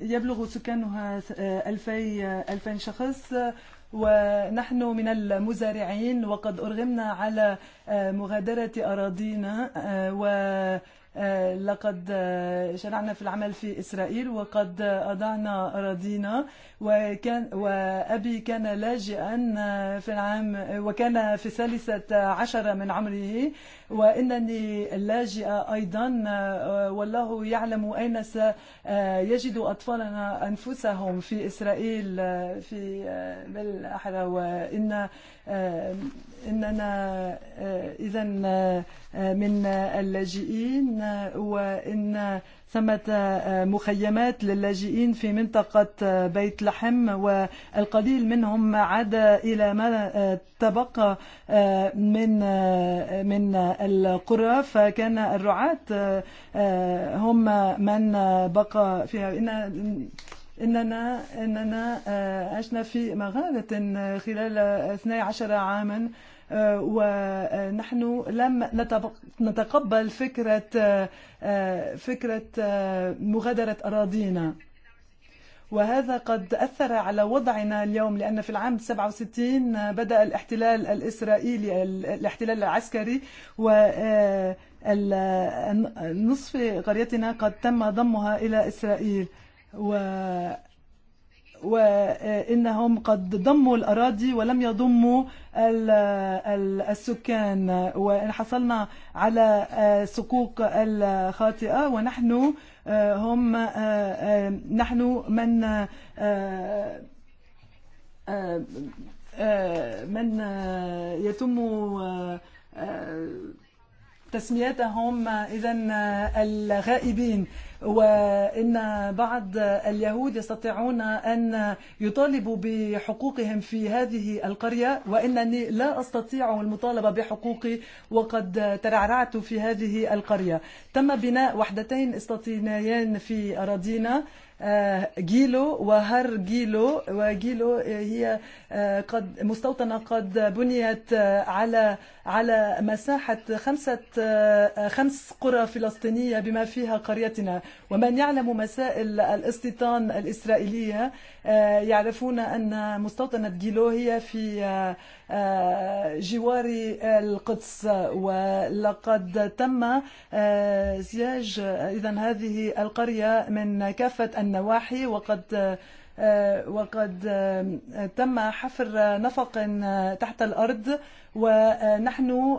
يبلغ سكانها 2000 2000 شخص ونحن من المزارعين وقد أرغمنا على مغادرة أراضينا و لقد شرعنا في العمل في إسرائيل وقد أضعنا أراضينا وكان وأبي كان لاجئا في العام وكان في ثالثة عشر من عمره وإنني لاجئة أيضا والله يعلم أين سيجد أطفالنا أنفسهم في إسرائيل في بالأحرى وإن إننا إذا من اللاجئين وإن ثمة مخيمات للاجئين في منطقة بيت لحم والقليل منهم عاد إلى ما تبقى من من القرى فكان الرعاة هم من بقى فيها إن إننا إننا عشنا في مغارة خلال 12 عاما ونحن لم نتقبل فكرة فكرة مغادرة أراضينا وهذا قد أثر على وضعنا اليوم لأن في العام 67 بدأ الاحتلال الإسرائيلي الاحتلال العسكري ونصف قريتنا قد تم ضمها إلى إسرائيل و وإنهم قد ضموا الأراضي ولم يضموا السكان وحصلنا على سقوق الخاطئة ونحن هم نحن من من يتم تسميتهم إذا الغائبين وأن بعض اليهود يستطيعون أن يطالبوا بحقوقهم في هذه القرية وإنني لا أستطيع المطالبة بحقوقي وقد ترعرعت في هذه القرية تم بناء وحدتين استطينيين في أراضينا جيلو وهر جيلو وجيلو هي قد مستوطنة قد بنيت على على مساحة خمسة خمس قرى فلسطينية بما فيها قريتنا ومن يعلم مسائل الاستيطان الإسرائيلية يعرفون أن مستوطنة جيلو هي في جوار القدس ولقد تم سياج إذن هذه القرية من كافة النواحي وقد وقد تم حفر نفق تحت الأرض ونحن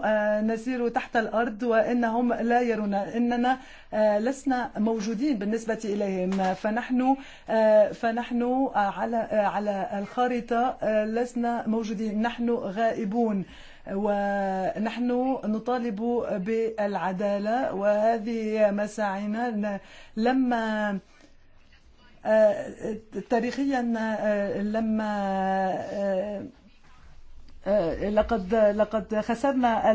نسير تحت الأرض وإنهم لا يرون إننا لسنا موجودين بالنسبة إليهم فنحن فنحن على على الخارطة لسنا موجودين نحن غائبون ونحن نطالب بالعدالة وهذه مساعينا لما تاريخيا لما لقد لقد خسرنا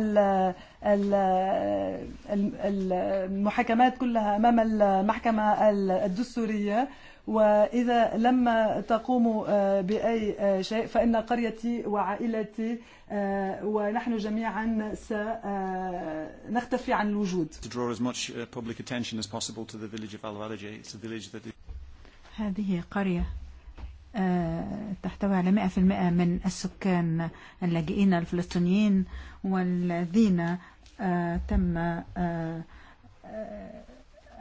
المحاكمات كلها امام المحكمه الدستوريه واذا لم تقوم باي شيء فان قريتي وعائلتي ونحن جميعا سنختفي عن الوجود. هذه قرية تحتوي على مئة في المئة من السكان اللاجئين الفلسطينيين والذين تم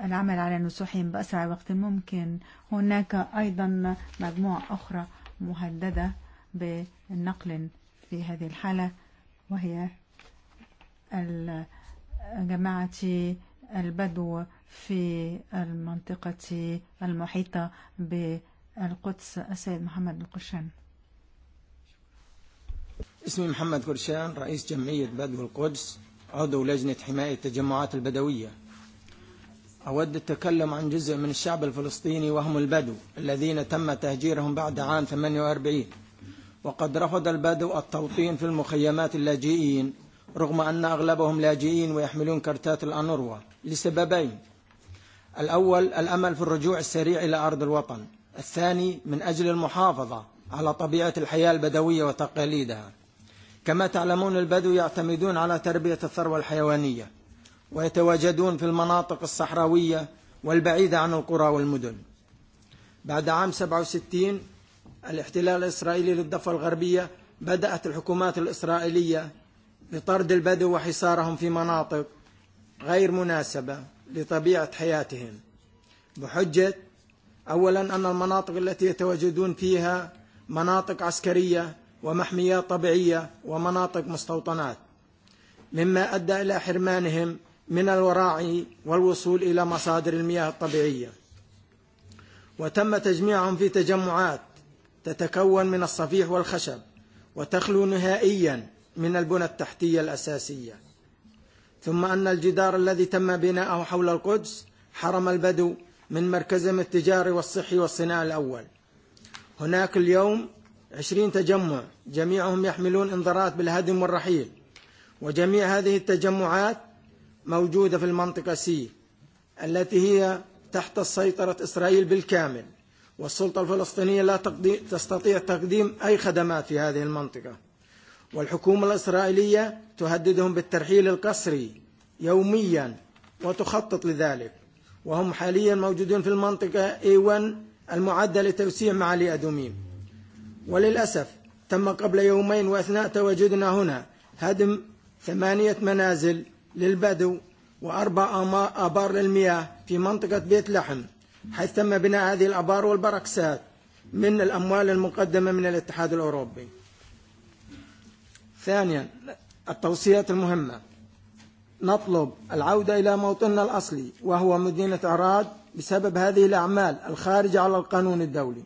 العمل على نسوحهم بأسرع وقت ممكن هناك أيضا مجموعة أخرى مهددة بالنقل في هذه الحالة وهي جماعة البدو في المنطقة المحيطة بالقدس السيد محمد القشان اسمي محمد قرشان رئيس جمعية بدو القدس عضو لجنة حماية التجمعات البدوية أود التكلم عن جزء من الشعب الفلسطيني وهم البدو الذين تم تهجيرهم بعد عام 48 وقد رفض البدو التوطين في المخيمات اللاجئين رغم أن أغلبهم لاجئين ويحملون كرتات الأنوروا لسببين الأول الأمل في الرجوع السريع إلى أرض الوطن الثاني من أجل المحافظة على طبيعة الحياة البدوية وتقاليدها كما تعلمون البدو يعتمدون على تربية الثروة الحيوانية ويتواجدون في المناطق الصحراوية والبعيدة عن القرى والمدن بعد عام 67 الاحتلال الإسرائيلي للضفة الغربية بدأت الحكومات الإسرائيلية بطرد البدو وحصارهم في مناطق غير مناسبة لطبيعة حياتهم بحجة أولا أن المناطق التي يتواجدون فيها مناطق عسكرية ومحميات طبيعية ومناطق مستوطنات مما أدى إلى حرمانهم من الوراعي والوصول إلى مصادر المياه الطبيعية وتم تجميعهم في تجمعات تتكون من الصفيح والخشب وتخلو نهائيا من البنى التحتية الأساسية ثم أن الجدار الذي تم بناءه حول القدس حرم البدو من مركزهم التجاري والصحي والصناعي الأول هناك اليوم عشرين تجمع جميعهم يحملون انذارات بالهدم والرحيل وجميع هذه التجمعات موجودة في المنطقة سي التي هي تحت سيطرة إسرائيل بالكامل والسلطة الفلسطينية لا تستطيع تقديم أي خدمات في هذه المنطقة والحكومة الإسرائيلية تهددهم بالترحيل القسري يوميا وتخطط لذلك وهم حاليا موجودون في المنطقة A1 المعدة لتوسيع معالي أدوميم وللأسف تم قبل يومين وأثناء تواجدنا هنا هدم ثمانية منازل للبدو وأربع أبار للمياه في منطقة بيت لحم حيث تم بناء هذه الأبار والبركسات من الأموال المقدمة من الاتحاد الأوروبي ثانيا التوصيات المهمة نطلب العودة إلى موطننا الأصلي وهو مدينة عراد بسبب هذه الأعمال الخارجة على القانون الدولي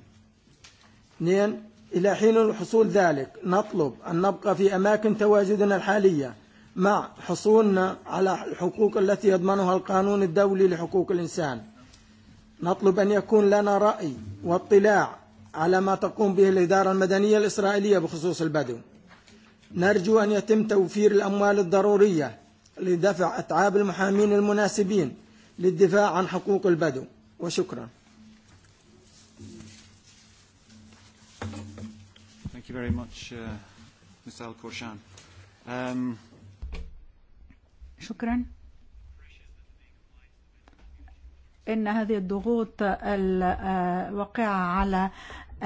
اثنين إلى حين الحصول ذلك نطلب أن نبقى في أماكن تواجدنا الحالية مع حصولنا على الحقوق التي يضمنها القانون الدولي لحقوق الإنسان نطلب أن يكون لنا رأي واطلاع على ما تقوم به الإدارة المدنية الإسرائيلية بخصوص البدو نرجو أن يتم توفير الأموال الضرورية لدفع أتعاب المحامين المناسبين للدفاع عن حقوق البدو وشكرا Thank you very much, uh, Ms. Al Korshan. Um, شكرا إن هذه الضغوط الواقعة على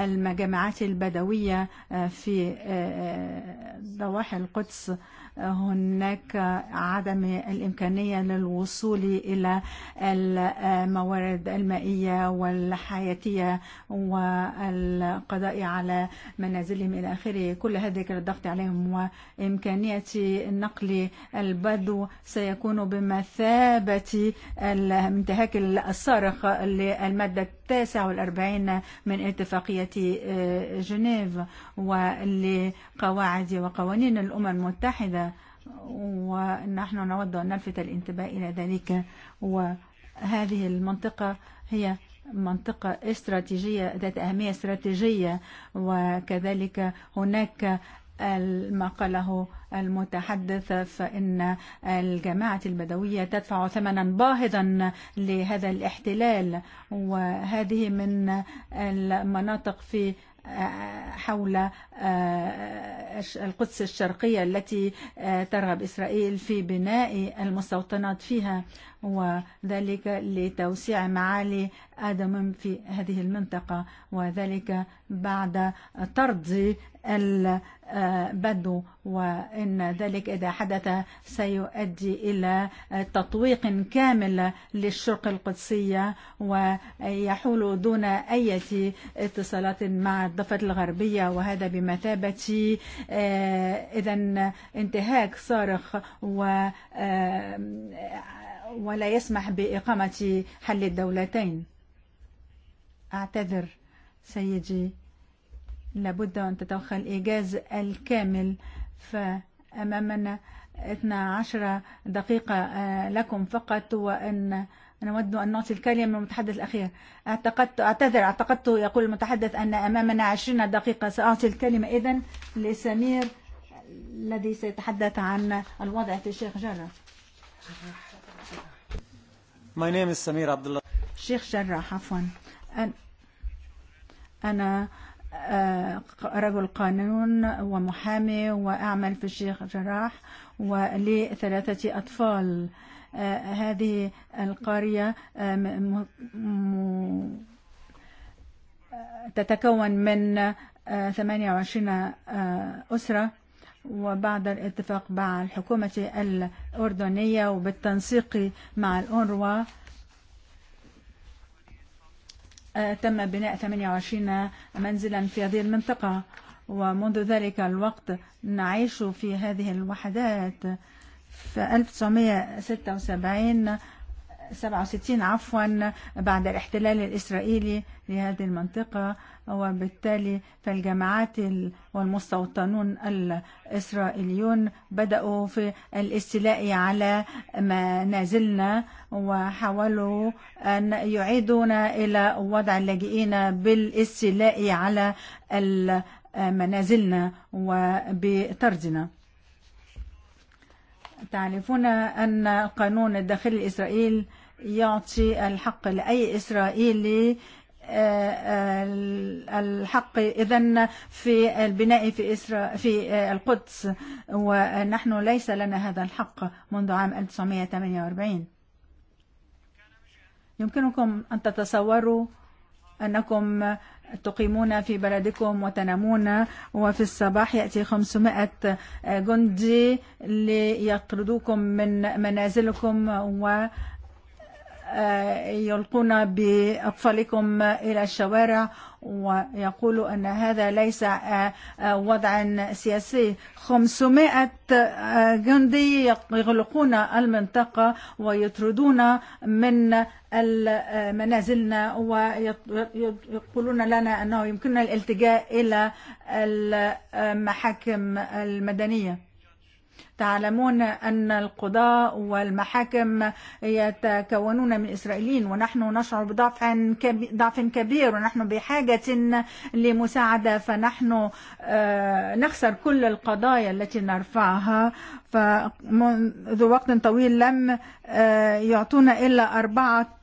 المجامعات البدوية في ضواحي القدس هناك عدم الإمكانية للوصول إلى الموارد المائية والحياتية والقضاء على منازلهم إلى آخره كل هذا الضغط عليهم وإمكانية نقل البدو سيكون بمثابة الانتهاك الصارخ للمادة التاسع والأربعين من اتفاقية جنيف ولقواعد وقوانين الأمم المتحدة ونحن نود أن نلفت الانتباه إلى ذلك وهذه المنطقة هي منطقة استراتيجية ذات أهمية استراتيجية وكذلك هناك ما قاله المتحدث فإن الجماعة البدوية تدفع ثمنا باهظا لهذا الاحتلال وهذه من المناطق في حول القدس الشرقية التي ترغب إسرائيل في بناء المستوطنات فيها وذلك لتوسيع معالي آدم في هذه المنطقة وذلك بعد طرد البدو وإن ذلك إذا حدث سيؤدي إلى تطويق كامل للشرق القدسية ويحول دون أي اتصالات مع الضفة الغربية وهذا بمثابة إذا انتهاك صارخ و ولا يسمح بإقامة حل الدولتين أعتذر سيدي لابد أن تتوخى إيجاز الكامل فأمامنا 12 دقيقة لكم فقط وأن نود أن نعطي الكلمة المتحدث الأخير أعتقدت أعتذر أعتقدت يقول المتحدث أن أمامنا 20 دقيقة سأعطي الكلمة إذن لسمير الذي سيتحدث عن الوضع في الشيخ جرح My name is Samir Abdullah. الشيخ جراح عفوا أنا رجل قانون ومحامي وأعمل في الشيخ جراح ولي ثلاثة أطفال هذه القرية تتكون من 28 أسرة وبعد الاتفاق مع الحكومة الأردنية وبالتنسيق مع الأنروا تم بناء 28 منزلا في هذه المنطقة ومنذ ذلك الوقت نعيش في هذه الوحدات في 1976 67 عفوا بعد الاحتلال الإسرائيلي لهذه المنطقة وبالتالي فالجماعات والمستوطنون الإسرائيليون بدأوا في الاستيلاء على منازلنا وحاولوا أن يعيدونا إلى وضع اللاجئين بالاستيلاء على منازلنا وبطردنا تعرفون أن قانون الداخل الإسرائيلي يعطي الحق لأي إسرائيلي الحق إذا في البناء في إسرا في القدس ونحن ليس لنا هذا الحق منذ عام 1948 يمكنكم أن تتصوروا أنكم تقيمون في بلدكم وتنامون وفي الصباح يأتي 500 جندي ليطردوكم من منازلكم و يلقون بأطفالكم إلى الشوارع ويقول أن هذا ليس وضعا سياسي 500 جندي يغلقون المنطقة ويطردون من منازلنا ويقولون لنا أنه يمكننا الالتجاء إلى المحاكم المدنية تعلمون أن القضاء والمحاكم يتكونون من إسرائيليين ونحن نشعر بضعف ضعف كبير ونحن بحاجة لمساعدة فنحن نخسر كل القضايا التي نرفعها فمنذ وقت طويل لم يعطونا إلا أربعة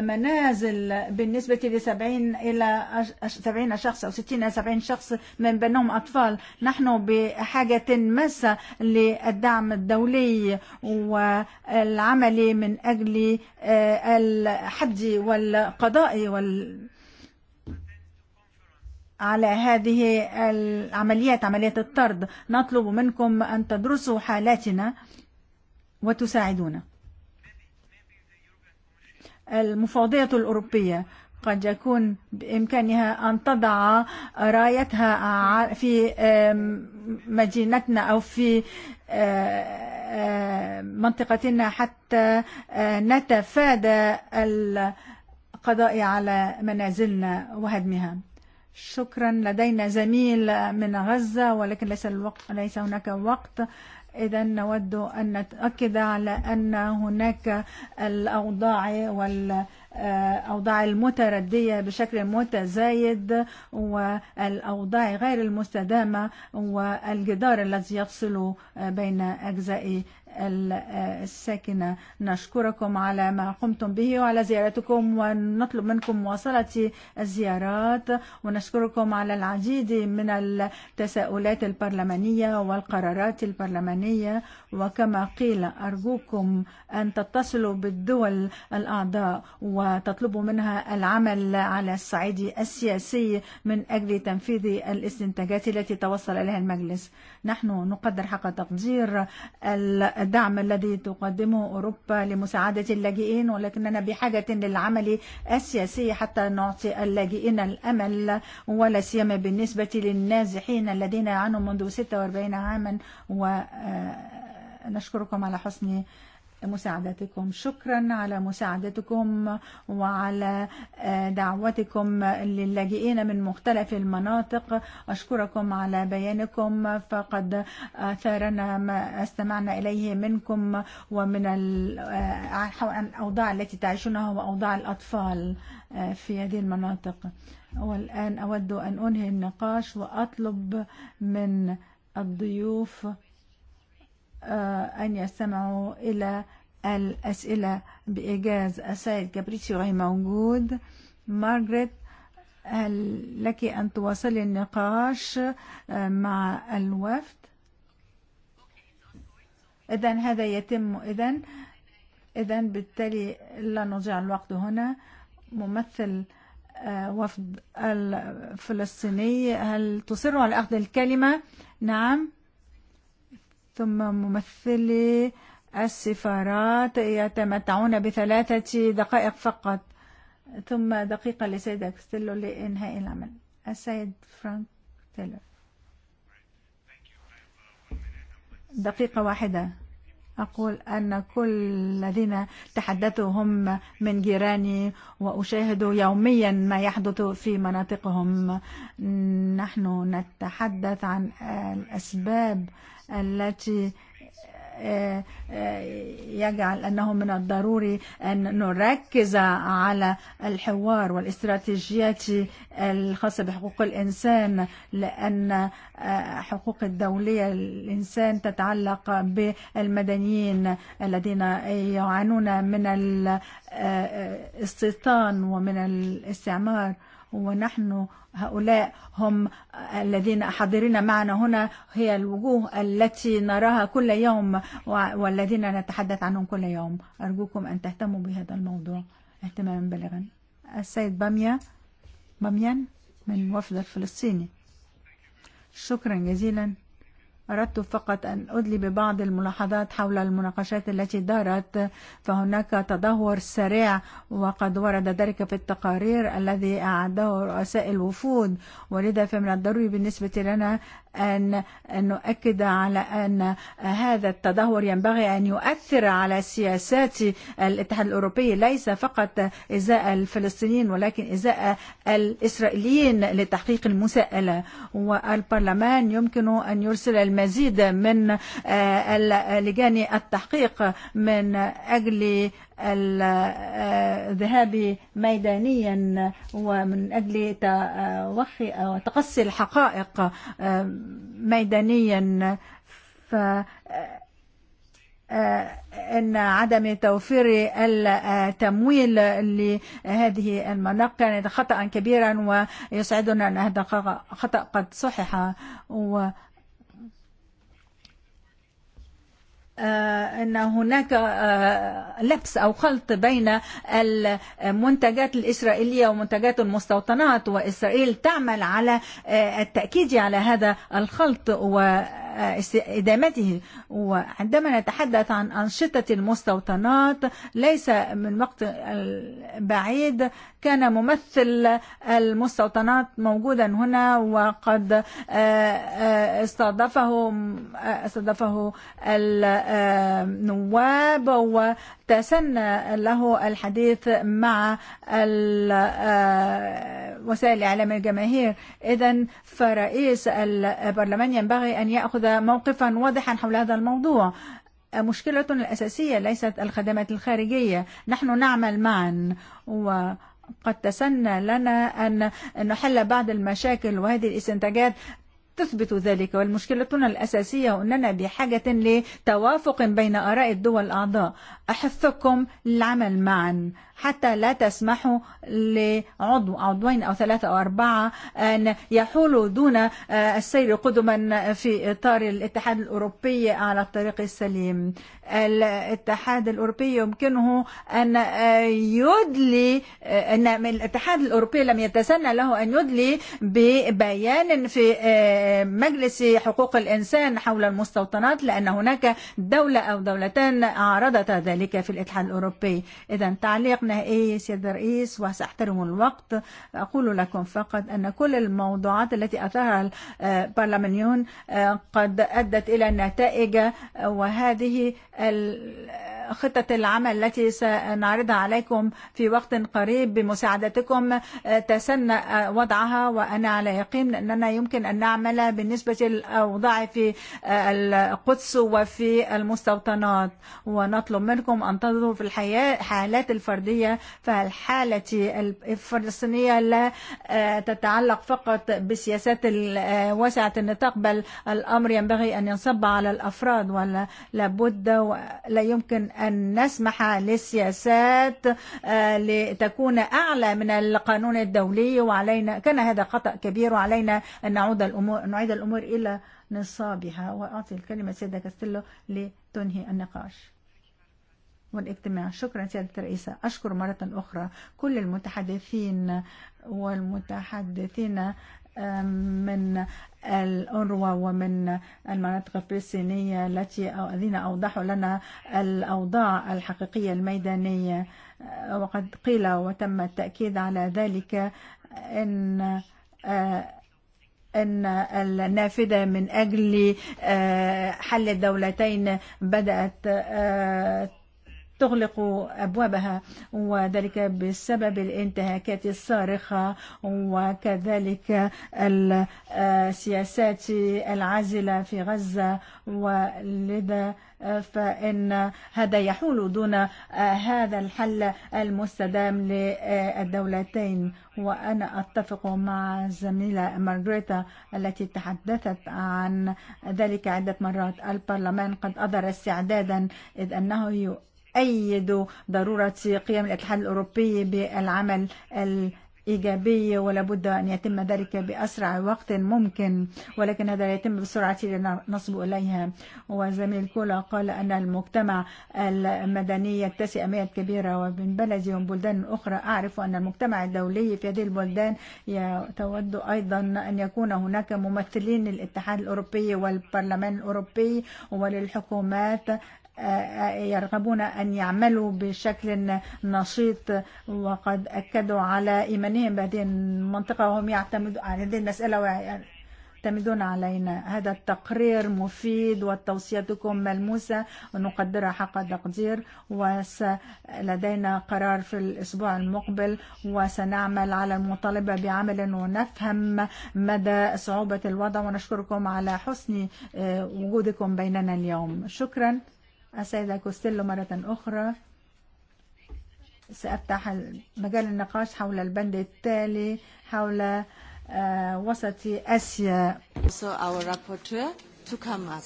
منازل بالنسبة لسبعين إلى سبعين شخص أو ستين إلى سبعين شخص من بينهم أطفال نحن بحاجة ماسة للدعم الدولي والعمل من أجل الحد والقضاء وال على هذه العمليات عمليات الطرد نطلب منكم أن تدرسوا حالاتنا وتساعدونا المفوضية الأوروبية قد يكون بإمكانها أن تضع رايتها في مدينتنا أو في منطقتنا حتى نتفادى القضاء على منازلنا وهدمها شكرا لدينا زميل من غزة ولكن ليس, الوقت ليس هناك وقت إذا نود أن نتأكد على أن هناك الأوضاع وال أوضاع المتردية بشكل متزايد والأوضاع غير المستدامة والجدار الذي يفصل بين أجزاء الساكنة نشكركم على ما قمتم به وعلى زيارتكم ونطلب منكم مواصلة الزيارات ونشكركم على العديد من التساؤلات البرلمانية والقرارات البرلمانية وكما قيل أرجوكم أن تتصلوا بالدول الأعضاء وتطلبوا منها العمل على الصعيد السياسي من أجل تنفيذ الاستنتاجات التي توصل إليها المجلس نحن نقدر حق تقدير الدعم الذي تقدمه أوروبا لمساعدة اللاجئين ولكننا بحاجة للعمل السياسي حتى نعطي اللاجئين الأمل ولا سيما بالنسبة للنازحين الذين يعانوا منذ 46 عاما ونشكركم على حسن مساعدتكم شكرا على مساعدتكم وعلى دعوتكم للاجئين من مختلف المناطق أشكركم على بيانكم فقد أثارنا ما استمعنا إليه منكم ومن الأوضاع التي تعيشونها وأوضاع الأطفال في هذه المناطق والآن أود أن أنهي النقاش وأطلب من الضيوف أن يستمعوا إلى الأسئلة بإيجاز السيد كابريتشيوغي موجود مارغريت هل لك أن تواصلي النقاش مع الوفد إذا هذا يتم إذا إذا بالتالي لا نضيع الوقت هنا ممثل وفد الفلسطيني هل تصر على أخذ الكلمة نعم ثم ممثلي السفارات يتمتعون بثلاثة دقائق فقط ثم دقيقة لسيدة كستيلو لإنهاء العمل السيد فرانك تيلر دقيقة واحدة أقول أن كل الذين تحدثوا هم من جيراني وأشاهد يوميا ما يحدث في مناطقهم نحن نتحدث عن الأسباب التي يجعل أنه من الضروري أن نركز على الحوار والاستراتيجيات الخاصة بحقوق الإنسان لأن حقوق الدولية الإنسان تتعلق بالمدنيين الذين يعانون من الاستيطان ومن الاستعمار ونحن هؤلاء هم الذين حاضرين معنا هنا هي الوجوه التي نراها كل يوم والذين نتحدث عنهم كل يوم أرجوكم أن تهتموا بهذا الموضوع اهتماما بلغا السيد باميا باميان من وفد الفلسطيني شكرا جزيلا أردت فقط أن أدلي ببعض الملاحظات حول المناقشات التي دارت فهناك تدهور سريع وقد ورد ذلك في التقارير الذي أعده رؤساء الوفود ولذا فمن الضروري بالنسبة لنا أن نؤكد على أن هذا التدهور ينبغي أن يؤثر على سياسات الاتحاد الأوروبي ليس فقط إزاء الفلسطينيين ولكن إزاء الإسرائيليين لتحقيق المساءلة والبرلمان يمكن أن يرسل المزيد من لجان التحقيق من أجل الذهاب ميدانيا ومن أجل تقصي الحقائق ميدانيا ف أن عدم توفير التمويل لهذه المناطق كانت خطأ كبيرا ويسعدنا أن هذا خطأ قد صحح و أن هناك لبس أو خلط بين المنتجات الإسرائيلية ومنتجات المستوطنات وإسرائيل تعمل على التأكيد على هذا الخلط و استدامته وعندما نتحدث عن أنشطة المستوطنات ليس من وقت بعيد كان ممثل المستوطنات موجودا هنا وقد استضافه استضافه النواب وتسنى له الحديث مع وسائل الإعلام الجماهير إذا فرئيس البرلمان ينبغي أن يأخذ تأخذ موقفا واضحا حول هذا الموضوع مشكلة الأساسية ليست الخدمات الخارجية نحن نعمل معا و قد تسنى لنا أن نحل بعض المشاكل وهذه الاستنتاجات تثبت ذلك والمشكلة الأساسية أننا بحاجة لتوافق بين آراء الدول الأعضاء أحثكم العمل معا حتى لا تسمحوا لعضو عضوين أو ثلاثة أو أربعة أن يحولوا دون السير قدما في إطار الاتحاد الأوروبي على الطريق السليم الاتحاد الأوروبي يمكنه أن يدلي أن من الاتحاد الأوروبي لم يتسنى له أن يدلي ببيان في مجلس حقوق الإنسان حول المستوطنات لأن هناك دولة أو دولتان عارضت ذلك ذلك في الاتحاد الأوروبي إذا تعليقنا إيه سيد الرئيس وسأحترم الوقت أقول لكم فقط أن كل الموضوعات التي أثارها البرلمانيون قد أدت إلى نتائج وهذه خطة العمل التي سنعرضها عليكم في وقت قريب بمساعدتكم تسنى وضعها وأنا على يقين أننا يمكن أن نعمل بالنسبة للأوضاع في القدس وفي المستوطنات ونطلب منكم أن تنظروا في الحالات الفردية فالحالة الفلسطينية لا تتعلق فقط بسياسات واسعة النطاق بل الأمر ينبغي أن ينصب على الأفراد ولا لابد ولا يمكن أن نسمح للسياسات لتكون أعلى من القانون الدولي وعلينا كان هذا خطأ كبير وعلينا أن نعود الأمور نعيد الأمور إلى نصابها وأعطي الكلمة سيدة كاستيلو لتنهي النقاش والاجتماع شكرا سيادة الرئيسة أشكر مرة أخرى كل المتحدثين والمتحدثين من الأروى ومن المناطق الفلسطينية التي الذين أوضحوا لنا الأوضاع الحقيقية الميدانية وقد قيل وتم التأكيد على ذلك أن أن النافذة من أجل حل الدولتين بدأت تغلق أبوابها وذلك بسبب الانتهاكات الصارخة وكذلك السياسات العازلة في غزة ولذا فإن هذا يحول دون هذا الحل المستدام للدولتين وأنا أتفق مع زميلة مارغريتا التي تحدثت عن ذلك عدة مرات البرلمان قد أدر استعدادا إذ أنه أيدوا ضرورة قيام الاتحاد الأوروبي بالعمل الإيجابي ولابد أن يتم ذلك بأسرع وقت ممكن ولكن هذا يتم بسرعة لنصب إليها وزميل كولا قال أن المجتمع المدني يتسع أميات كبيرة ومن بلدي بلدان أخرى أعرف أن المجتمع الدولي في هذه البلدان يتود أيضا أن يكون هناك ممثلين للاتحاد الأوروبي والبرلمان الأوروبي وللحكومات يرغبون أن يعملوا بشكل نشيط وقد أكدوا على إيمانهم بهذه المنطقة وهم يعتمدوا على هذه المسألة ويعتمدون علينا هذا التقرير مفيد وتوصيتكم ملموسة ونقدرها حق تقدير ولدينا قرار في الأسبوع المقبل وسنعمل على المطالبة بعمل ونفهم مدى صعوبة الوضع ونشكركم على حسن وجودكم بيننا اليوم شكرا السيدة كوستيلو مرة أخرى سأفتح مجال النقاش حول البند التالي حول وسط آسيا to come up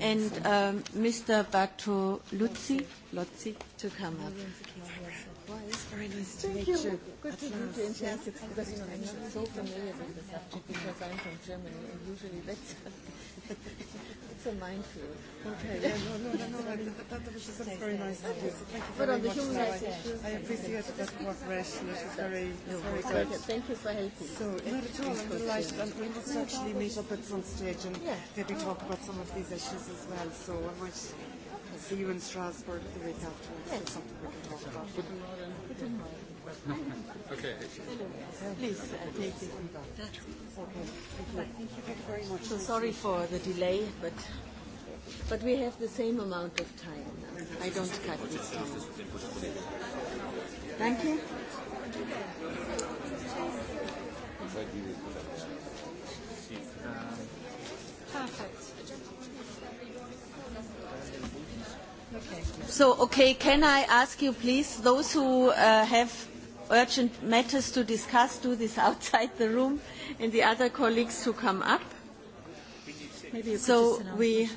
and um, Mr. Batu Luzzi, Luzzi to come up Thank you. Good to meet you in Chelsea because you know, I'm so familiar with the subject because I'm from Germany and usually that's it's a minefield. Okay, yeah, no, no, no, no, that, that was just very nice of you. Thank you very much. Human rights issues. I appreciate that work ration. It was very, no, very thank good. Thank you for helping. So, not at all. I'm delighted. And we must actually meet up at some stage and yeah. maybe talk about some of these issues as well. So I might see you in Strasbourg the week afterwards. Yes. Something we can talk about. Good morning. Good morning okay. Please uh, take it. Okay. Thank you very much. So sorry for the delay, but but we have the same amount of time. I don't cut this time. Thank you. Perfect. Okay. So, okay, can I ask you, please, those who uh, have urgent matters to discuss, do this outside the room and the other colleagues to come up. Maybe so we.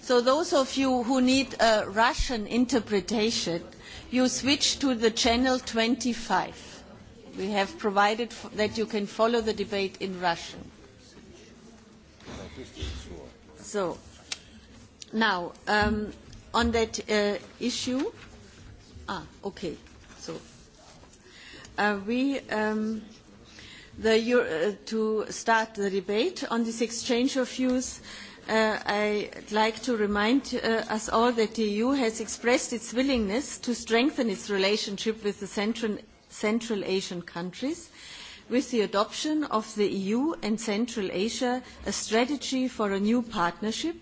So those of you who need a Russian interpretation, you switch to the channel 25. We have provided that you can follow the debate in Russian. So now um, on that uh, issue. Ah, okay. So uh, we um, the, uh, to start the debate on this exchange of views. Uh, I'd like to remind uh, us all that the EU has expressed its willingness to strengthen its relationship with the Central, Central Asian countries with the adoption of the EU and Central Asia, a strategy for a new partnership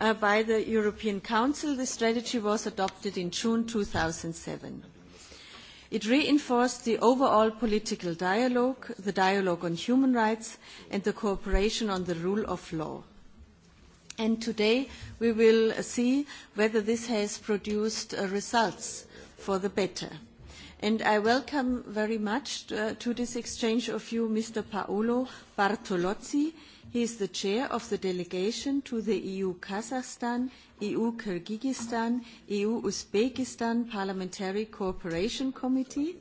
uh, by the European Council. The strategy was adopted in June 2007. It reinforced the overall political dialogue, the dialogue on human rights, and the cooperation on the rule of law. And today we will see whether this has produced uh, results for the better. And I welcome very much to, uh, to this exchange of you Mr. Paolo Bartolozzi. He is the chair of the delegation to the EU-Kazakhstan, EU-Kyrgyzstan, EU-Uzbekistan Parliamentary Cooperation Committee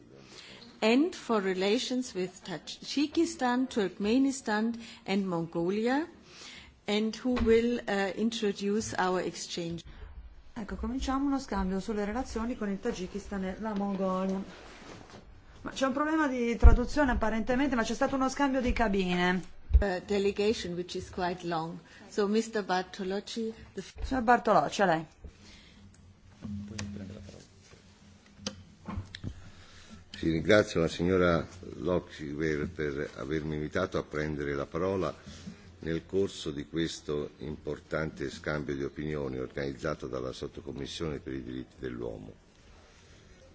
and for relations with Tajikistan, Turkmenistan and Mongolia and who will uh, introduce our exchange. Ecco, cominciamo uno scambio sulle relazioni con il Tagikistan e la Mongolia. Ma c'è un problema di traduzione apparentemente, ma c'è stato uno scambio di cabine delegation, which is quite long. So, Mr. Bartolocci... The... Mr. Bartolocci, lei. Sì, ringrazio la signora Lockyer per avermi invitato a prendere la parola nel corso di questo importante scambio di opinioni organizzato dalla Sottocommissione per i diritti dell'uomo.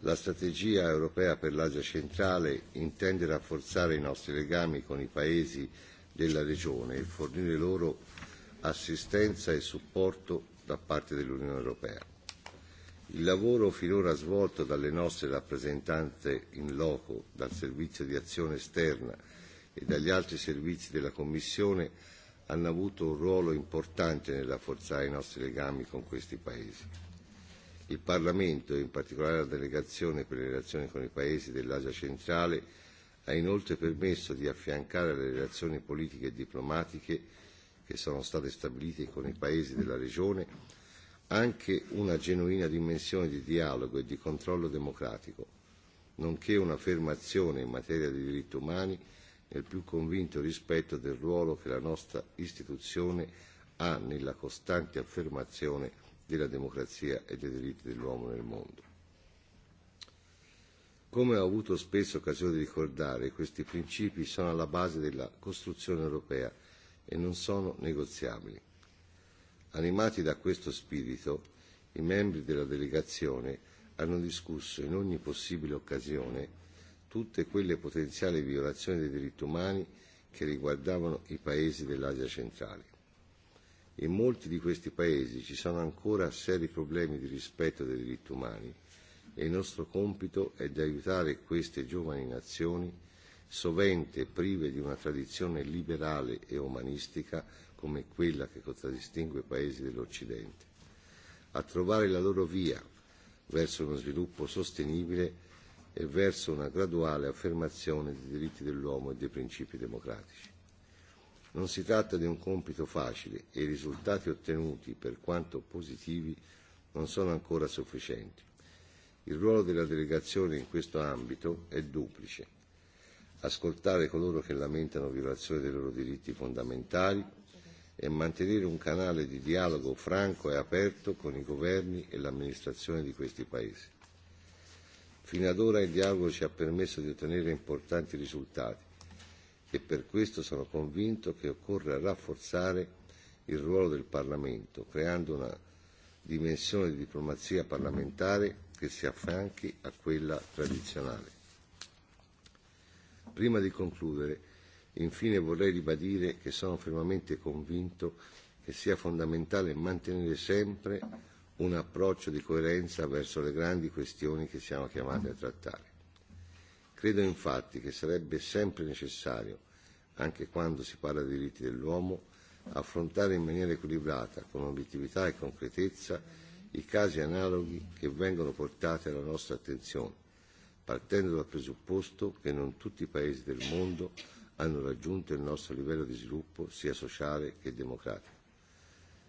La strategia europea per l'Asia centrale intende rafforzare i nostri legami con i paesi della Regione e fornire loro assistenza e supporto da parte dell'Unione Europea. Il lavoro finora svolto dalle nostre rappresentanze in loco, dal Servizio di azione esterna e dagli altri servizi della Commissione hanno avuto un ruolo importante nel rafforzare i nostri legami con questi Paesi. Il Parlamento, e in particolare la Delegazione per le relazioni con i Paesi dell'Asia centrale, ha inoltre permesso di affiancare le relazioni politiche e diplomatiche che sono state stabilite con i paesi della regione anche una genuina dimensione di dialogo e di controllo democratico, nonché un'affermazione in materia di diritti umani nel più convinto rispetto del ruolo che la nostra istituzione ha nella costante affermazione della democrazia e dei diritti dell'uomo nel mondo. Come ho avuto spesso occasione di ricordare, questi principi sono alla base della costruzione europea e non sono negoziabili. Animati da questo spirito, i membri della delegazione hanno discusso in ogni possibile occasione tutte quelle potenziali violazioni dei diritti umani che riguardavano i paesi dell'Asia centrale. In molti di questi paesi ci sono ancora seri problemi di rispetto dei diritti umani e il nostro compito è di aiutare queste giovani nazioni, sovente prive di una tradizione liberale e umanistica come quella che contraddistingue i paesi dell'Occidente, a trovare la loro via verso uno sviluppo sostenibile e verso una graduale affermazione dei diritti dell'uomo e dei principi democratici. Non si tratta di un compito facile e i risultati ottenuti, per quanto positivi, non sono ancora sufficienti. Il ruolo della delegazione in questo ambito è duplice. Ascoltare coloro che lamentano violazioni dei loro diritti fondamentali e mantenere un canale di dialogo franco e aperto con i governi e l'amministrazione di questi paesi. Fino ad ora il dialogo ci ha permesso di ottenere importanti risultati e per questo sono convinto che occorre rafforzare il ruolo del Parlamento, creando una dimensione di diplomazia parlamentare che si affianchi a quella tradizionale. Prima di concludere, infine vorrei ribadire che sono fermamente convinto che sia fondamentale mantenere sempre un approccio di coerenza verso le grandi questioni che siamo chiamati a trattare. Credo infatti che sarebbe sempre necessario, anche quando si parla dei diritti dell'uomo, affrontare in maniera equilibrata, con obiettività e concretezza, i casi analoghi che vengono portati alla nostra attenzione, partendo dal presupposto che non tutti i paesi del mondo hanno raggiunto il nostro livello di sviluppo sia sociale che democratico.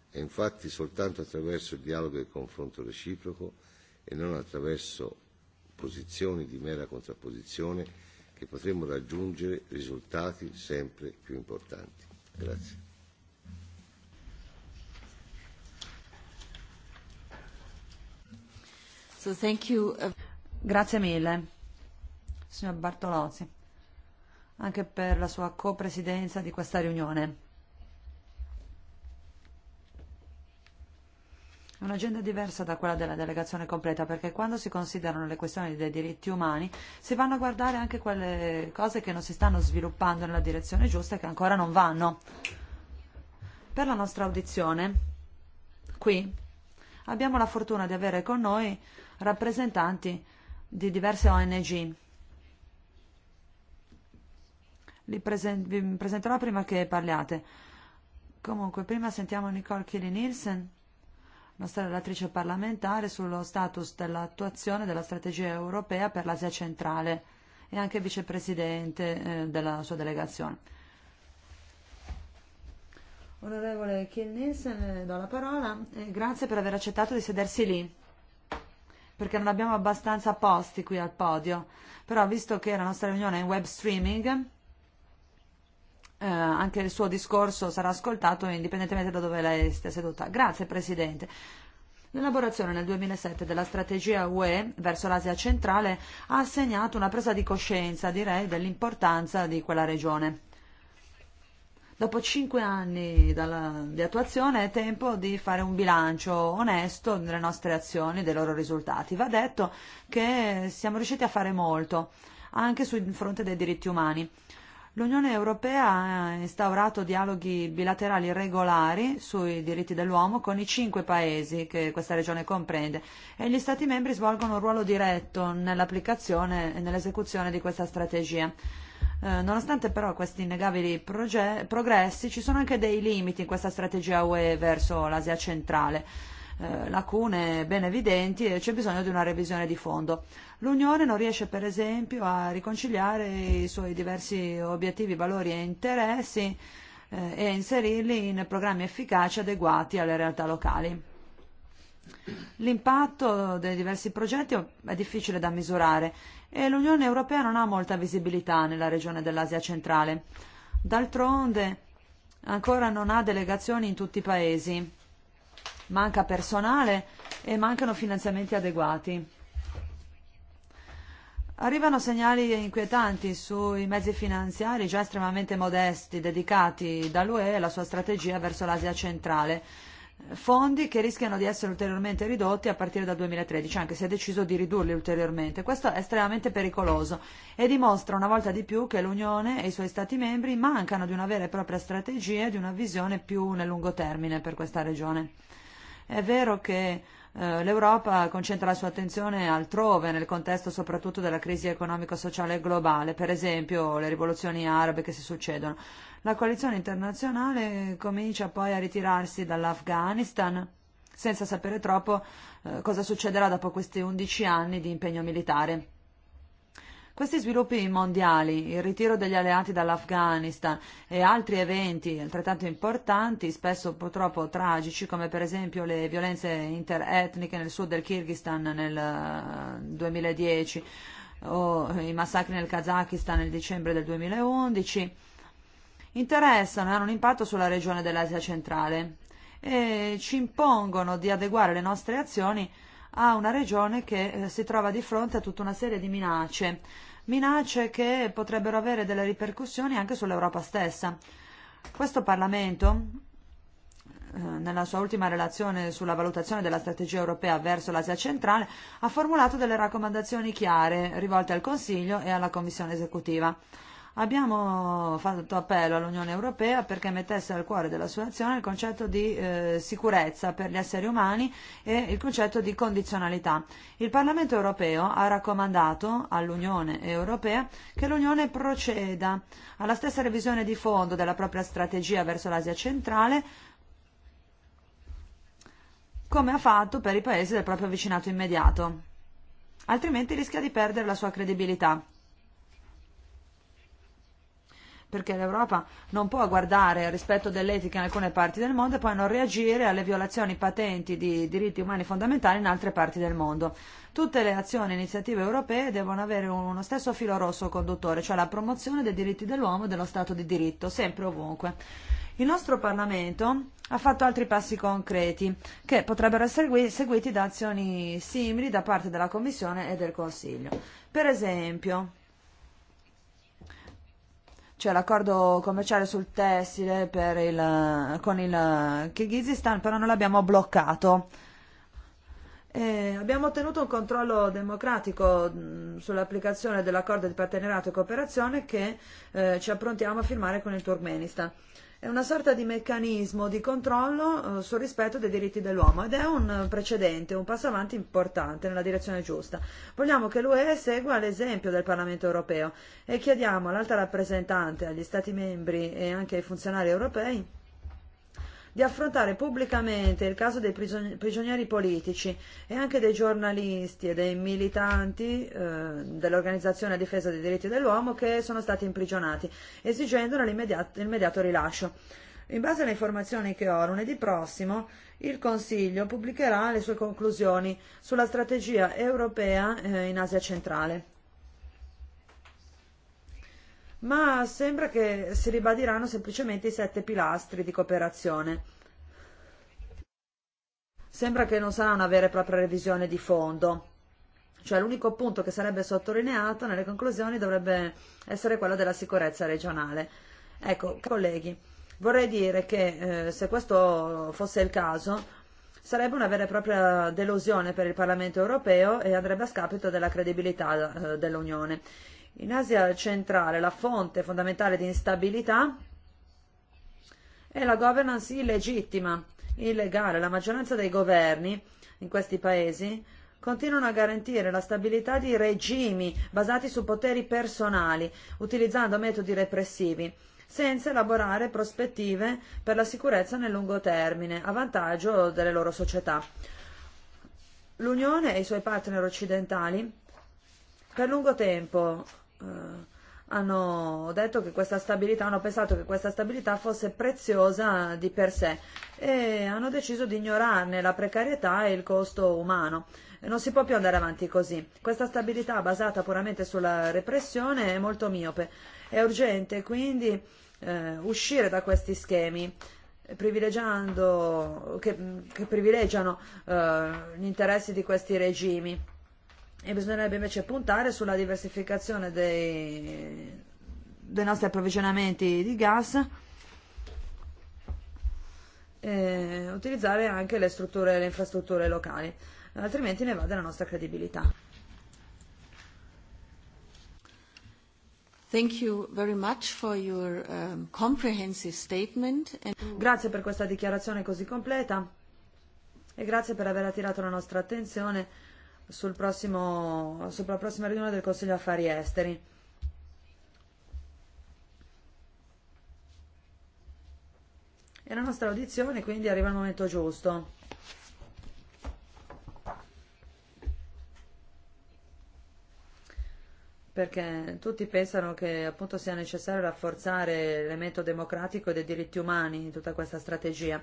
È e infatti soltanto attraverso il dialogo e il confronto reciproco e non attraverso posizioni di mera contrapposizione che potremo raggiungere risultati sempre più importanti. Grazie. Uh, Grazie mille, signor Bartolozzi, anche per la sua copresidenza di questa riunione. È un'agenda diversa da quella della delegazione completa perché quando si considerano le questioni dei diritti umani si vanno a guardare anche quelle cose che non si stanno sviluppando nella direzione giusta e che ancora non vanno. Per la nostra audizione qui abbiamo la fortuna di avere con noi rappresentanti di diverse ONG. Li presen- vi presenterò prima che parliate. Comunque, prima sentiamo Nicole kelly Nielsen, nostra relatrice parlamentare, sullo status dell'attuazione della strategia europea per l'Asia centrale e anche vicepresidente eh, della sua delegazione. Onorevole Kiel Nielsen, eh, do la parola. E grazie per aver accettato di sedersi lì perché non abbiamo abbastanza posti qui al podio. Però visto che la nostra riunione è in web streaming, eh, anche il suo discorso sarà ascoltato indipendentemente da dove lei stia seduta. Grazie Presidente. L'elaborazione nel 2007 della strategia UE verso l'Asia centrale ha segnato una presa di coscienza, direi, dell'importanza di quella regione Dopo cinque anni dalla, di attuazione è tempo di fare un bilancio onesto delle nostre azioni e dei loro risultati. Va detto che siamo riusciti a fare molto, anche sul fronte dei diritti umani. L'Unione Europea ha instaurato dialoghi bilaterali regolari sui diritti dell'uomo con i cinque paesi che questa regione comprende e gli Stati membri svolgono un ruolo diretto nell'applicazione e nell'esecuzione di questa strategia. Eh, nonostante però questi innegabili progressi, ci sono anche dei limiti in questa strategia UE verso l'Asia centrale eh, lacune ben evidenti e c'è bisogno di una revisione di fondo. L'Unione non riesce per esempio a riconciliare i suoi diversi obiettivi, valori e interessi eh, e a inserirli in programmi efficaci adeguati alle realtà locali. L'impatto dei diversi progetti è difficile da misurare e l'Unione Europea non ha molta visibilità nella regione dell'Asia centrale. D'altronde ancora non ha delegazioni in tutti i paesi, manca personale e mancano finanziamenti adeguati. Arrivano segnali inquietanti sui mezzi finanziari già estremamente modesti dedicati dall'UE e alla sua strategia verso l'Asia centrale fondi che rischiano di essere ulteriormente ridotti a partire dal 2013, anche se è deciso di ridurli ulteriormente. Questo è estremamente pericoloso e dimostra una volta di più che l'Unione e i suoi Stati membri mancano di una vera e propria strategia e di una visione più nel lungo termine per questa regione. È vero che eh, l'Europa concentra la sua attenzione altrove, nel contesto soprattutto della crisi economico-sociale globale, per esempio le rivoluzioni arabe che si succedono. La coalizione internazionale comincia poi a ritirarsi dall'Afghanistan senza sapere troppo eh, cosa succederà dopo questi 11 anni di impegno militare. Questi sviluppi mondiali, il ritiro degli alleati dall'Afghanistan e altri eventi altrettanto importanti, spesso purtroppo tragici, come per esempio le violenze interetniche nel sud del Kyrgyzstan nel 2010 eh, o i massacri nel Kazakistan nel dicembre del 2011, interessano e hanno un impatto sulla regione dell'Asia centrale e ci impongono di adeguare le nostre azioni a una regione che eh, si trova di fronte a tutta una serie di minacce, minacce che potrebbero avere delle ripercussioni anche sull'Europa stessa. Questo Parlamento, eh, nella sua ultima relazione sulla valutazione della strategia europea verso l'Asia centrale, ha formulato delle raccomandazioni chiare rivolte al Consiglio e alla Commissione esecutiva. Abbiamo fatto appello all'Unione Europea perché mettesse al cuore della sua azione il concetto di eh, sicurezza per gli esseri umani e il concetto di condizionalità. Il Parlamento Europeo ha raccomandato all'Unione Europea che l'Unione proceda alla stessa revisione di fondo della propria strategia verso l'Asia centrale come ha fatto per i paesi del proprio vicinato immediato altrimenti rischia di perdere la sua credibilità perché l'Europa non può guardare al rispetto dell'etica in alcune parti del mondo e poi non reagire alle violazioni patenti di diritti umani fondamentali in altre parti del mondo. Tutte le azioni e iniziative europee devono avere uno stesso filo rosso conduttore, cioè la promozione dei diritti dell'uomo e dello Stato di diritto, sempre ovunque. Il nostro Parlamento ha fatto altri passi concreti che potrebbero essere seguiti da azioni simili da parte della Commissione e del Consiglio. Per esempio, c'è l'accordo commerciale sul tessile per il, con il Kyrgyzstan, però non l'abbiamo bloccato. E abbiamo ottenuto un controllo democratico mm, sull'applicazione dell'accordo di partenariato e cooperazione che eh, ci approntiamo a firmare con il Turkmenistan è una sorta di meccanismo di controllo eh, sul rispetto dei diritti dell'uomo ed è un eh, precedente, un passo avanti importante nella direzione giusta. Vogliamo che l'UE segua l'esempio del Parlamento europeo e chiediamo all'alta rappresentante, agli Stati membri e anche ai funzionari europei di affrontare pubblicamente il caso dei prigionieri politici e anche dei giornalisti e dei militanti eh, dell'Organizzazione a difesa dei diritti dell'uomo che sono stati imprigionati, esigendone l'immediato rilascio. In base alle informazioni che ho, lunedì prossimo il Consiglio pubblicherà le sue conclusioni sulla strategia europea eh, in Asia centrale ma sembra che si ribadiranno semplicemente i sette pilastri di cooperazione. Sembra che non sarà una vera e propria revisione di fondo. Cioè l'unico punto che sarebbe sottolineato nelle conclusioni dovrebbe essere quello della sicurezza regionale. Ecco, colleghi, vorrei dire che eh, se questo fosse il caso, sarebbe una vera e propria delusione per il Parlamento europeo e andrebbe a scapito della credibilità eh, dell'Unione. In Asia centrale la fonte fondamentale di instabilità è la governance illegittima, illegale. La maggioranza dei governi in questi paesi continuano a garantire la stabilità di regimi basati su poteri personali, utilizzando metodi repressivi, senza elaborare prospettive per la sicurezza nel lungo termine, a vantaggio delle loro società. L'Unione e i suoi partner occidentali per lungo tempo Eh, hanno detto che questa stabilità, hanno pensato che questa stabilità fosse preziosa di per sé e hanno deciso di ignorarne la precarietà e il costo umano. E non si può più andare avanti così. Questa stabilità basata puramente sulla repressione è molto miope. È urgente quindi eh, uscire da questi schemi privilegiando, che, che privilegiano eh, gli interessi di questi regimi e bisognerebbe invece puntare sulla diversificazione dei, dei nostri approvvigionamenti di gas e utilizzare anche le strutture, le infrastrutture locali, altrimenti ne va della nostra credibilità. Thank you very much for your um, comprehensive statement. And... Grazie per questa dichiarazione così completa e grazie per aver attirato la nostra attenzione sul prossimo, sulla prossima riunione del Consiglio Affari Esteri. È la nostra audizione, quindi arriva il momento giusto. Perché tutti pensano che appunto sia necessario rafforzare l'elemento democratico e dei diritti umani in tutta questa strategia.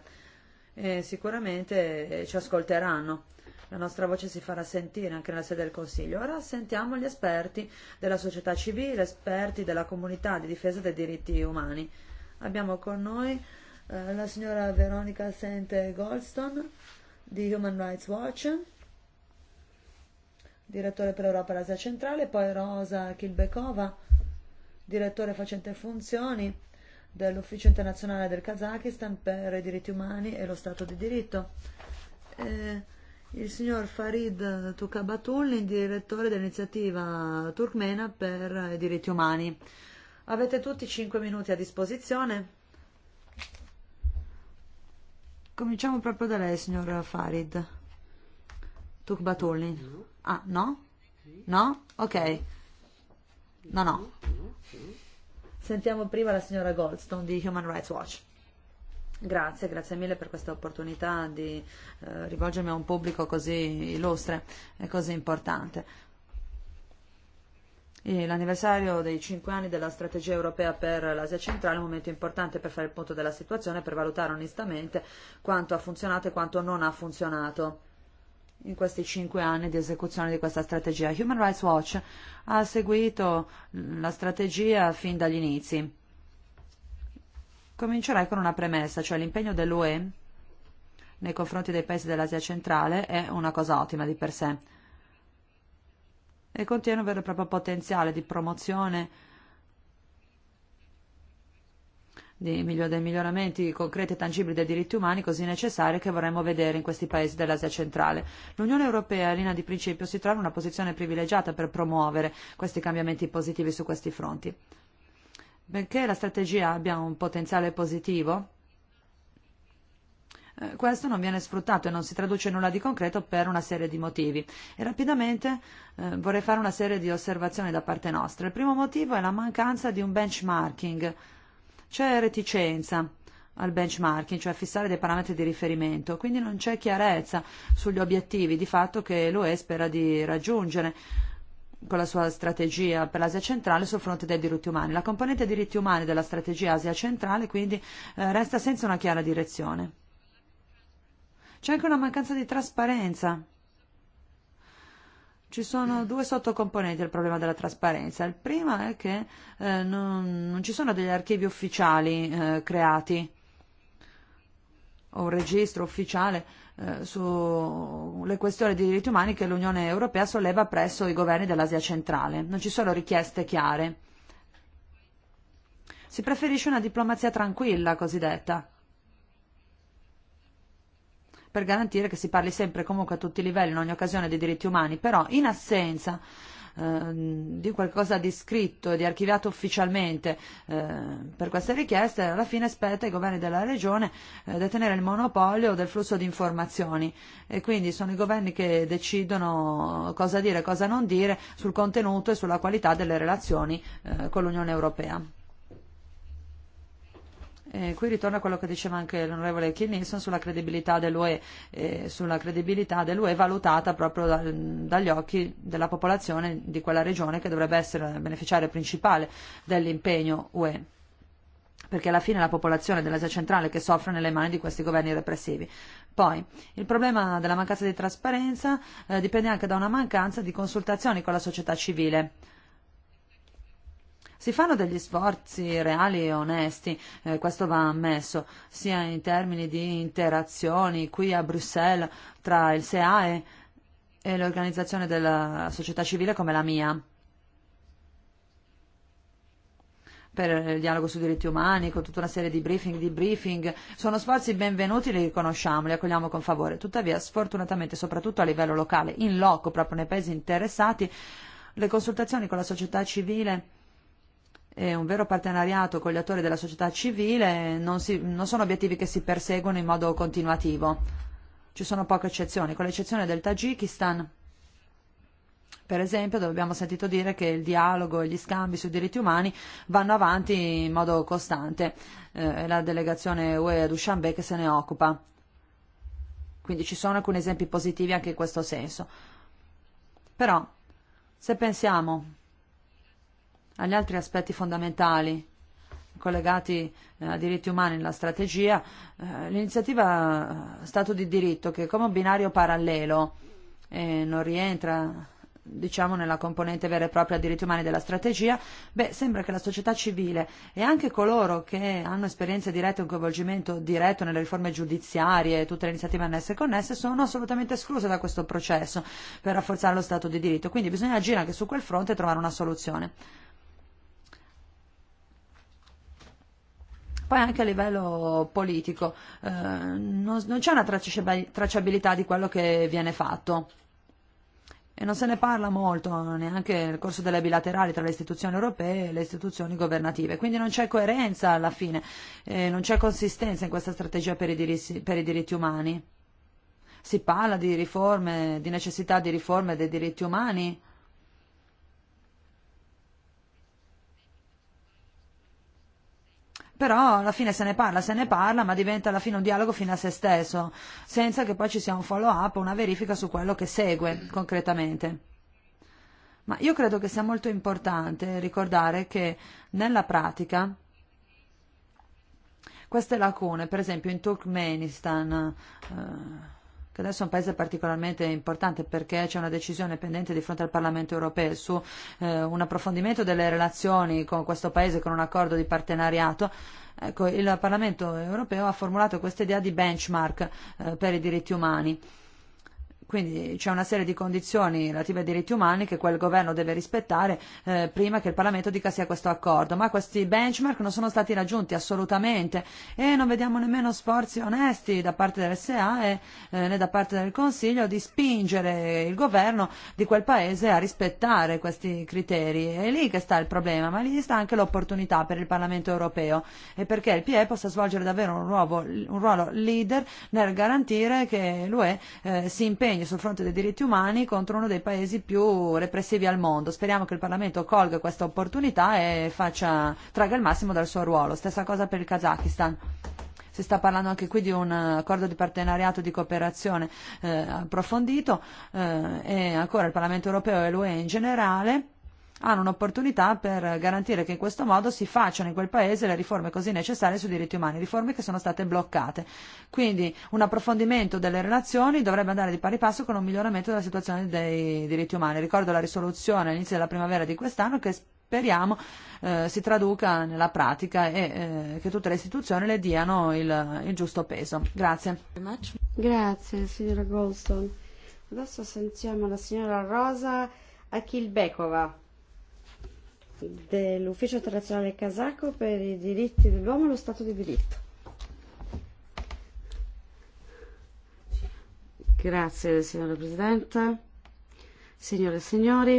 E sicuramente eh, ci ascolteranno la nostra voce si farà sentire anche nella sede del Consiglio. Ora sentiamo gli esperti della società civile, esperti della comunità di difesa dei diritti umani. Abbiamo con noi eh, la signora Veronica Sente Goldstone di Human Rights Watch, direttore per Europa e l'Asia centrale, poi Rosa Kilbekova, direttore facente funzioni dell'Ufficio internazionale del Kazakistan per i diritti umani e lo Stato di diritto. Eh, il signor Farid Tukabatul, direttore dell'iniziativa turkmena per i diritti umani. Avete tutti 5 minuti a disposizione. Cominciamo proprio da lei, signor Farid Tukbatulin. Ah, no? No? Ok. No, no. Sentiamo prima la signora Goldstone di Human Rights Watch. Grazie, grazie mille per questa opportunità di eh, rivolgermi a un pubblico così illustre e così importante. E l'anniversario dei cinque anni della strategia europea per l'Asia centrale è un momento importante per fare il punto della situazione e per valutare onestamente quanto ha funzionato e quanto non ha funzionato in questi cinque anni di esecuzione di questa strategia. Human Rights Watch ha seguito la strategia fin dagli inizi Comincerai con una premessa, cioè l'impegno dell'UE nei confronti dei paesi dell'Asia centrale è una cosa ottima di per sé e contiene un vero e proprio potenziale di promozione di miglior- dei miglioramenti concreti e tangibili dei diritti umani così necessari che vorremmo vedere in questi paesi dell'Asia centrale. L'Unione Europea, in linea di principio, si trova in una posizione privilegiata per promuovere questi cambiamenti positivi su questi fronti benché la strategia abbia un potenziale positivo, eh, questo non viene sfruttato e non si traduce in nulla di concreto per una serie di motivi. E rapidamente eh, vorrei fare una serie di osservazioni da parte nostra. Il primo motivo è la mancanza di un benchmarking. C'è reticenza al benchmarking, cioè fissare dei parametri di riferimento, quindi non c'è chiarezza sugli obiettivi di fatto che l'UE spera di raggiungere Eh, con la sua strategia per l'Asia centrale sul fronte dei diritti umani. La componente diritti umani della strategia Asia centrale quindi eh, resta senza una chiara direzione. C'è anche una mancanza di trasparenza. Ci sono due sottocomponenti al problema della trasparenza. Il primo è che eh, non, non ci sono degli archivi ufficiali eh, creati o un registro ufficiale eh, Eh, sulle questioni dei diritti umani che l'Unione Europea solleva presso i governi dell'Asia centrale. Non ci sono richieste chiare. Si preferisce una diplomazia tranquilla, cosiddetta, per garantire che si parli sempre e comunque a tutti i livelli, in ogni occasione, dei diritti umani, però in assenza Ehm, di qualcosa di scritto, di archiviato ufficialmente eh, per queste richieste, alla fine spetta ai governi della regione eh, detenere il monopolio del flusso di informazioni e quindi sono i governi che decidono cosa dire e cosa non dire sul contenuto e sulla qualità delle relazioni eh, con l'Unione Europea. Eh, qui ritorno a quello che diceva anche l'onorevole Kinnison sulla credibilità dell'UE, eh, sulla credibilità dell'UE valutata proprio da, dagli occhi della popolazione di quella regione che dovrebbe essere il beneficiario principale dell'impegno UE perché alla fine è la popolazione dell'Asia centrale che soffre nelle mani di questi governi repressivi. Poi il problema della mancanza di trasparenza eh, dipende anche da una mancanza di consultazioni con la società civile Eh, Si fanno degli sforzi reali e onesti, eh, questo va ammesso, sia in termini di interazioni qui a Bruxelles tra il SEAE e l'organizzazione della società civile come la mia. per il dialogo sui diritti umani, con tutta una serie di briefing, di briefing. Sono sforzi benvenuti, li riconosciamo, li accogliamo con favore. Tuttavia, sfortunatamente, soprattutto a livello locale, in loco, proprio nei paesi interessati, le consultazioni con la società civile è un vero partenariato con gli attori della società civile, non, si, non sono obiettivi che si perseguono in modo continuativo. Ci sono poche eccezioni, con l'eccezione del Tagikistan, per esempio, dove abbiamo sentito dire che il dialogo e gli scambi sui diritti umani vanno avanti in modo costante. Eh, è la delegazione UE a Dushanbe che se ne occupa. Quindi ci sono alcuni esempi positivi anche in questo senso. Però, se pensiamo agli altri aspetti fondamentali collegati eh, a diritti umani nella strategia, eh, l'iniziativa eh, Stato di diritto che come binario parallelo eh, non rientra diciamo nella componente vera e propria diritti umani della strategia, beh, sembra che la società civile e anche coloro che hanno esperienze dirette e un coinvolgimento diretto nelle riforme giudiziarie e tutte le iniziative annesse e connesse sono assolutamente escluse da questo processo per rafforzare lo Stato di diritto. Quindi bisogna agire anche su quel fronte e trovare una soluzione. Poi anche a livello politico eh, non, non c'è una tracciabilità di quello che viene fatto e non se ne parla molto neanche nel corso delle bilaterali tra le istituzioni europee e le istituzioni governative. Quindi non c'è coerenza alla fine, eh, non c'è consistenza in questa strategia per i, diritti, per i diritti umani. Si parla di riforme, di necessità di riforme dei diritti umani, però alla fine se ne parla, se ne parla, ma diventa alla fine un dialogo fino a se stesso, senza che poi ci sia un follow up, una verifica su quello che segue concretamente. Ma io credo che sia molto importante ricordare che nella pratica queste lacune, per esempio in Turkmenistan, eh, che adesso è un paese particolarmente importante perché c'è una decisione pendente di fronte al Parlamento europeo su eh, un approfondimento delle relazioni con questo paese con un accordo di partenariato. Ecco, il Parlamento europeo ha formulato questa idea di benchmark eh, per i diritti umani Quindi c'è una serie di condizioni relative ai diritti umani che quel governo deve rispettare eh, prima che il Parlamento dica sia questo accordo, ma questi benchmark non sono stati raggiunti assolutamente e non vediamo nemmeno sforzi onesti da parte dell'SA e, e, eh, né da parte del Consiglio di spingere il governo di quel paese a rispettare questi criteri. È lì che sta il problema, ma lì sta anche l'opportunità per il Parlamento europeo e perché il PE possa svolgere davvero un ruolo, un ruolo leader nel garantire che l'UE eh, si impegni impegno sul fronte dei diritti umani contro uno dei paesi più repressivi al mondo. Speriamo che il Parlamento colga questa opportunità e faccia, traga il massimo dal suo ruolo. Stessa cosa per il Kazakistan. Si sta parlando anche qui di un accordo di partenariato di cooperazione eh, approfondito eh, e ancora il Parlamento europeo e l'UE in generale hanno un'opportunità per garantire che in questo modo si facciano in quel paese le riforme così necessarie sui diritti umani, riforme che sono state bloccate. Quindi un approfondimento delle relazioni dovrebbe andare di pari passo con un miglioramento della situazione dei diritti umani. Ricordo la risoluzione all'inizio della primavera di quest'anno che speriamo eh, si traduca nella pratica e eh, che tutte le istituzioni le diano il, il giusto peso. Grazie. Grazie signora Goldstone. Adesso sentiamo la signora Rosa Akilbekova dell'Ufficio internazionale Casaco per i diritti dell'uomo e lo Stato di diritto. Grazie signora Presidente, signore e signori,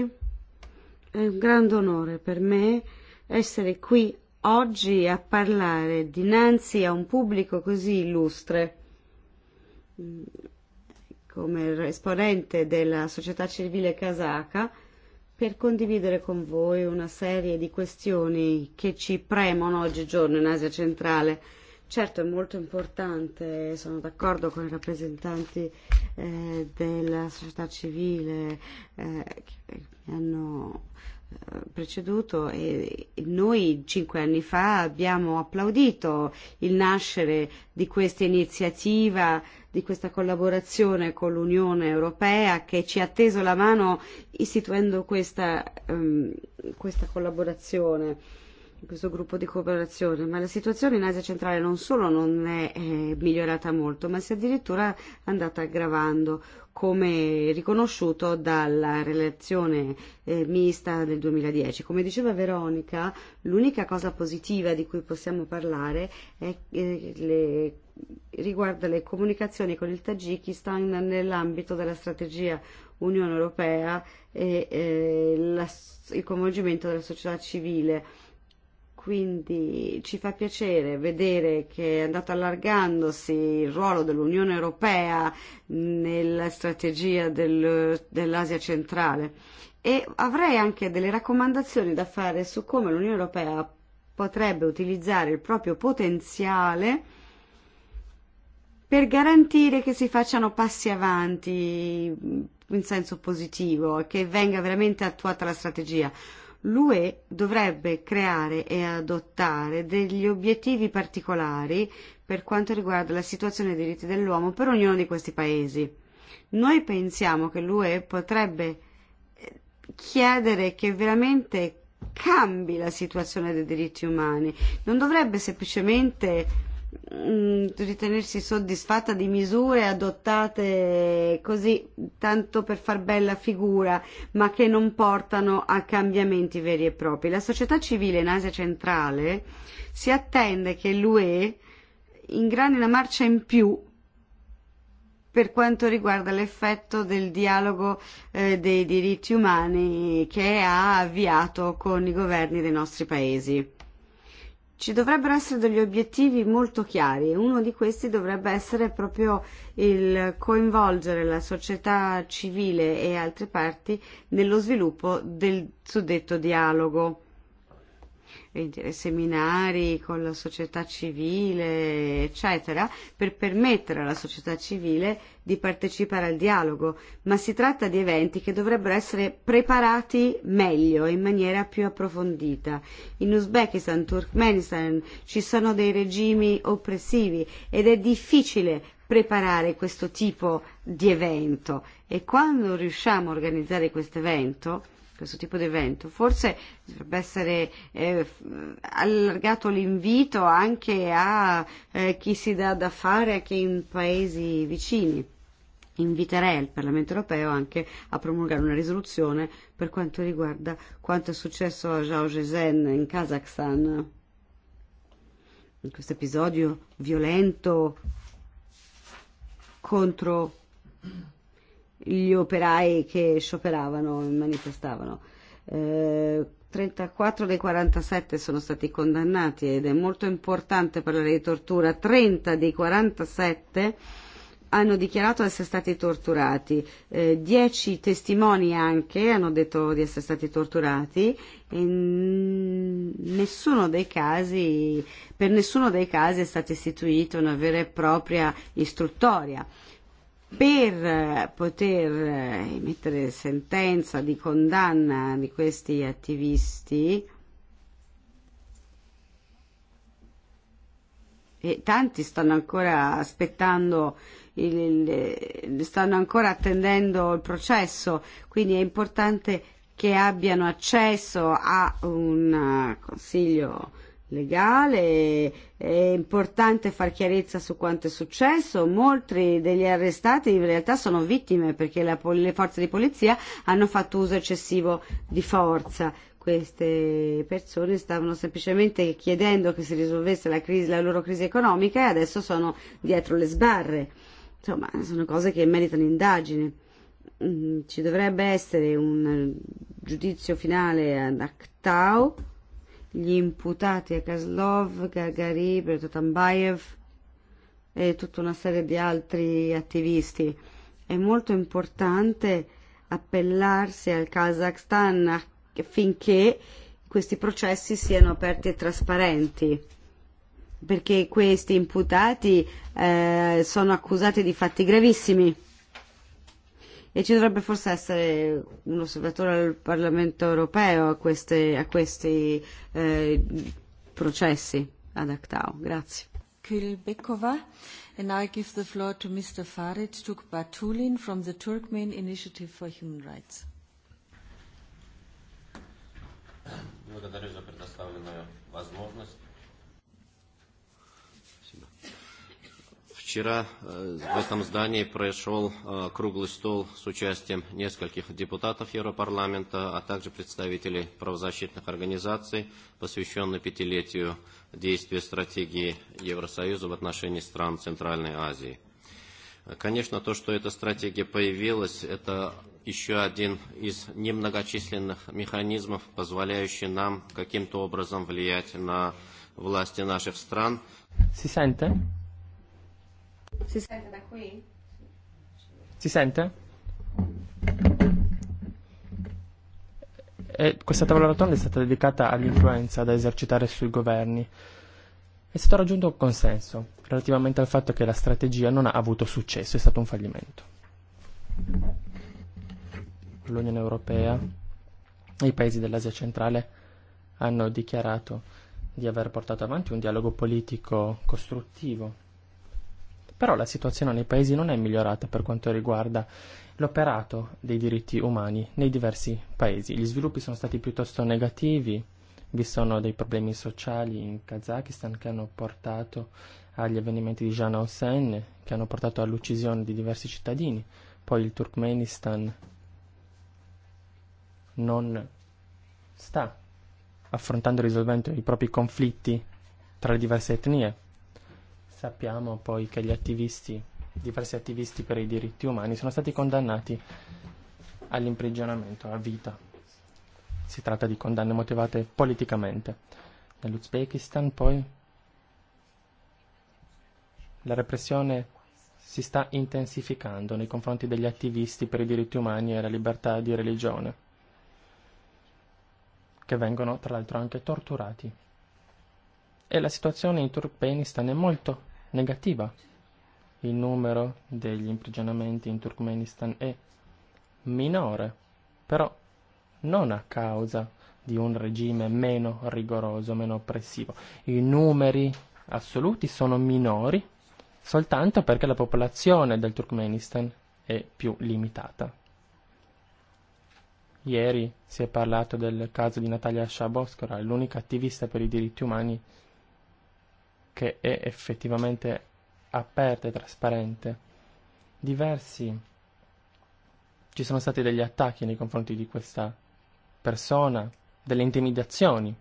è un grande onore per me essere qui oggi a parlare dinanzi a un pubblico così illustre come esponente della società civile casaca per condividere con voi una serie di questioni che ci premono oggigiorno in Asia centrale. Certo è molto importante, sono d'accordo con i rappresentanti eh, della società civile eh, che hanno preceduto e, e noi cinque anni fa abbiamo applaudito il nascere di questa iniziativa, di questa collaborazione con l'Unione Europea che ci ha teso la mano istituendo questa, um, questa collaborazione in questo gruppo di cooperazione, ma la situazione in Asia centrale non solo non è, è eh, migliorata molto, ma si è addirittura andata aggravando, come riconosciuto dalla relazione eh, mista del 2010. Come diceva Veronica, l'unica cosa positiva di cui possiamo parlare è, eh, le, riguarda le comunicazioni con il Tagikistan nell'ambito della strategia Unione Europea e eh, la, il coinvolgimento della società civile Eh, Quindi ci fa piacere vedere che è andato allargandosi il ruolo dell'Unione Europea nella strategia del, dell'Asia centrale e avrei anche delle raccomandazioni da fare su come l'Unione Europea potrebbe utilizzare il proprio potenziale per garantire che si facciano passi avanti in senso positivo e che venga veramente attuata la strategia l'UE dovrebbe creare e adottare degli obiettivi particolari per quanto riguarda la situazione dei diritti dell'uomo per ognuno di questi paesi. Noi pensiamo che l'UE potrebbe eh, chiedere che veramente cambi la situazione dei diritti umani, non dovrebbe semplicemente Mm, ritenersi soddisfatta di misure adottate così tanto per far bella figura ma che non portano a cambiamenti veri e propri. La società civile in Asia centrale si attende che l'UE ingrani una marcia in più per quanto riguarda l'effetto del dialogo eh, dei diritti umani che ha avviato con i governi dei nostri paesi ci dovrebbero essere degli obiettivi molto chiari uno di questi dovrebbe essere proprio il coinvolgere la società civile e altre parti nello sviluppo del suddetto dialogo seminari con la società civile, eccetera, per permettere alla società civile di partecipare al dialogo, ma si tratta di eventi che dovrebbero essere preparati meglio, in maniera più approfondita. In Uzbekistan, Turkmenistan ci sono dei regimi oppressivi ed è difficile preparare questo tipo di evento e quando riusciamo a organizzare questo evento questo tipo di evento. Forse dovrebbe essere eh, allargato l'invito anche a eh, chi si dà da fare anche in paesi vicini. Inviterei il Parlamento europeo anche a promulgare una risoluzione per quanto riguarda quanto è successo a Zhao Zhezhen in Kazakhstan. In questo episodio violento contro gli operai che scioperavano, e manifestavano. Eh, 34 dei 47 sono stati condannati ed è molto importante parlare di tortura. 30 dei 47 hanno dichiarato di essere stati torturati, eh, 10 testimoni anche hanno detto di essere stati torturati e nessuno dei casi, per nessuno dei casi è stata istituita una vera e propria istruttoria per poter emettere sentenza di condanna di questi attivisti e tanti stanno ancora aspettando il, stanno ancora attendendo il processo quindi è importante che abbiano accesso a un uh, consiglio legale, è importante far chiarezza su quanto è successo, molti degli arrestati in realtà sono vittime perché la, le forze di polizia hanno fatto uso eccessivo di forza. Queste persone stavano semplicemente chiedendo che si risolvesse la, crisi, la loro crisi economica e adesso sono dietro le sbarre. Insomma, sono cose che meritano indagine. Mm, ci dovrebbe essere un giudizio finale ad Actau gli imputati a Kaslov, Gargari, Tambayev e tutta una serie di altri attivisti. È molto importante appellarsi al Kazakhstan affinché questi processi siano aperti e trasparenti perché questi imputati eh, sono accusati di fatti gravissimi e ci dovrebbe forse essere un osservatore al Parlamento europeo a, queste, a questi eh, processi ad Actao. Grazie. Kulbekova. And now I give the floor to Mr. Farid Tukbatulin from the Turkmen Initiative for Human Rights. Благодарю за предоставленную возможность. Вчера в этом здании прошел круглый стол с участием нескольких депутатов Европарламента, а также представителей правозащитных организаций, посвященный пятилетию действия стратегии Евросоюза в отношении стран Центральной Азии. Конечно, то, что эта стратегия появилась, это еще один из немногочисленных механизмов, позволяющий нам каким-то образом влиять на власти наших стран. Si sente? Si sente da qui? Si sente? E questa tavola rotonda è stata dedicata all'influenza da esercitare sui governi. È stato raggiunto un consenso relativamente al fatto che la strategia non ha avuto successo, è stato un fallimento. L'Unione Europea e i paesi dell'Asia centrale hanno dichiarato di aver portato avanti un dialogo politico costruttivo però la situazione nei paesi non è migliorata per quanto riguarda l'operato dei diritti umani nei diversi paesi. Gli sviluppi sono stati piuttosto negativi, vi sono dei problemi sociali in Kazakistan che hanno portato agli avvenimenti di Jana Hossein, che hanno portato all'uccisione di diversi cittadini. Poi il Turkmenistan non sta affrontando e risolvendo i propri conflitti tra le diverse etnie Sappiamo poi che gli attivisti, diversi attivisti per i diritti umani, sono stati condannati all'imprigionamento a vita. Si tratta di condanne motivate politicamente. Nell'Uzbekistan poi la repressione si sta intensificando nei confronti degli attivisti per i diritti umani e la libertà di religione, che vengono tra l'altro anche torturati. E la situazione in Turkmenistan è molto negativa. Il numero degli imprigionamenti in Turkmenistan è minore, però non a causa di un regime meno rigoroso, meno oppressivo. I numeri assoluti sono minori soltanto perché la popolazione del Turkmenistan è più limitata. Ieri si è parlato del caso di Natalia Shaboskora, l'unica attivista per i diritti umani che è effettivamente aperta e trasparente. Diversi ci sono stati degli attacchi nei confronti di questa persona, delle intimidazioni.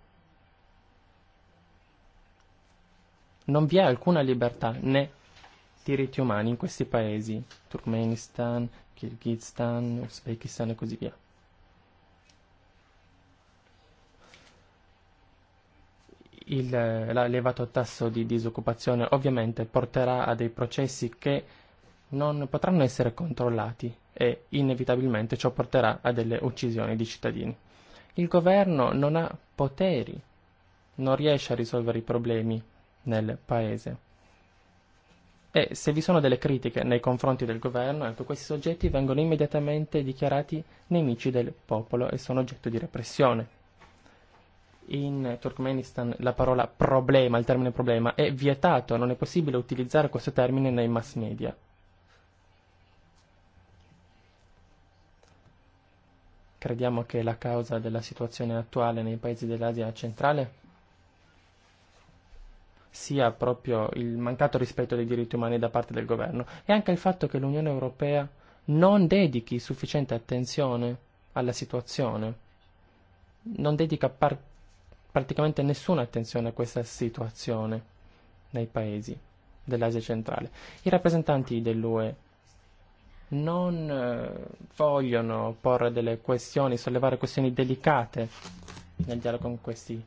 Non vi è alcuna libertà né diritti umani in questi paesi, Turkmenistan, Kyrgyzstan, Uzbekistan e così via. l'elevato tasso di disoccupazione ovviamente porterà a dei processi che non potranno essere controllati e inevitabilmente ciò porterà a delle uccisioni di cittadini. Il governo non ha poteri, non riesce a risolvere i problemi nel paese. E se vi sono delle critiche nei confronti del governo, ecco, questi soggetti vengono immediatamente dichiarati nemici del popolo e sono oggetto di repressione in Turkmenistan la parola problema, il termine problema, è vietato, non è possibile utilizzare questo termine nei mass media. Crediamo che la causa della situazione attuale nei paesi dell'Asia centrale sia proprio il mancato rispetto dei diritti umani da parte del governo e anche il fatto che l'Unione Europea non dedichi sufficiente attenzione alla situazione, non dedica particolare praticamente nessuna attenzione a questa situazione nei paesi dell'Asia centrale. I rappresentanti dell'UE non eh, vogliono porre delle questioni, sollevare questioni delicate nel dialogo con questi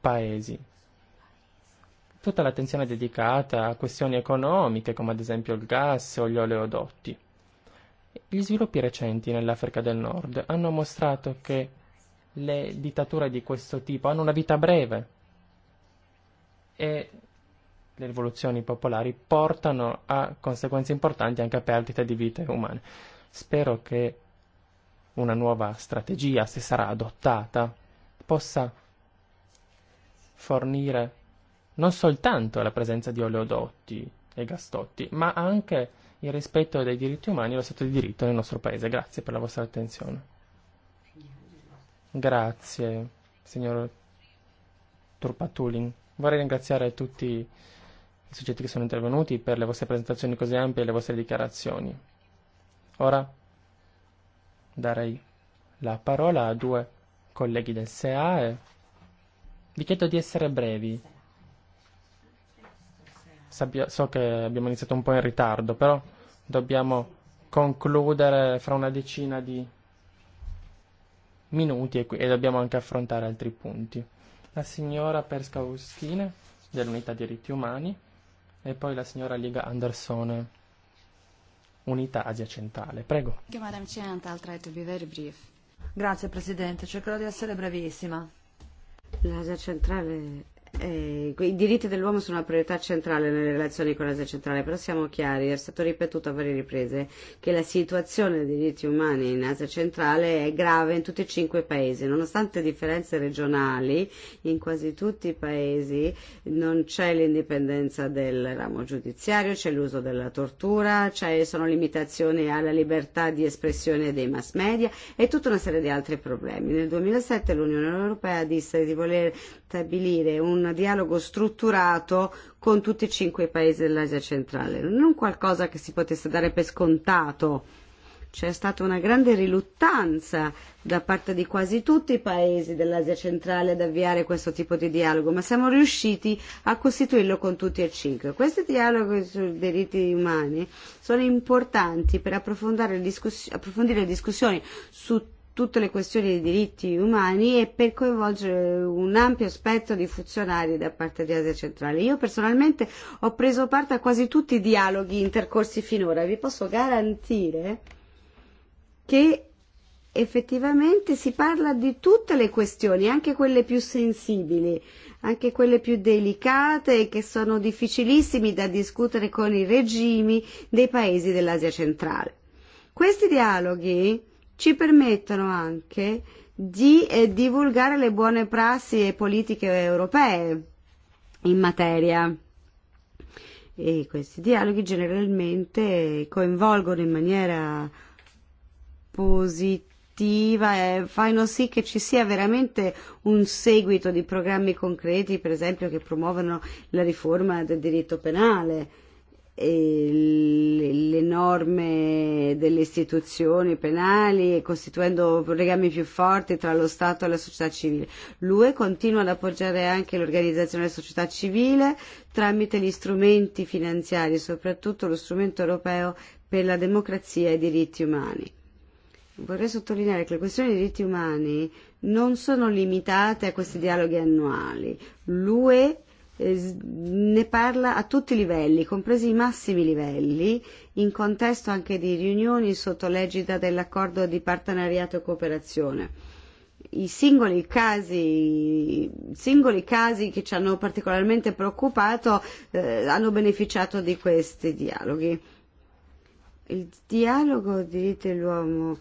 paesi. Tutta l'attenzione è dedicata a questioni economiche come ad esempio il gas o gli oleodotti. Gli sviluppi recenti nell'Africa del Nord hanno mostrato che le dittature di questo tipo hanno una vita breve e le rivoluzioni popolari portano a conseguenze importanti anche a perdita di vite umane. Spero che una nuova strategia, se sarà adottata, possa fornire non soltanto la presenza di oleodotti e gastotti, ma anche il rispetto dei diritti umani e lo Stato di diritto nel nostro Paese. Grazie per la vostra attenzione. Grazie, signor Turpatulin. Vorrei ringraziare tutti i soggetti che sono intervenuti per le vostre presentazioni così ampie e le vostre dichiarazioni. Ora darei la parola a due colleghi del SEAE. Vi chiedo di essere brevi. Sabbia, so che abbiamo iniziato un po' in ritardo, però dobbiamo concludere fra una decina di minuti e, e dobbiamo anche affrontare altri punti. La signora Perskauskine dell'Unità Diritti Umani e poi la signora Liga Andersone. Unità Asia Centrale. Prego. Grazie Presidente, cercherò di essere brevissima. L'Asia Centrale Eh, I diritti dell'uomo sono una priorità centrale nelle relazioni con l'Asia centrale, però siamo chiari, è stato ripetuto a varie riprese, che la situazione dei diritti umani in Asia centrale è grave in tutti e cinque i paesi, nonostante differenze regionali in quasi tutti i paesi non c'è l'indipendenza del ramo giudiziario, c'è l'uso della tortura, c'è, sono limitazioni alla libertà di espressione dei mass media e tutta una serie di altri problemi. Nel 2007 l'Unione Europea disse di voler stabilire un un dialogo strutturato con tutti e cinque i paesi dell'Asia centrale, non qualcosa che si potesse dare per scontato. C'è stata una grande riluttanza da parte di quasi tutti i paesi dell'Asia centrale ad avviare questo tipo di dialogo, ma siamo riusciti a costituirlo con tutti e cinque. Questi dialoghi sui diritti umani sono importanti per approfondire, discuss- approfondire discussioni su tutte le questioni dei diritti umani e per coinvolgere un ampio spettro di funzionari da parte di Asia Centrale. Io personalmente ho preso parte a quasi tutti i dialoghi intercorsi finora, vi posso garantire che effettivamente si parla di tutte le questioni, anche quelle più sensibili, anche quelle più delicate e che sono difficilissimi da discutere con i regimi dei paesi dell'Asia centrale. Questi dialoghi ci permettono anche di eh, divulgare le buone prassi e politiche europee in materia. E questi dialoghi generalmente coinvolgono in maniera positiva e fanno sì che ci sia veramente un seguito di programmi concreti, per esempio, che promuovono la riforma del diritto penale E le norme delle istituzioni penali e costituendo legami più forti tra lo Stato e la società civile. L'UE continua ad appoggiare anche l'organizzazione della società civile tramite gli strumenti finanziari, soprattutto lo strumento europeo per la democrazia e i diritti umani. Vorrei sottolineare che le questioni dei diritti umani non sono limitate a questi dialoghi annuali. L'UE ne parla a tutti i livelli, compresi i massimi livelli, in contesto anche di riunioni sotto l'egida dell'accordo di partenariato e cooperazione. I singoli casi, singoli casi che ci hanno particolarmente preoccupato eh, hanno beneficiato di questi dialoghi. Il dialogo diritti dell'uomo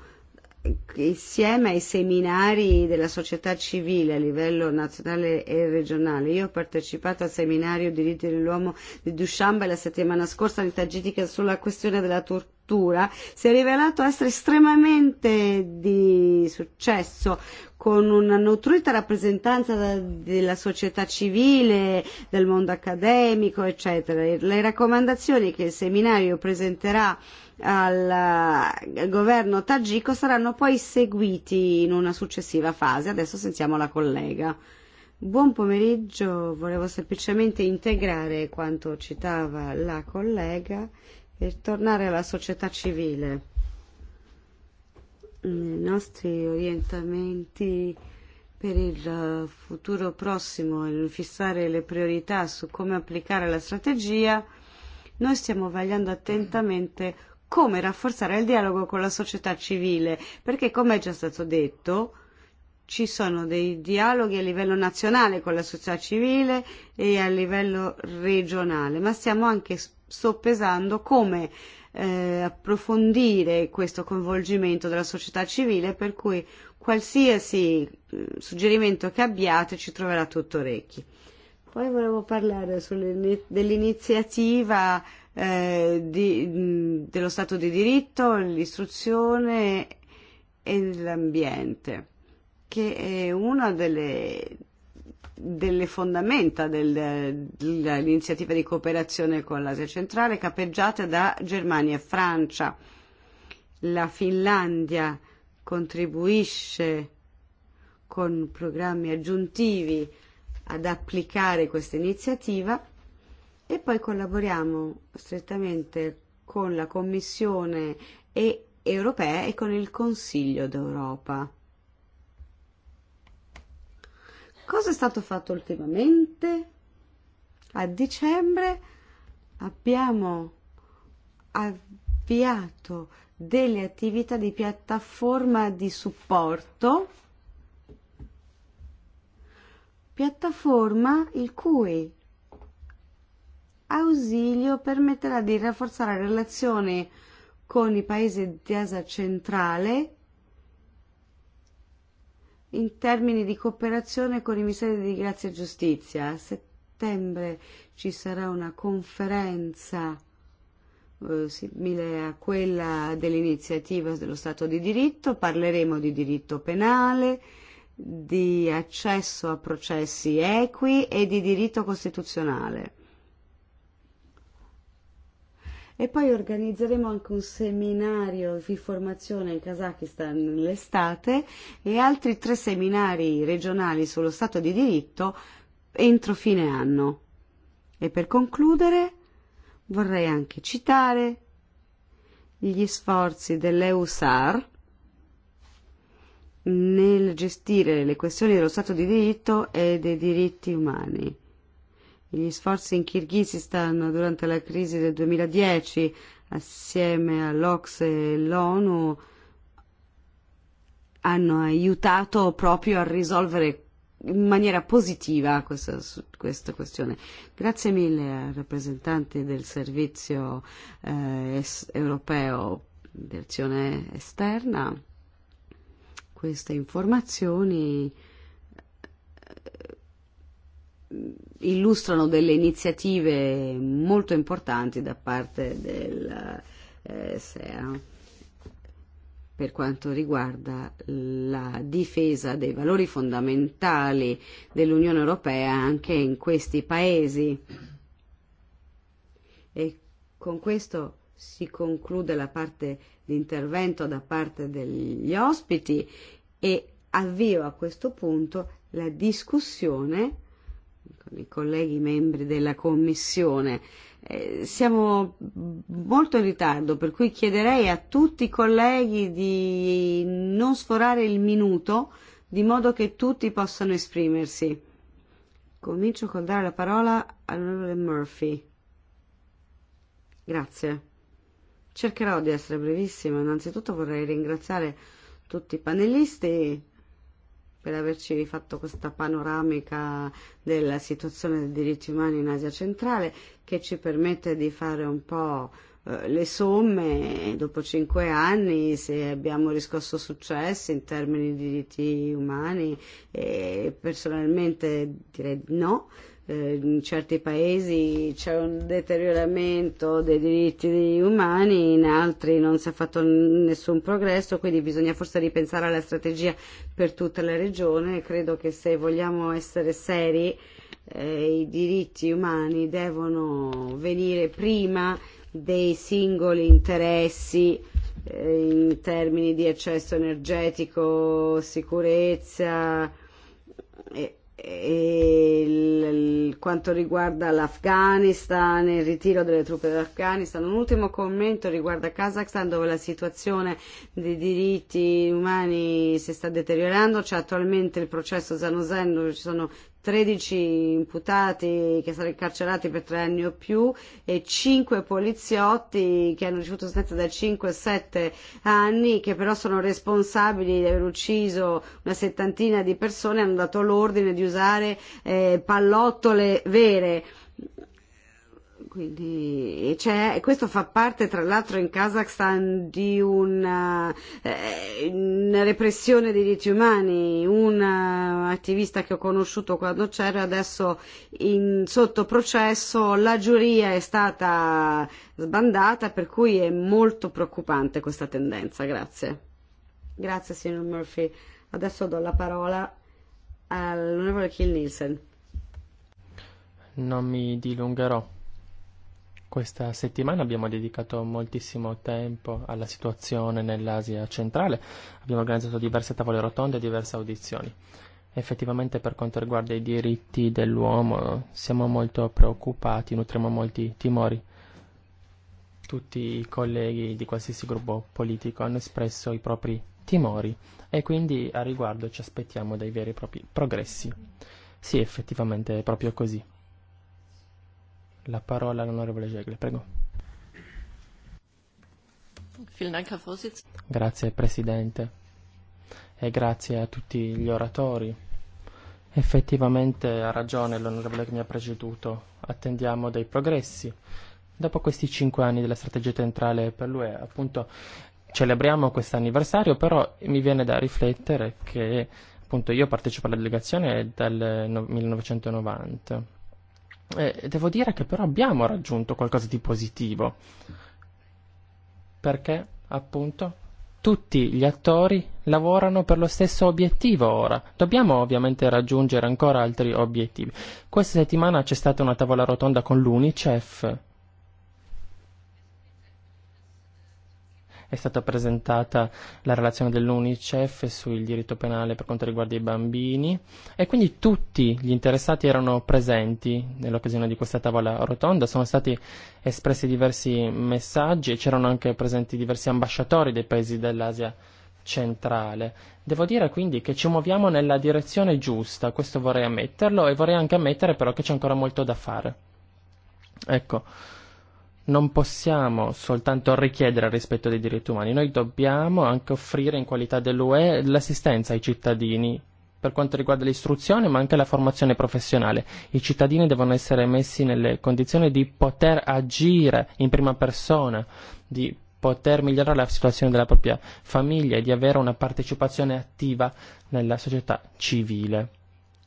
insieme ai seminari della società civile a livello nazionale e regionale. Io ho partecipato al seminario diritti dell'uomo di Dushanbe la settimana scorsa in Tagitica sulla questione della tortura. si è rivelato essere estremamente di successo con una nutrita rappresentanza della società civile, del mondo accademico, eccetera. E le raccomandazioni che il seminario presenterà al eh, governo tagico saranno poi seguiti in una successiva fase. Adesso sentiamo la collega. Buon pomeriggio, volevo semplicemente integrare quanto citava la collega e tornare alla società civile. I nostri orientamenti per il futuro prossimo e fissare le priorità su come applicare la strategia, noi stiamo vagliando attentamente come rafforzare il dialogo con la società civile, perché come è già stato detto ci sono dei dialoghi a livello nazionale con la società civile e a livello regionale, ma stiamo anche soppesando come eh, approfondire questo coinvolgimento della società civile, per cui qualsiasi mm, suggerimento che abbiate ci troverà tutto orecchi. Poi volevo parlare dell'iniziativa eh, di, dello Stato di diritto, l'istruzione e l'ambiente, che è una delle, delle fondamenta del, dell'iniziativa di cooperazione con l'Asia centrale, capeggiata da Germania e Francia. La Finlandia contribuisce con programmi aggiuntivi ad applicare questa iniziativa e poi collaboriamo strettamente con la Commissione e europea e con il Consiglio d'Europa. Cosa è stato fatto ultimamente? A dicembre abbiamo avviato delle attività di piattaforma di supporto, piattaforma il cui ausilio permetterà di rafforzare le relazioni con i paesi di Asia centrale in termini di cooperazione con i ministeri di grazia e giustizia. A settembre ci sarà una conferenza eh, simile a quella dell'iniziativa dello Stato di diritto, parleremo di diritto penale, di accesso a processi equi e di diritto costituzionale. E poi organizzeremo anche un seminario di formazione in Kazakistan l'estate e altri tre seminari regionali sullo Stato di diritto entro fine anno. E per concludere vorrei anche citare gli sforzi dell'EUSAR nel gestire le questioni dello Stato di diritto e dei diritti umani gli sforzi in Kirghizistan durante la crisi del 2010 assieme all'Ox e all'ONU hanno aiutato proprio a risolvere in maniera positiva questa, questa questione. Grazie mille al rappresentante del servizio eh, es- europeo azione esterna. Queste informazioni illustrano delle iniziative molto importanti da parte del eh, SEA per quanto riguarda la difesa dei valori fondamentali dell'Unione Europea anche in questi paesi. E con questo si conclude la parte di intervento da parte degli ospiti e avvio a questo punto la discussione i colleghi membri della Commissione. Eh, siamo molto in ritardo, per cui chiederei a tutti i colleghi di non sforare il minuto, di modo che tutti possano esprimersi. Comincio col dare la parola all'onorevole Murphy. Grazie. Cercherò di essere brevissima. Innanzitutto vorrei ringraziare tutti i panelisti per averci fatto questa panoramica della situazione dei diritti umani in Asia centrale che ci permette di fare un po' eh, le somme e dopo cinque anni se abbiamo riscosso successi in termini di diritti umani e personalmente direi no in certi paesi c'è un deterioramento dei diritti umani, in altri non si è fatto nessun progresso, quindi bisogna forse ripensare alla strategia per tutta la regione. Credo che se vogliamo essere seri eh, i diritti umani devono venire prima dei singoli interessi eh, in termini di accesso energetico, sicurezza. E, il, quanto riguarda l'Afghanistan, il ritiro delle truppe dall'Afghanistan. Un ultimo commento riguarda Kazakhstan dove la situazione dei diritti umani si sta deteriorando, c'è attualmente il processo Zanosen dove ci sono 13 imputati che saranno incarcerati per tre anni o più e 5 poliziotti che hanno ricevuto sentenze da 5 7 anni che però sono responsabili di aver ucciso una settantina di persone e hanno dato l'ordine di usare eh, pallottole vere Quindi, cioè, e questo fa parte tra l'altro in Kazakhstan di una, eh, una repressione dei diritti umani. Un eh, attivista che ho conosciuto quando c'era adesso in, sotto processo, la giuria è stata sbandata, per cui è molto preoccupante questa tendenza. Grazie. Grazie signor Murphy. Adesso do la parola all'onorevole Kill Nielsen. Non mi dilungherò Questa settimana abbiamo dedicato moltissimo tempo alla situazione nell'Asia centrale, abbiamo organizzato diverse tavole rotonde e diverse audizioni. Effettivamente per quanto riguarda i diritti dell'uomo siamo molto preoccupati, nutriamo molti timori. Tutti i colleghi di qualsiasi gruppo politico hanno espresso i propri timori e quindi a riguardo ci aspettiamo dei veri e propri progressi. Sì, effettivamente è proprio così. La parola all'onorevole Jegle, prego. Grazie Presidente e grazie a tutti gli oratori. Effettivamente ha ragione l'onorevole che mi ha preceduto, attendiamo dei progressi. Dopo questi cinque anni della strategia centrale per l'UE, appunto celebriamo questo anniversario, però mi viene da riflettere che appunto io partecipo alla delegazione dal 1990 Eh, devo dire che però abbiamo raggiunto qualcosa di positivo, perché appunto tutti gli attori lavorano per lo stesso obiettivo ora. Dobbiamo ovviamente raggiungere ancora altri obiettivi. Questa settimana c'è stata una tavola rotonda con l'UNICEF È stata presentata la relazione dell'UNICEF sul diritto penale per quanto riguarda i bambini e quindi tutti gli interessati erano presenti nell'occasione di questa tavola rotonda, sono stati espressi diversi messaggi e c'erano anche presenti diversi ambasciatori dei paesi dell'Asia centrale. Devo dire quindi che ci muoviamo nella direzione giusta, questo vorrei ammetterlo e vorrei anche ammettere però che c'è ancora molto da fare. Ecco non possiamo soltanto richiedere il rispetto dei diritti umani, noi dobbiamo anche offrire in qualità dell'UE l'assistenza ai cittadini per quanto riguarda l'istruzione ma anche la formazione professionale. I cittadini devono essere messi nelle condizioni di poter agire in prima persona, di poter migliorare la situazione della propria famiglia e di avere una partecipazione attiva nella società civile.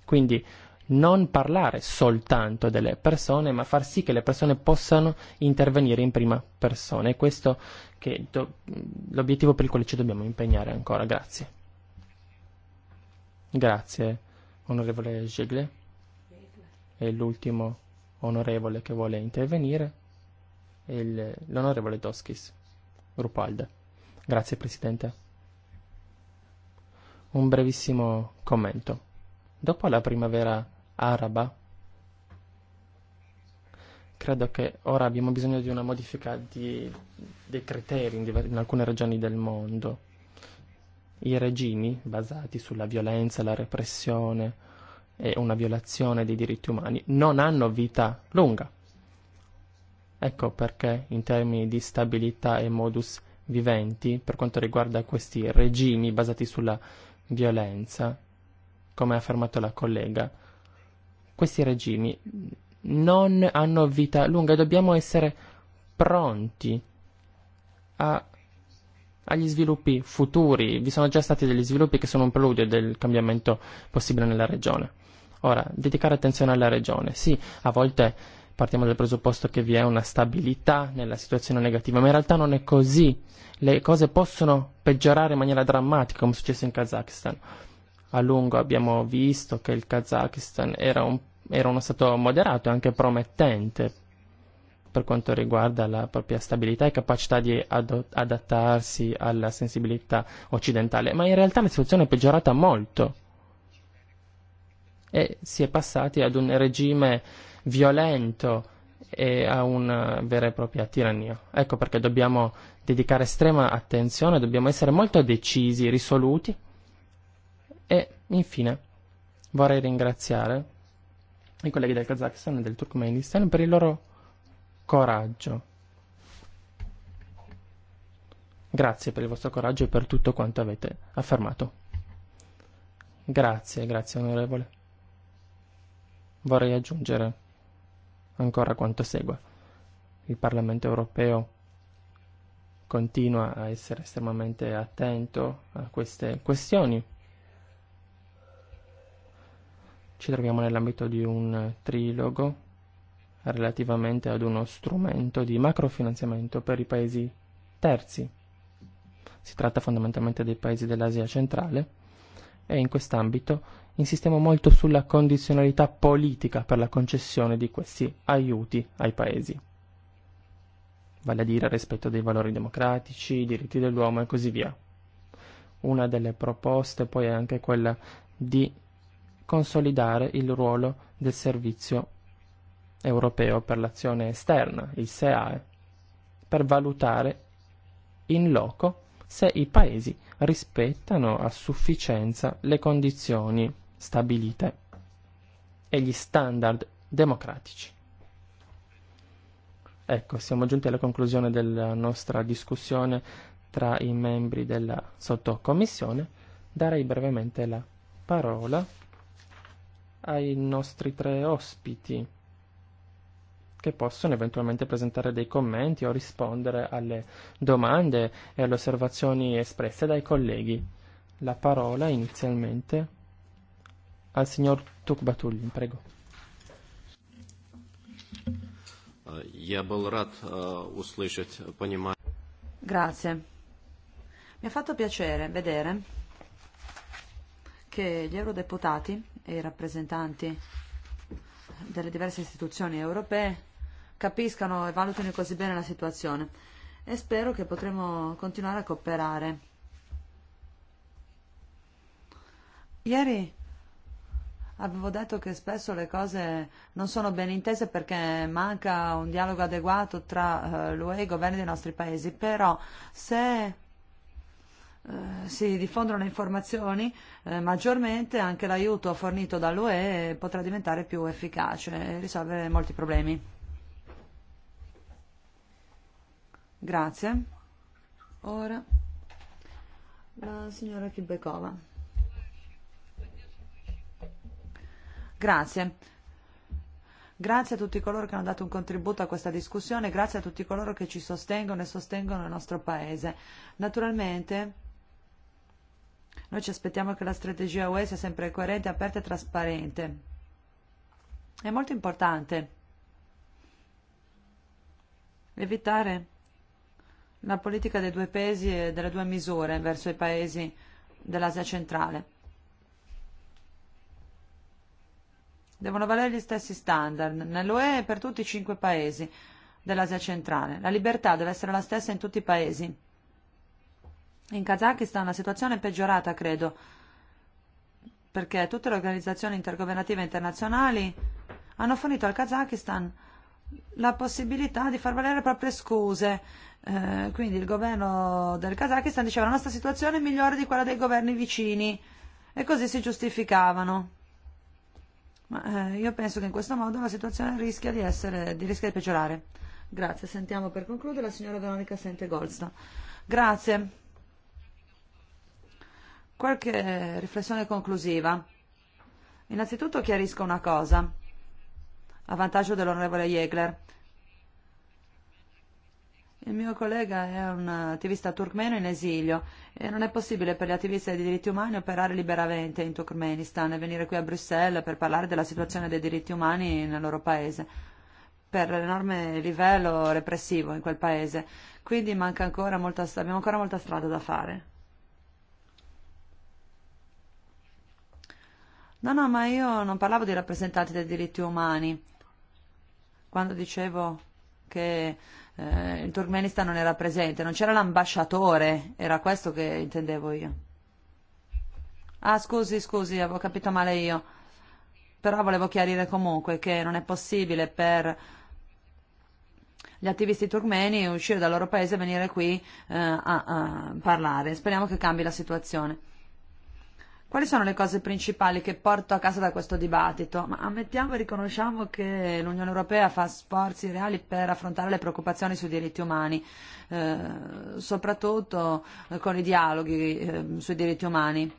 Quindi non parlare soltanto delle persone, ma far sì che le persone possano intervenire in prima persona. E questo è do, l'obiettivo per il quale ci dobbiamo impegnare ancora. Grazie. Grazie, onorevole Jegle. È l'ultimo onorevole che vuole intervenire è il, l'onorevole Doskis, gruppo ALDE. Grazie, Presidente. Un brevissimo commento. Dopo la primavera araba credo che ora abbiamo bisogno di una modifica di, dei criteri in, diver- in alcune regioni del mondo. I regimi basati sulla violenza, la repressione e una violazione dei diritti umani non hanno vita lunga. Ecco perché in termini di stabilità e modus viventi, per quanto riguarda questi regimi basati sulla violenza, come ha affermato la collega, questi regimi non hanno vita lunga, e dobbiamo essere pronti a, agli sviluppi futuri. Vi sono già stati degli sviluppi che sono un preludio del cambiamento possibile nella regione. Ora, dedicare attenzione alla regione. Sì, a volte partiamo dal presupposto che vi è una stabilità nella situazione negativa, ma in realtà non è così. Le cose possono peggiorare in maniera drammatica, come è successo in Kazakhstan a lungo abbiamo visto che il Kazakistan era, un, era uno stato moderato e anche promettente per quanto riguarda la propria stabilità e capacità di adattarsi alla sensibilità occidentale, ma in realtà la situazione è peggiorata molto e si è passati ad un regime violento e a una vera e propria tirannia. Ecco perché dobbiamo dedicare estrema attenzione, dobbiamo essere molto decisi, risoluti E infine vorrei ringraziare i colleghi del Kazakhstan e del Turkmenistan per il loro coraggio. Grazie per il vostro coraggio e per tutto quanto avete affermato. Grazie, grazie onorevole. Vorrei aggiungere ancora quanto segue. Il Parlamento europeo continua a essere estremamente attento a queste questioni Ci troviamo nell'ambito di un trilogo relativamente ad uno strumento di macrofinanziamento per i paesi terzi. Si tratta fondamentalmente dei paesi dell'Asia centrale e in quest'ambito insistiamo molto sulla condizionalità politica per la concessione di questi aiuti ai paesi, vale a dire rispetto dei valori democratici, diritti dell'uomo e così via. Una delle proposte poi è anche quella di consolidare il ruolo del servizio europeo per l'azione esterna, il SEAE, per valutare in loco se i paesi rispettano a sufficienza le condizioni stabilite e gli standard democratici. Ecco, siamo giunti alla conclusione della nostra discussione tra i membri della sottocommissione. Darei brevemente la parola ai nostri tre ospiti, che possono eventualmente presentare dei commenti o rispondere alle domande e alle osservazioni espresse dai colleghi. La parola inizialmente al signor Tukbatullin, prego. Eh, e Grazie. Mi ha fatto piacere vedere che gli eurodeputati e i rappresentanti delle diverse istituzioni europee capiscano e valutino così bene la situazione e spero che potremo continuare a cooperare. Ieri avevo detto che spesso le cose non sono ben intese perché manca un dialogo adeguato tra eh, l'UE e i governi dei nostri paesi, però se Eh, si diffondono le informazioni eh, maggiormente, anche l'aiuto fornito dall'UE potrà diventare più efficace e risolvere molti problemi. Grazie. Ora la signora Kibekova. Grazie. Grazie a tutti coloro che hanno dato un contributo a questa discussione, grazie a tutti coloro che ci sostengono e sostengono il nostro Paese. Naturalmente Noi ci aspettiamo che la strategia UE sia sempre coerente, aperta e trasparente. È molto importante evitare la politica dei due pesi e delle due misure verso i paesi dell'Asia centrale. Devono valere gli stessi standard nell'UE e per tutti i cinque paesi dell'Asia centrale. La libertà deve essere la stessa in tutti i paesi. In Kazakistan la situazione è peggiorata, credo, perché tutte le organizzazioni intergovernative internazionali hanno fornito al Kazakistan la possibilità di far valere le proprie scuse. Eh, quindi il governo del Kazakistan diceva la nostra situazione è migliore di quella dei governi vicini e così si giustificavano. Ma eh, io penso che in questo modo la situazione rischia di, essere, di, rischia di peggiorare. Grazie, sentiamo per concludere la signora Veronica Sente Golsta. Grazie. Qualche riflessione conclusiva. Innanzitutto chiarisco una cosa, a vantaggio dell'onorevole Jägler. Il mio collega è un attivista turkmeno in esilio e non è possibile per gli attivisti dei diritti umani operare liberamente in Turkmenistan e venire qui a Bruxelles per parlare della situazione dei diritti umani nel loro paese, per l'enorme livello repressivo in quel paese. Quindi manca ancora molta, abbiamo ancora molta strada da fare. No, no, ma io non parlavo di rappresentanti dei diritti umani. Quando dicevo che eh, il Turkmenistan non era presente, non c'era l'ambasciatore, era questo che intendevo io. Ah, scusi, scusi, avevo capito male io. Però volevo chiarire comunque che non è possibile per gli attivisti turkmeni uscire dal loro paese e venire qui eh, a, a parlare. Speriamo che cambi la situazione. Quali sono le cose principali che porto a casa da questo dibattito? Ma ammettiamo e riconosciamo che l'Unione Europea fa sforzi reali per affrontare le preoccupazioni sui diritti umani, eh, soprattutto eh, con i dialoghi eh, sui diritti umani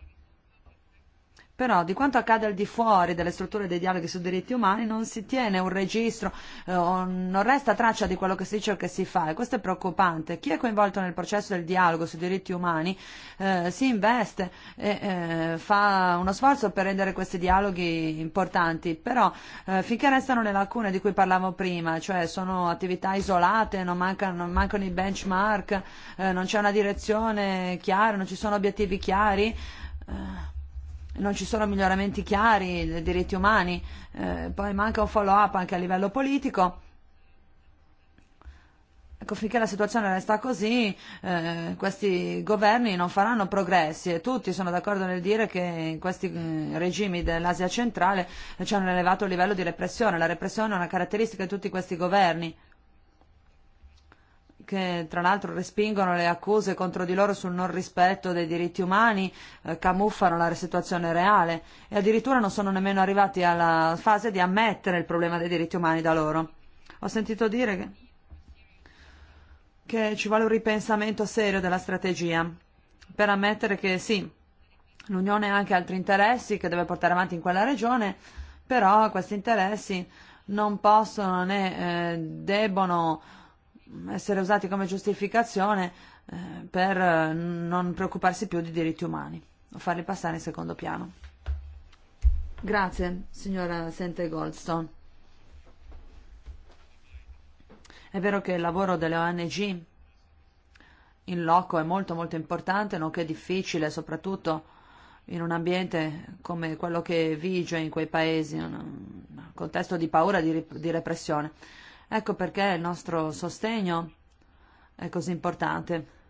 però di quanto accade al di fuori delle strutture dei dialoghi sui diritti umani non si tiene un registro, eh, non resta traccia di quello che si dice o che si fa e questo è preoccupante. Chi è coinvolto nel processo del dialogo sui diritti umani eh, si investe e eh, fa uno sforzo per rendere questi dialoghi importanti, però eh, finché restano le lacune di cui parlavo prima, cioè sono attività isolate, non mancano, non mancano i benchmark, eh, non c'è una direzione chiara, non ci sono obiettivi chiari, eh, non ci sono miglioramenti chiari dei diritti umani, eh, poi manca un follow up anche a livello politico. Ecco, finché la situazione resta così, eh, questi governi non faranno progressi e tutti sono d'accordo nel dire che in questi eh, regimi dell'Asia centrale c'è un elevato livello di repressione. La repressione è una caratteristica di tutti questi governi che tra l'altro respingono le accuse contro di loro sul non rispetto dei diritti umani, eh, camuffano la situazione reale e addirittura non sono nemmeno arrivati alla fase di ammettere il problema dei diritti umani da loro. Ho sentito dire che, che ci vuole un ripensamento serio della strategia per ammettere che sì, l'Unione ha anche altri interessi che deve portare avanti in quella regione, però questi interessi non possono né eh, debbono essere usati come giustificazione eh, per eh, non preoccuparsi più di diritti umani o farli passare in secondo piano. Grazie, signora Sente Goldstone. È vero che il lavoro delle ONG in loco è molto molto importante, nonché difficile, soprattutto in un ambiente come quello che vige in quei paesi, un, un contesto di paura, di, di repressione Ecco perché il nostro sostegno è così importante.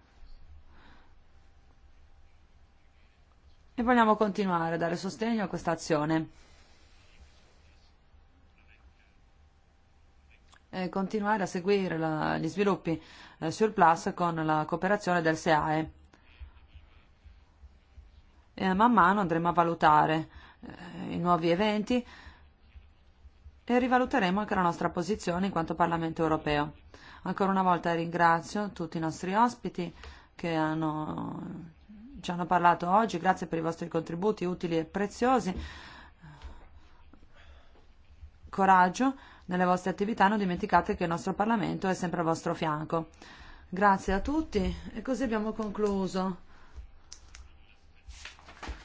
E vogliamo continuare a dare sostegno a questa azione. E continuare a seguire la, gli sviluppi eh, surplus con la cooperazione del SEAE. E man mano andremo a valutare eh, i nuovi eventi e rivaluteremo anche la nostra posizione in quanto Parlamento europeo. Ancora una volta ringrazio tutti i nostri ospiti che hanno, ci hanno parlato oggi, grazie per i vostri contributi utili e preziosi. Coraggio nelle vostre attività, non dimenticate che il nostro Parlamento è sempre al vostro fianco. Grazie a tutti e così abbiamo concluso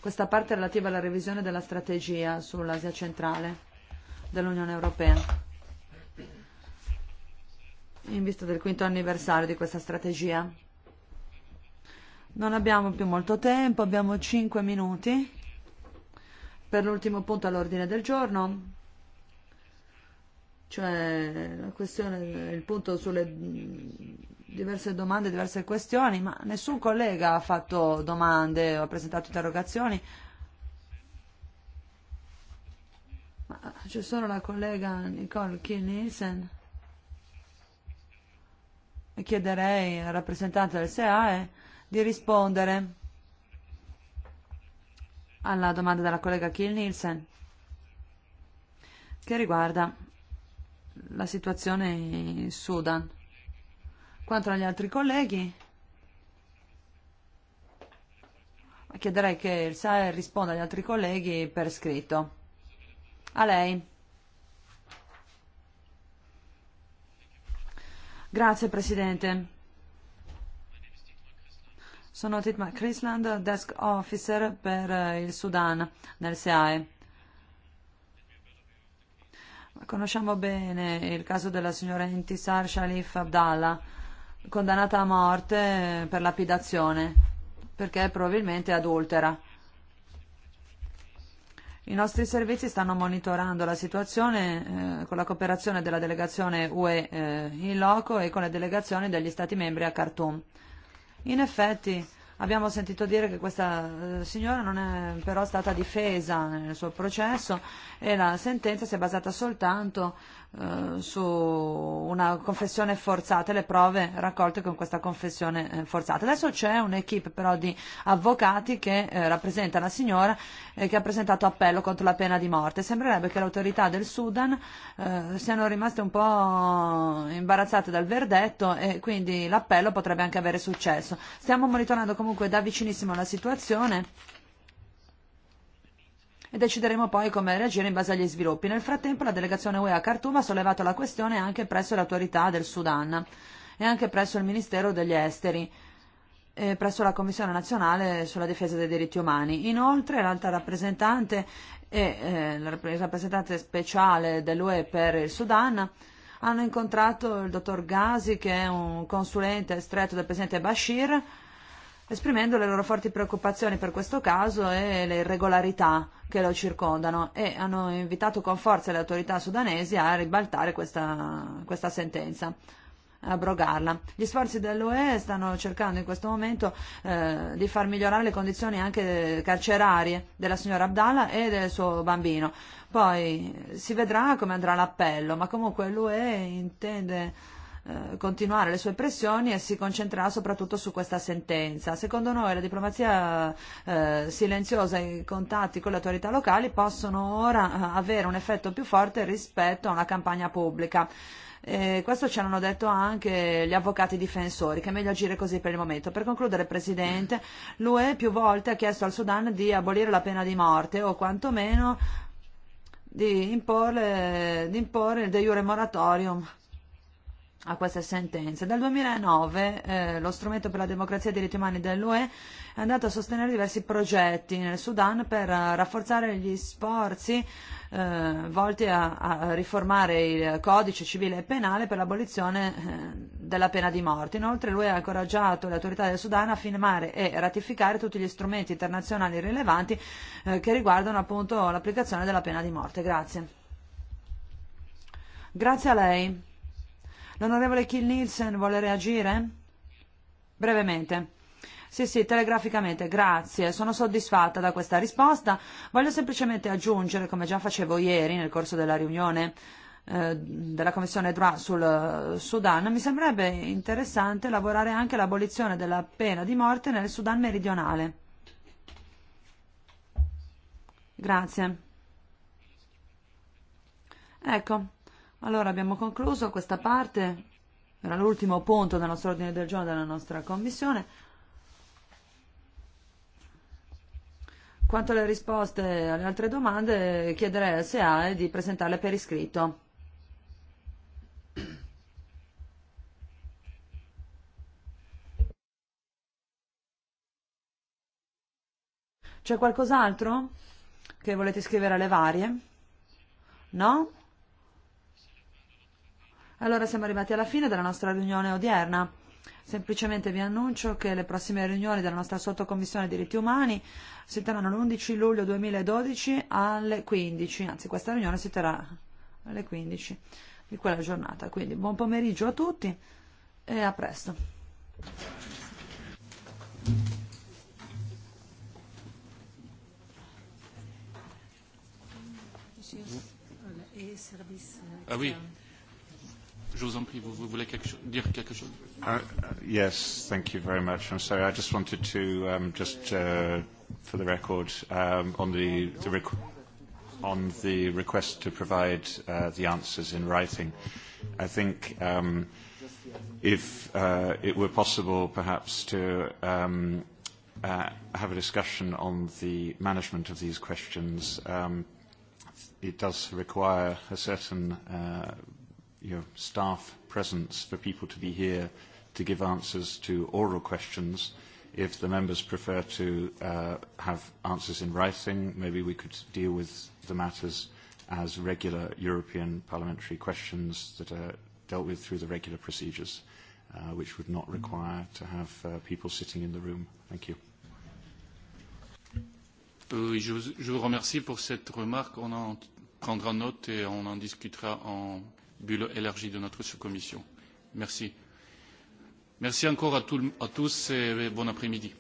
questa parte relativa alla revisione della strategia sull'Asia centrale dell'Unione Europea in vista del quinto anniversario di questa strategia. Non abbiamo più molto tempo, abbiamo cinque minuti per l'ultimo punto all'ordine del giorno, cioè la questione, il punto sulle diverse domande, diverse questioni, ma nessun collega ha fatto domande o ha presentato interrogazioni. C'è solo la collega Nicole Kinnisen. E chiederei al rappresentante del SEAE di rispondere alla domanda della collega Kiel Nielsen che riguarda la situazione in Sudan. Quanto agli altri colleghi, chiederei che il SAE risponda agli altri colleghi per scritto. Lei. Grazie Presidente. Sono Titma Crisland, Desk Officer per eh, il Sudan nel SEAE. Conosciamo bene il caso della signora Intisar Shalif Abdallah, condannata a morte eh, per lapidazione, perché probabilmente adultera. I nostri servizi stanno monitorando la situazione eh, con la cooperazione della delegazione UE eh, in loco e con le delegazioni degli Stati membri a Khartoum. In effetti abbiamo sentito dire che questa eh, signora non è però stata difesa nel suo processo e la sentenza si è basata soltanto Eh, su una confessione forzata, le prove raccolte con questa confessione eh, forzata. Adesso c'è un'equipe però di avvocati che eh, rappresenta la signora e che ha presentato appello contro la pena di morte. Sembrerebbe che le autorità del Sudan eh, siano rimaste un po' imbarazzate dal verdetto e quindi l'appello potrebbe anche avere successo. Stiamo monitorando comunque da vicinissimo la situazione e decideremo poi come reagire in base agli sviluppi. Nel frattempo la delegazione UE a Khartoum ha sollevato la questione anche presso l'autorità del Sudan e anche presso il Ministero degli Esteri eh, presso la Commissione nazionale sulla difesa dei diritti umani. Inoltre l'alta rappresentante e eh, il rappresentante speciale dell'UE per il Sudan hanno incontrato il dottor Ghazi che è un consulente stretto del presidente Bashir esprimendo le loro forti preoccupazioni per questo caso e le irregolarità che lo circondano e hanno invitato con forza le autorità sudanesi a ribaltare questa, questa sentenza abrogarla. Gli sforzi dell'UE stanno cercando in questo momento eh, di far migliorare le condizioni anche carcerarie della signora Abdallah e del suo bambino. Poi si vedrà come andrà l'appello, ma comunque l'UE intende eh, Eh, continuare le sue pressioni e si concentrerà soprattutto su questa sentenza. Secondo noi la diplomazia eh, silenziosa e i contatti con le autorità locali possono ora eh, avere un effetto più forte rispetto a una campagna pubblica. E questo ci hanno detto anche gli avvocati difensori, che è meglio agire così per il momento. Per concludere, Presidente, l'UE più volte ha chiesto al Sudan di abolire la pena di morte o quantomeno di imporre, di imporre il de jure moratorium a queste sentenze. Dal 2009 eh, lo strumento per la democrazia e i diritti umani dell'UE è andato a sostenere diversi progetti nel Sudan per eh, rafforzare gli sforzi eh, volti a, a riformare il codice civile e penale per l'abolizione eh, della pena di morte. Inoltre l'UE ha incoraggiato le autorità del Sudan a firmare e ratificare tutti gli strumenti internazionali rilevanti eh, che riguardano appunto l'applicazione della pena di morte. Grazie. Grazie a lei. L'onorevole Kill Nielsen vuole reagire? Brevemente. Sì, sì, telegraficamente, grazie. Sono soddisfatta da questa risposta. Voglio semplicemente aggiungere, come già facevo ieri nel corso della riunione eh, della Commissione DRA sul eh, Sudan, mi sembrerebbe interessante lavorare anche all'abolizione della pena di morte nel Sudan meridionale. Grazie. Ecco Allora abbiamo concluso questa parte, era l'ultimo punto del nostro ordine del giorno della nostra commissione. Quanto alle risposte alle altre domande, chiederei al SEAE di presentarle per iscritto. C'è qualcos'altro che volete scrivere alle varie? No? Allora siamo arrivati alla fine della nostra riunione odierna. Semplicemente vi annuncio che le prossime riunioni della nostra sottocommissione diritti umani si terranno l'11 luglio 2012 alle 15, anzi questa riunione si terrà alle 15 di quella giornata. Quindi buon pomeriggio a tutti e a presto. Ah oui. Je vous en prie, vous, vous voulez quelque chose, dire quelque chose uh, uh, Yes, thank you very much. I'm sorry, I just wanted to, um, just uh, for the record, um, on the, the rec on the request to provide uh, the answers in writing. I think um, if uh, it were possible perhaps to um, uh, have a discussion on the management of these questions, um, it does require a certain uh, your staff presence for people to be here to give answers to oral questions. If the members prefer to uh, have answers in writing, maybe we could deal with the matters as regular European parliamentary questions that are dealt with through the regular procedures, uh, which would not require to have uh, people sitting in the room. Thank you. Euh, oui, je vous remercie pour cette remarque. On en prendra note et on en discutera en bulle élargie de notre sous commission. merci. merci encore à, tout, à tous et bon après midi.